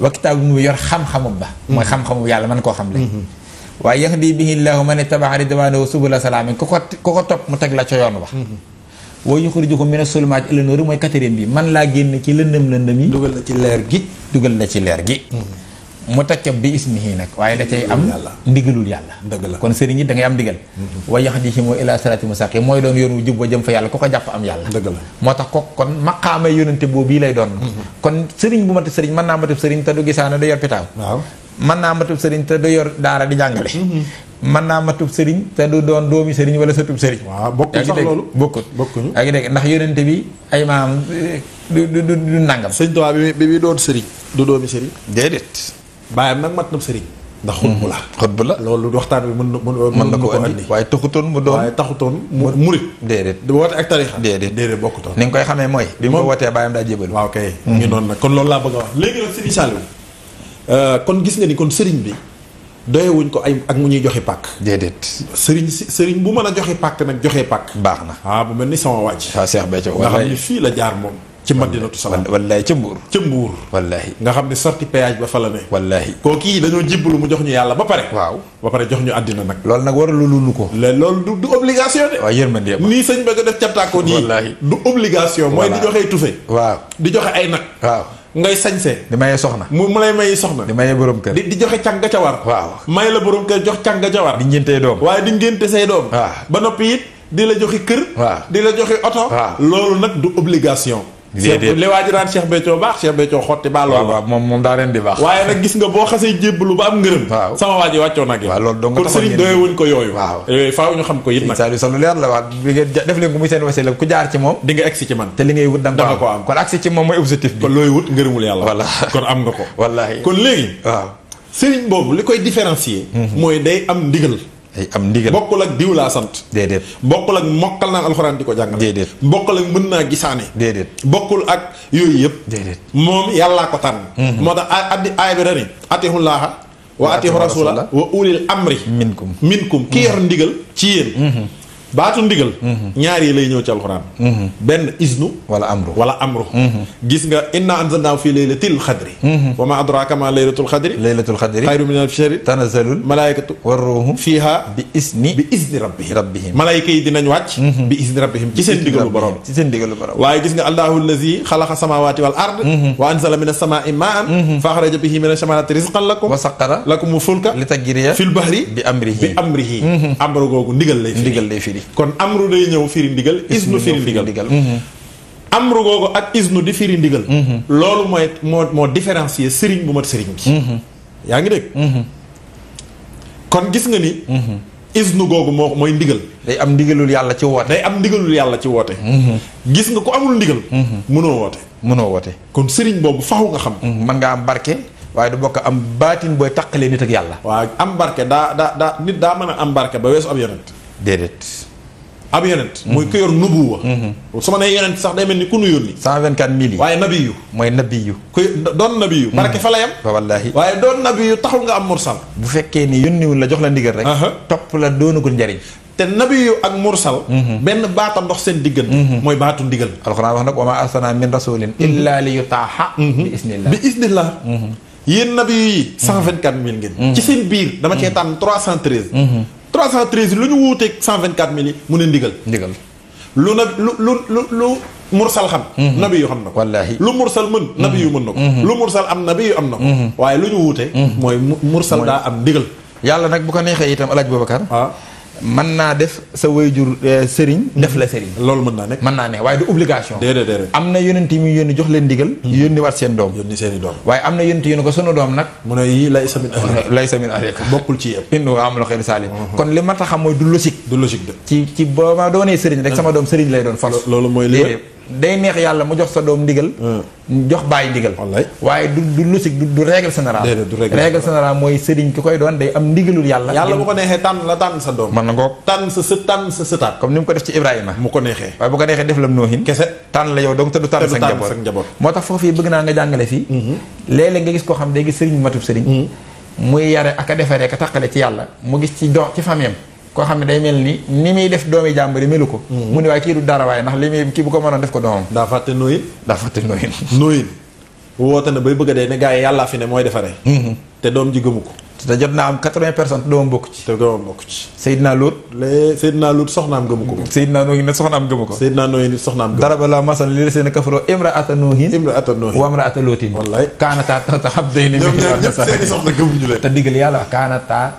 wa kitaab nu yor xam-xamu ba mhm. mooy xam-xamu yàlla mën koo xam la mhm. waaye yahdi bihi llaahu man ittaba'a ridwaanahu subula salaamin ku ko ku ko topp mu teg la ca yoon wax woo yuxrijukum mina sulumaati ila nuur mooy quatrième bi man laa génn ci lëndëm lëndëm yi dugal la ci leer gi dugal na ci leer gi mu taccab bi ismihi nag waaye da cay am ndigalul yàlla dëgg la kon sëriñ yi da ngay am ndigal mhm. wa yax ji si moo ila salati mustaqim mooy doon yoon wu jub ba jëm fa yàlla ku ko jàpp am yàlla dëgg la moo tax ko kon maqaama yónante boobu yi lay doon mhm. kon sëriñ bu mata sëriñ mën naa matub sëriñ te du gisaane du yor pitaaw waaw mën naa matub sëriñ te du yor daara di jàngale mhm. mën naa matub sëriñ te du doon doomi sëriñ wala satub sëriñ waaw bokkul sax loolu bokkut bokkuñu yaa ngi dégg ndax yónante bi ay maam eh, du du du nàngam sëñ Tuubaa bi bi doon sëriñ du doomi sëriñ déedéet bàyyam nag mat na sëriñ ndax xutbu la mhm. xutbu la loolu waxtaan bi mën na mën na ko andi waaye taxutoon mu doon waaye taxutoon mu murit déedéet woote ak tarixa déedéet bokkutoon ni nga koy xamee mooy bi mu ko wootee bàyyam daa jébalu waaw kay ñu mhm. noonu nag kon loolu laa bëgg a wax léegi nag sëriñ Saliou euh, kon gis nga ni kon sëriñ bi doyewuñ ko ay ak mu ñuy joxe pàkk déedéet sëriñ si sëriñ bu mën a joxe pàkk nag joxe pàkk baax na ah bu mel ni sama wàcc waaw ah, Cheikh Béthio nga xam fii la jaar moom ci madinatu salaam wallahi ca mbuur ca mbuur wallahi nga xam ne sorti péage ba fa la ne wallahi kookii dañoo jibbalu mu jox ñu yàlla ba pare waaw ba pare jox ñu àddina nag loolu nag war a lululu ko la loolu du du obligation de waaw yërmande nii sëñ ba ko def captaako nii wallahi du obligation di joxee tufe waaw di joxe ay nag waaw ngay sañse di maye soxna mu mu lay mayi soxna di mayee borom kër di joxe càng ca war waaw may la borom kër jox càng ca war di ngéntee doom waaye di ngénte say doom ba noppi it di la joxe kër waa di la joxe oto loolu nag du obligation déedéet li waa ji naan Cheikh Béthio baax Cheikh Béthio xotti baal waaw moom moom daa leen di baax waaye nag gis nga boo xasee jébbalu ba am ngërëm waaw sama waa ji nag waaw kon ko yooyu xam ko yit sa lu leer la ko muy li ko am kon agsi ci moom mooy objectif am nga ko sëriñ boobu li koy différencier mhm. mooy day am ndigal day am ndigal bokkul ak diw laa sant. déedéet bokkul ak mokkal na alxuraan di ko jàngal. déedéet bokkul ak mën naa gisaane. déedéet bokkul ak yooyu yëpp. déedéet moom yàllaa ko tànn. Mhm. moo tax addi aay bi dani atihullaaha wa atihu rasula wa ulil amri. minkum minkum ki yor ndigal ci yéen. Mhm. baatu ndigal. Mhm. ñaar yi lay ñëw ci alxuraan. Mhm. benn isnu. wala amru wala amru. Mhm. gis nga inna anzalnaahu fi laylatil xadri. wa ma adraaka ma laylatul xadri. laylatul xadri xayru min alfi shahri. tanazalul malaayikatu warruuhu fiiha bi isni bi isni rabbihim rabbihim malaayika yi dinañ wàcc. bi isni rabbihim ci seen ndigalu borom. ci seen ndigalu borom waaye gis nga allahu allazi xalaqa samaawaati wal ard. wa anzala mina samaai maan. fa axraja bihi mina samaraati rizqan lakum. wa saqara lakum fulka. li tajriya fil bahri bi amrihi bi amrihi amru googu ndigal lay firi bi kon amru day ñëw firi ndigal isnu firi ndigal mhm. amru googu ak isnu di firi ndigal mhm. loolu mooy moo moo différencier sëriñ bu mat sëriñ bi mhm. yaa ngi dégg kon gis nga ni isnu googu moo mooy ndigal day am ndigalul yàlla ci woote day am ndigalul yàlla ci woote gis nga ku amul ndigal mënoo woote mënoo woote kon sëriñ boobu faxu nga xam man nga am barke waaye du bokk am baatin booy taqalee nit ak yàlla waaw am barke daa daa daa nit daa mën a am barke ba weesu ab yonent déedéet. ab yonent mooy ku nubuwa. Mhm. su ma nee yonent sax day mel ni ku nu yónni. 124000 yi waaye nabiyu. mooy nabiyu. ku doon nabiyu. Mhm. barke fa la yem. wallaahi waaye doon nabiyu taxul nga am mursal. bu fekkee ni yónniwul la jox la ndigal rek. topp la doonagul njariñ. te nabiyu ak mursal. Mhm. benn baata ndox seen diggante. mooy baatu ndigal. alxuraan wax nag wa ma arsalna min rasulin. illa li yutaaha. bi isnillah bi isnillah. yéen nabiyu yi. 124000 ngeen. ci seen biir dama cee 313 lu ñu wuuteeg 124 mille yi mu ne ndigal. ndigal lu na lu lu lu lu mursal xam. Mhm. nabi xam na ko. wallaahi lu mursal mën. Mhm. nabi mën na ko. Mhm. lu mursal am nabi am na ko. waaye lu ñu wuute. mooy mursal daa am ndigal. yàlla nag bu ko neexee itam alaaj Boubacar. Ah. mën naa def sa wayjur euh, sëriñ def la sëriñ loolu mën naa nekk mën naa ne waaye du obligation am na yonent yi muy yónni jox leen ndigal hmm. yónni waat seen doom yónni seen i waaye am na yonent yu ko sunu doom nag mu ne yii lay samin lay bokkul ci yëpp in am la saalim kon li ma tax a xam mooy du logique du logique de ci ci boo ma doonee sëriñ rek sama doom sëriñ lay doon force loolu mooy li day neex yàlla mu jox sa doom ndigal. Hmm. jox bàyyi ndigal. waaye du du lusik du du règle générale. déedéet du mooy sëriñ ki koy doon day am ndigalul yàlla. yàlla bu ko neexee tànn la tànn sa doom. mën na ko tànn sa sa tànn comme ko def ci Ibrahima. mu ko def la noohin. kese tànn la yow donc te du tànn sa njaboot te du tànn sa njaboot. moo tax foofu yi bëgg naa nga jàngale fii. Mm-hmm. léeg nga gis koo xam day gis sëriñ matub sëriñ mm-hmm. muy yare ak a defaree ka taqale ci yàlla mu gis ci dox ci famiyam koo xam ne day mel ni ni muy def doomi jàmbari melu ko hmm. mu ne waaye kii du dara waaye ndax li muy kii bu ko mën a def ko doomam daa fàtte nooyin daa fàtte nooyin nooyin woote na bay bëgg dee ne gars yi yàllaa fi ne mooy defaree hmm. te doom ji gëmu ko te jot naa am quatre-vingts personnes te doo bokk ci. te doo bokk ci. Seydina Lut. lee Seydina Lut gëmu ko. Seydina Nuuhin nit soxnaam gëmu ko. Seydina Nuuhin nit soxnaam gëmu ko. daraba laa masalan lil laziina kafaroo imra'ata Nuuhin. imra'ata Nuuhin wa imra'ata Luutin. kaanataa tahta abdayni. ñoom ñoom ñëpp seen i soxna gëmuñu leen. te digal yàlla kaanataa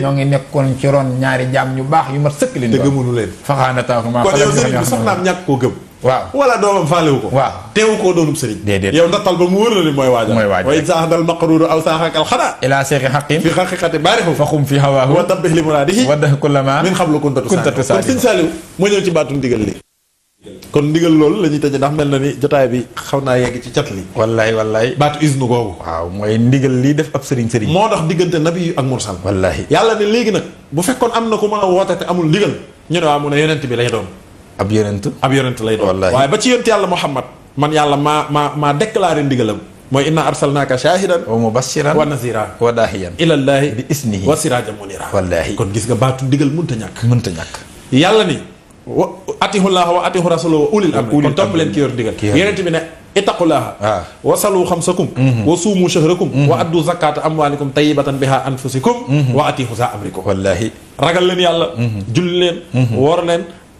ñoo ngi nekkoon ci ron ñaari jaam ñu baax ñu mat sëkk leen. te gëmuñu leen. faxaanataahumaa. kon yow sëriñ bi soxnaam ñàkk koo gëm waaw wala doomam faalewu ko waaw teewu koo doonub sëriñ déedéet yow ndattal ba mu wóor la ni mooy waajal mooy waajal way saaxdal maqruuru aw saaxakal xada ila seexi xaqim fi xaqiqati wa tabbih li muraadihi wa dah kullama min xablu kuntatu kuntatu kon sëñ Saliou moo ñëw ci baatum ndigal li loolu la ñuy tëjee ndax mel na ni jotaay bi xaw naa yegg ci cat li wallaay wallaay baatu isnu googu waaw mooy ndigal lii def ab sëriñ sëriñ moo tax diggante nabi ak mursal wallaay yàlla ne léegi nag bu fekkoon am na ku mën a woote te amul ndigal ñu ne waa mu a yonent bi lay doon ab yonent ab yonent lay doon waaye ba ci yonent yàlla Muhammad man yàlla maa maa maa déclaré ndigalam mooy inna arsalnaaka shahidan wa mubashiran wa nazira wa daahiyan ilallahi bi isnihi wa siraja munira wallahi kon gis nga baatu ndigal mënta ñàkk mënta ñàkk yàlla ni wa atihulaaha wa atihu rasulahu wa ulil amri kon topp leen ki yor ndigal yonent bi ne ittaqullaha ah. wa salu xamsakum mhm. wa suumu shahrakum mhm. wa addu zakata amwalikum tayyibatan biha anfusikum mhm. wa atihu sa amrikum wallahi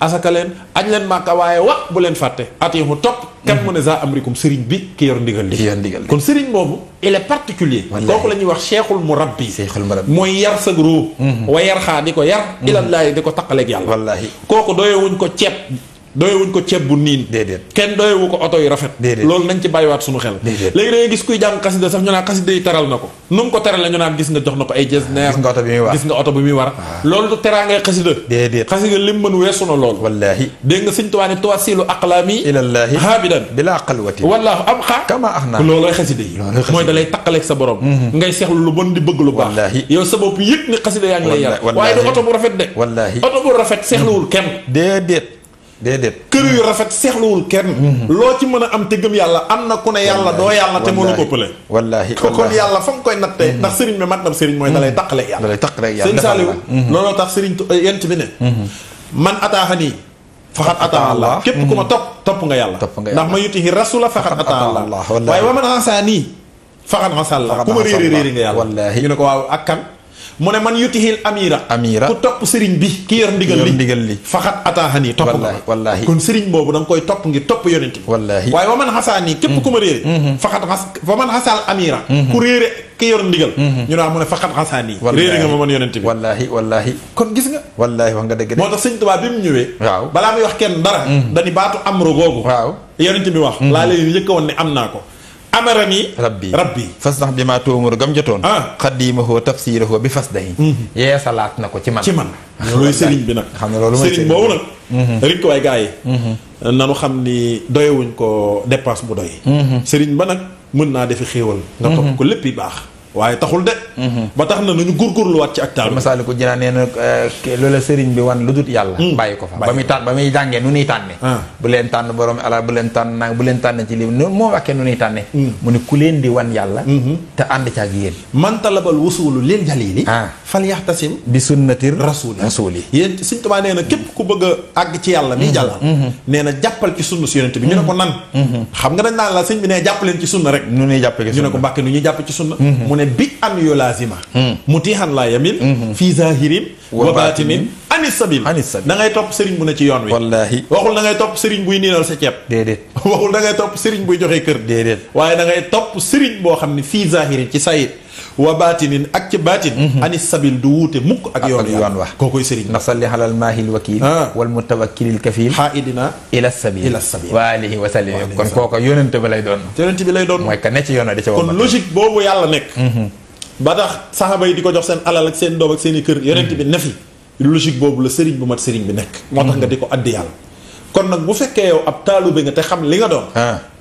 asaka leen añ leen màkka waaye wax bu leen fàtte at yi mu topp kat mhm. mu ne za amrikum sëriñ bi ki yor ndigal li kon sëriñ boobu il est particulier kooku la ñuy wax cheikhul murabbi mooy yar sag ruu mhm. wa yar xaa di ko yar mhm. ilallaahi di ko taqaleeg yàlla kooku doyewuñ ko ceeb doyewuñ ko ceeb bu niin déedéet kenn wu ko oto yu rafet déedéet loolu nañ ci bàyyiwaat suñu xel léegi da gis kuy jàng xasida sax ñu naan xasida yi teral na ko nu ko teral la naan gis nga jox na ko ay gis nga oto bi muy war gis nga oto bi muy war ah. loolu du teraa ngay xasida xasida lim mën weesu na loolu wallaahi dégg nga sëñ Tuubaa ne tuwasilu aqlaami ilallaahi bila qalwati wallaahu am xaa loolooy xasida yi mooy da lay sa borom mm-hmm. ngay seexlu lu bon di bëgg lu baax yow sa bopp yëg ni xasida yaa ngi lay yar waaye du oto bu rafet de wallaahi déedéet kër yu rafet seexluwul kenn. Mhm. loo ci mën a am te gëm yàlla am na ku ne yàlla doo yàlla te mënu ko pële. wallaahi ko kon yàlla fa nga koy nattee. Mhm. ndax sëriñ bi mat sëriñ mooy. Mhm. da lay taqale yàlla da lay taqale yàlla. sëñ Saliou looloo tax sëriñ eh, yent bi ne. man ataaxa nii. faxat ataa allah képp ku ma topp topp nga yàlla. topp nga yàlla ndax ma yutihi rasula faxat ataa allah. wallaahi waaye wa man xasaa nii. faxat xasaa allah ku ma réeré réeré nga yàlla. ñu ne ko waaw ak mu ne man yutihil amira amira ku topp sëriñ bi ki yor ndigal li kon sëriñ boobu da koy topp ngir topp yonent bi wallaahi waaye waman xasaan yi képp ku ma réere mm-hmm. mm-hmm. faxat xas waman xasaal amira mm-hmm. ku réere ki yor ndigal ñu naa mu ne faxat xasaan yi réere nga ma man yonent bi wallaahi wallaahi kon gis nga wallaahi wax nga dëgg de moo tax sëñ Tuubaa bi mu ñëwee waaw balaa muy wax kenn dara dañu baatu amru googu waaw yonent bi wax laa lay njëkk woon naa ko amarani rabbi rabbi fasnax bi maa tuumur gam jotoon xaddiimahoo ah. tafsiirahoo bi fas dayi mhm. yeesalaat na ko ci man ci man loolu sëriñ bi nag xam ne loolu mooy sëriñ boobu nag mhm. rik waay gars yi mhm. nanu xam ni doyewuñ ko dépense bu doy sëriñ ba nag mën naa defi xéewal nga topp ko lépp yi baax waaye taxul de. Mhm. ba tax na nu ñu góorgóorluwaat ci ak taal. masaali ko jëlaat nee na eh, loola sëriñ bi wan lu dut yàlla. Hmm. bàyyi ko fa ba muy tànn ba muy jàngee nu nuy tànnee. Ah. bu leen tànn borom alal bu leen tànn nag bu leen tànn ci lii moom ak nu hmm. hmm. ah. a ñu jàpp ci sunna rek. ne bi an yulaazima hmm. mutihan laa yamin hmm. fii zahirin wa baatinin anis sabil anis sabil da ngay topp sëriñ bu ne ci yoon wi wallaahi waxul da topp sëriñ buy niinal sa ceeb waxul da topp sëriñ buy joxe kër waaye da topp sëriñ boo xam ne fii zahirin ci sayit wa baatinin ak ci baatin mhm. ani sabil du wuute mukk ak yoon yoon wax kookoy sëriñ na salli ah. wa alihi wa sallim bi lay mooy ka ne ci yoon di ca kon logique mhm. seen alal ak seen doom ak seen i kër yonent bi nefi mhm. logique boobu la sëriñ bu nekk moo tax nga di ko addi yàlla kon nag bu fekkee yow ab taalibe nga te xam li nga doon.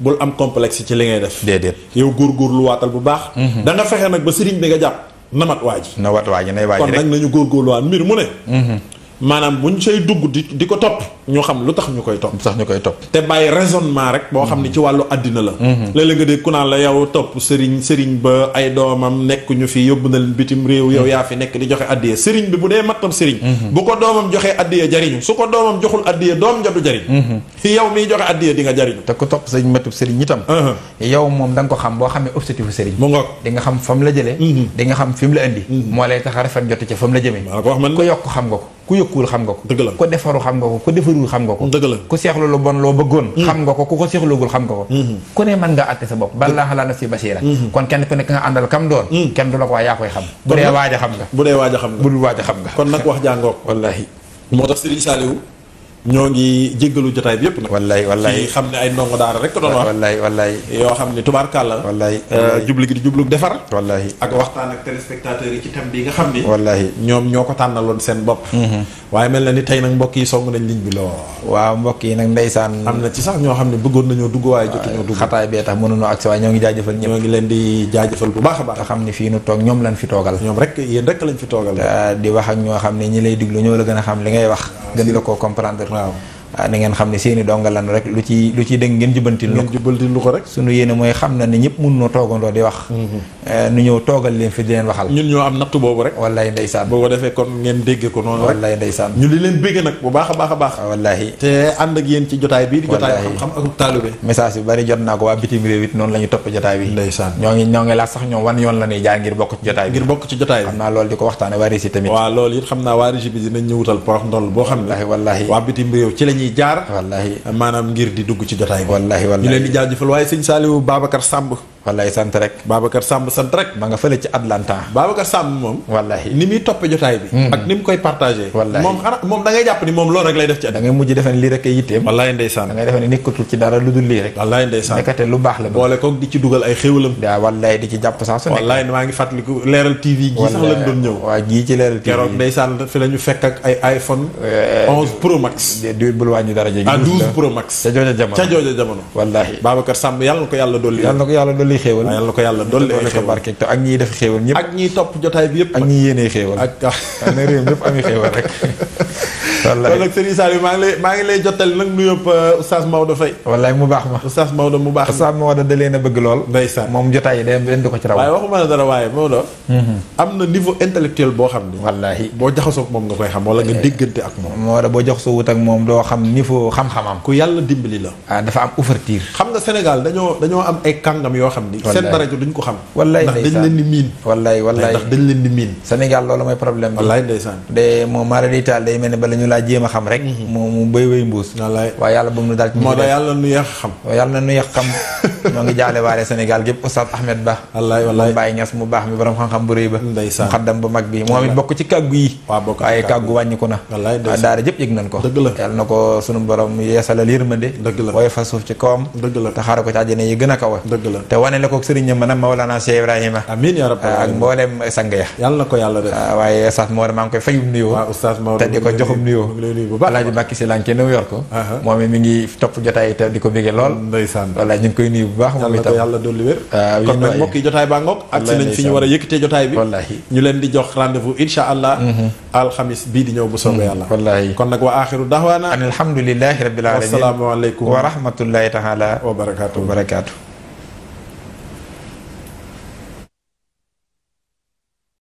bul am complexe ci li ngay def. déedéet yow góorgóorlu waatal bu baax. Mhm. da nga fexe nag ba sëriñ bi nga jàpp namat waa ji. namat waa nay waa ji rek kon nag nañu góorgóorluwaat mbir mu ne. Mhm. maanaam bu ñu say dugg di di ko topp ñu xam lu tax ñu koy topp. lu ñu koy topp. te bàyyi raisonnement rek. boo xam ne mm-hmm. ci wàllu àddina la. Mm-hmm. léeg-léeg nga dégg ku naan la yow topp sëriñ sëriñ ba ay doomam nekk ñu fi yóbbu na leen bitim réew yow mm-hmm. yaa fi nekk di joxe addiya sëriñ bi bu dee mattam sëriñ. bu ko doomam joxee addiya jariñu su ko doomam joxul addiya doom ja du jariñ. yow miy joxe addiya di nga jariñu. te ku topp sëriñ matub sëriñ itam. Uh-huh. yow moom da nga ko xam boo xamee objectif sëriñ. mu ngoog di nga xam fam la jëlee. di nga xam fi mu la indi. moo lay tax a rafet jot ca fam la jëmee. ko wax ko yokk xam nga ko ku yëkkuwul xam nga ko dëgg la ku defaru xam nga ko ku defarul xam nga ko la ku seexlu lu bon loo bëggoon hmm. xam nga ko ku ko seexlugul xam nga ko hmm. ku ne mën ngaa àtte sa bopp balaa xalaa na si basira hmm. kon kenn ku nekk nga àndal kam doon kenn du la ko waa yaa koy xam a xam nga bu dee waaj a xam nga bu dul waaj xam nga kon nag wax jàngoog wallaahi moo tax Serigne Saliou ñoo ngi jéggalu jotaay bi yëpp nag. wallaay wallaay ci xam ne ay ndongo daara rek. doon wax wallaay wallaay. yoo xam ne tubaarkàlla. Euh, wallaay jublu gi di jublu defar. wallaay ak waxtaan ak téléspectateurs yi ci thème bi nga xam ni. wallaay ñoom ñoo ko tànnaloon seen bopp. Mm-hmm. waaye mel na ni tey nag mbokk yi song nañ ligne bi lool. waaw mbokk yi nag ndeysaan. am na ci sax ñoo xam ne bëggoon nañoo dugg waaye jotuñoo dugg. xataay bee tax mënuñoo agsi waaye ñoo ngi jaajëfal ñëpp. ñoo ngi leen di jaajëfal bu baax a baax. xam ne nu toog ñoom lañ fi toogal. ñoom rek yéen rek lañ fi toogal. di wax ak ñoo xam ne ñi lay diglu ñoo la gën a xam ngay wax. Ah, gën la koo comprendre waaw waaw ah, na ngeen xam ne seeni donga lan rek lu ci lu ci dégg ngeen jubantil lu ko rek suñu yéene mooy xam na ne ñëpp mun noo toogandoo di wax mm-hmm. eh, nu ñëw toogal jotaay bi di jotaay xam naa ko la di ko waxtaane waa Régie tamit waaw loolu it xam naa waa Régie bi dinañ ñu wutal porox boo xam ne waa bitim réew ci lañuy di jaar. wallaahi maanaam ngir di dugg ci jotaay bi. wallaahi wallaahi ñu leen di jaajëfal waaye sëñ Saliou Babacar Samb. wallaay sant rek. Babacar Samb sant rek. ma nga fële ci Atlanta. Babacar Samb moom. wallahi ni muy toppee jotaay bi. Hmm. ak ni mu koy partagé. moom xanaa da ngay jàpp ni moom loolu rek lay da da ngay defe ne nekkatul ci dara ak ay iPhone. 11 eh, Pro Max. du bul wàññi dara ah, na ko yàlla dolli. yàlla na ko yàlla dolli dolli xéewal yàlla ko yàlla dolli ko barke te ak ñiy def xéewal ñëpp ak ñiy topp jotaay bi yëpp ak ñiy yéenee xéewal ak na réew ñëpp ami xéewal rek wallaay kon nag Serigne Saliou maa ngi lay maa ngi lay jottali nag nuyoo euh, Oustaz Maodo Faye wallaay mu baax ma Oustaz da leen a bëgg lool ndeysaan moom jotaay yi day leen di ko ci raw waaye waxuma la dara waaye Maodo mhm. am na niveau intellectuel boo xam ne wallaahi boo jaxasoo moom nga eh. déggante ak moom Maodo boo jaxasoo wut ak moom doo xam niveau xam-xamam ku yàlla dimbali la ah dafa am ouverture xam nga Sénégal dañoo am ay kàngam yoo xam xam ni seen daraja duñ ko xam wallaay ndax dañ leen di miin wallaay wallaay ndax dañ leen di miin Sénégal loolu mooy problème bi wallaay ndeysaan de moom mara di taal day mel ne ba la ñu laa jéem a xam rek mhm. moom mu béy wéy mbuus wallaay waaye yàlla bu mu daal ci moo da yàlla nu yeex xam yàlla na nu yeex xam ñoo ngi jaale waale Sénégal gépp Oustaz Ahmed Ba wallaay wallaay Baye Niass mu baax mi borom xam-xam ko sunu borom yeesalal yërmande waaye fa suuf ci kawam te xaaral ko ci àjjana yi gën a kawe wane la ko sëriñam maanaam Mawlana Cheikh Ibrahima ya ah, ko yàlla def ah, waaye Oustaz Maodo maa ngi koy fayum nuyoo waaw Oustaz Maodo te di ko joxum ngi topp jotaay te di ko bégee lool ndeysaan walla ñu ngi koy nuyu bu baax moom itam yàlla dolli wér ah, kon nag mbokk yi jotaay baa ngoog ak si nañ fi ñu war a yëkkatee jotaay bi ñu leen di jox rendez insha allah mhm. alxamis bii di ñëw bu soobee mhm. yàlla wallaahi kon nag wa axiru dahwaana an alhamdulillahi rabbil alamin wa salaamu aleykum wa rahmatullahi taala wa barakaatu wa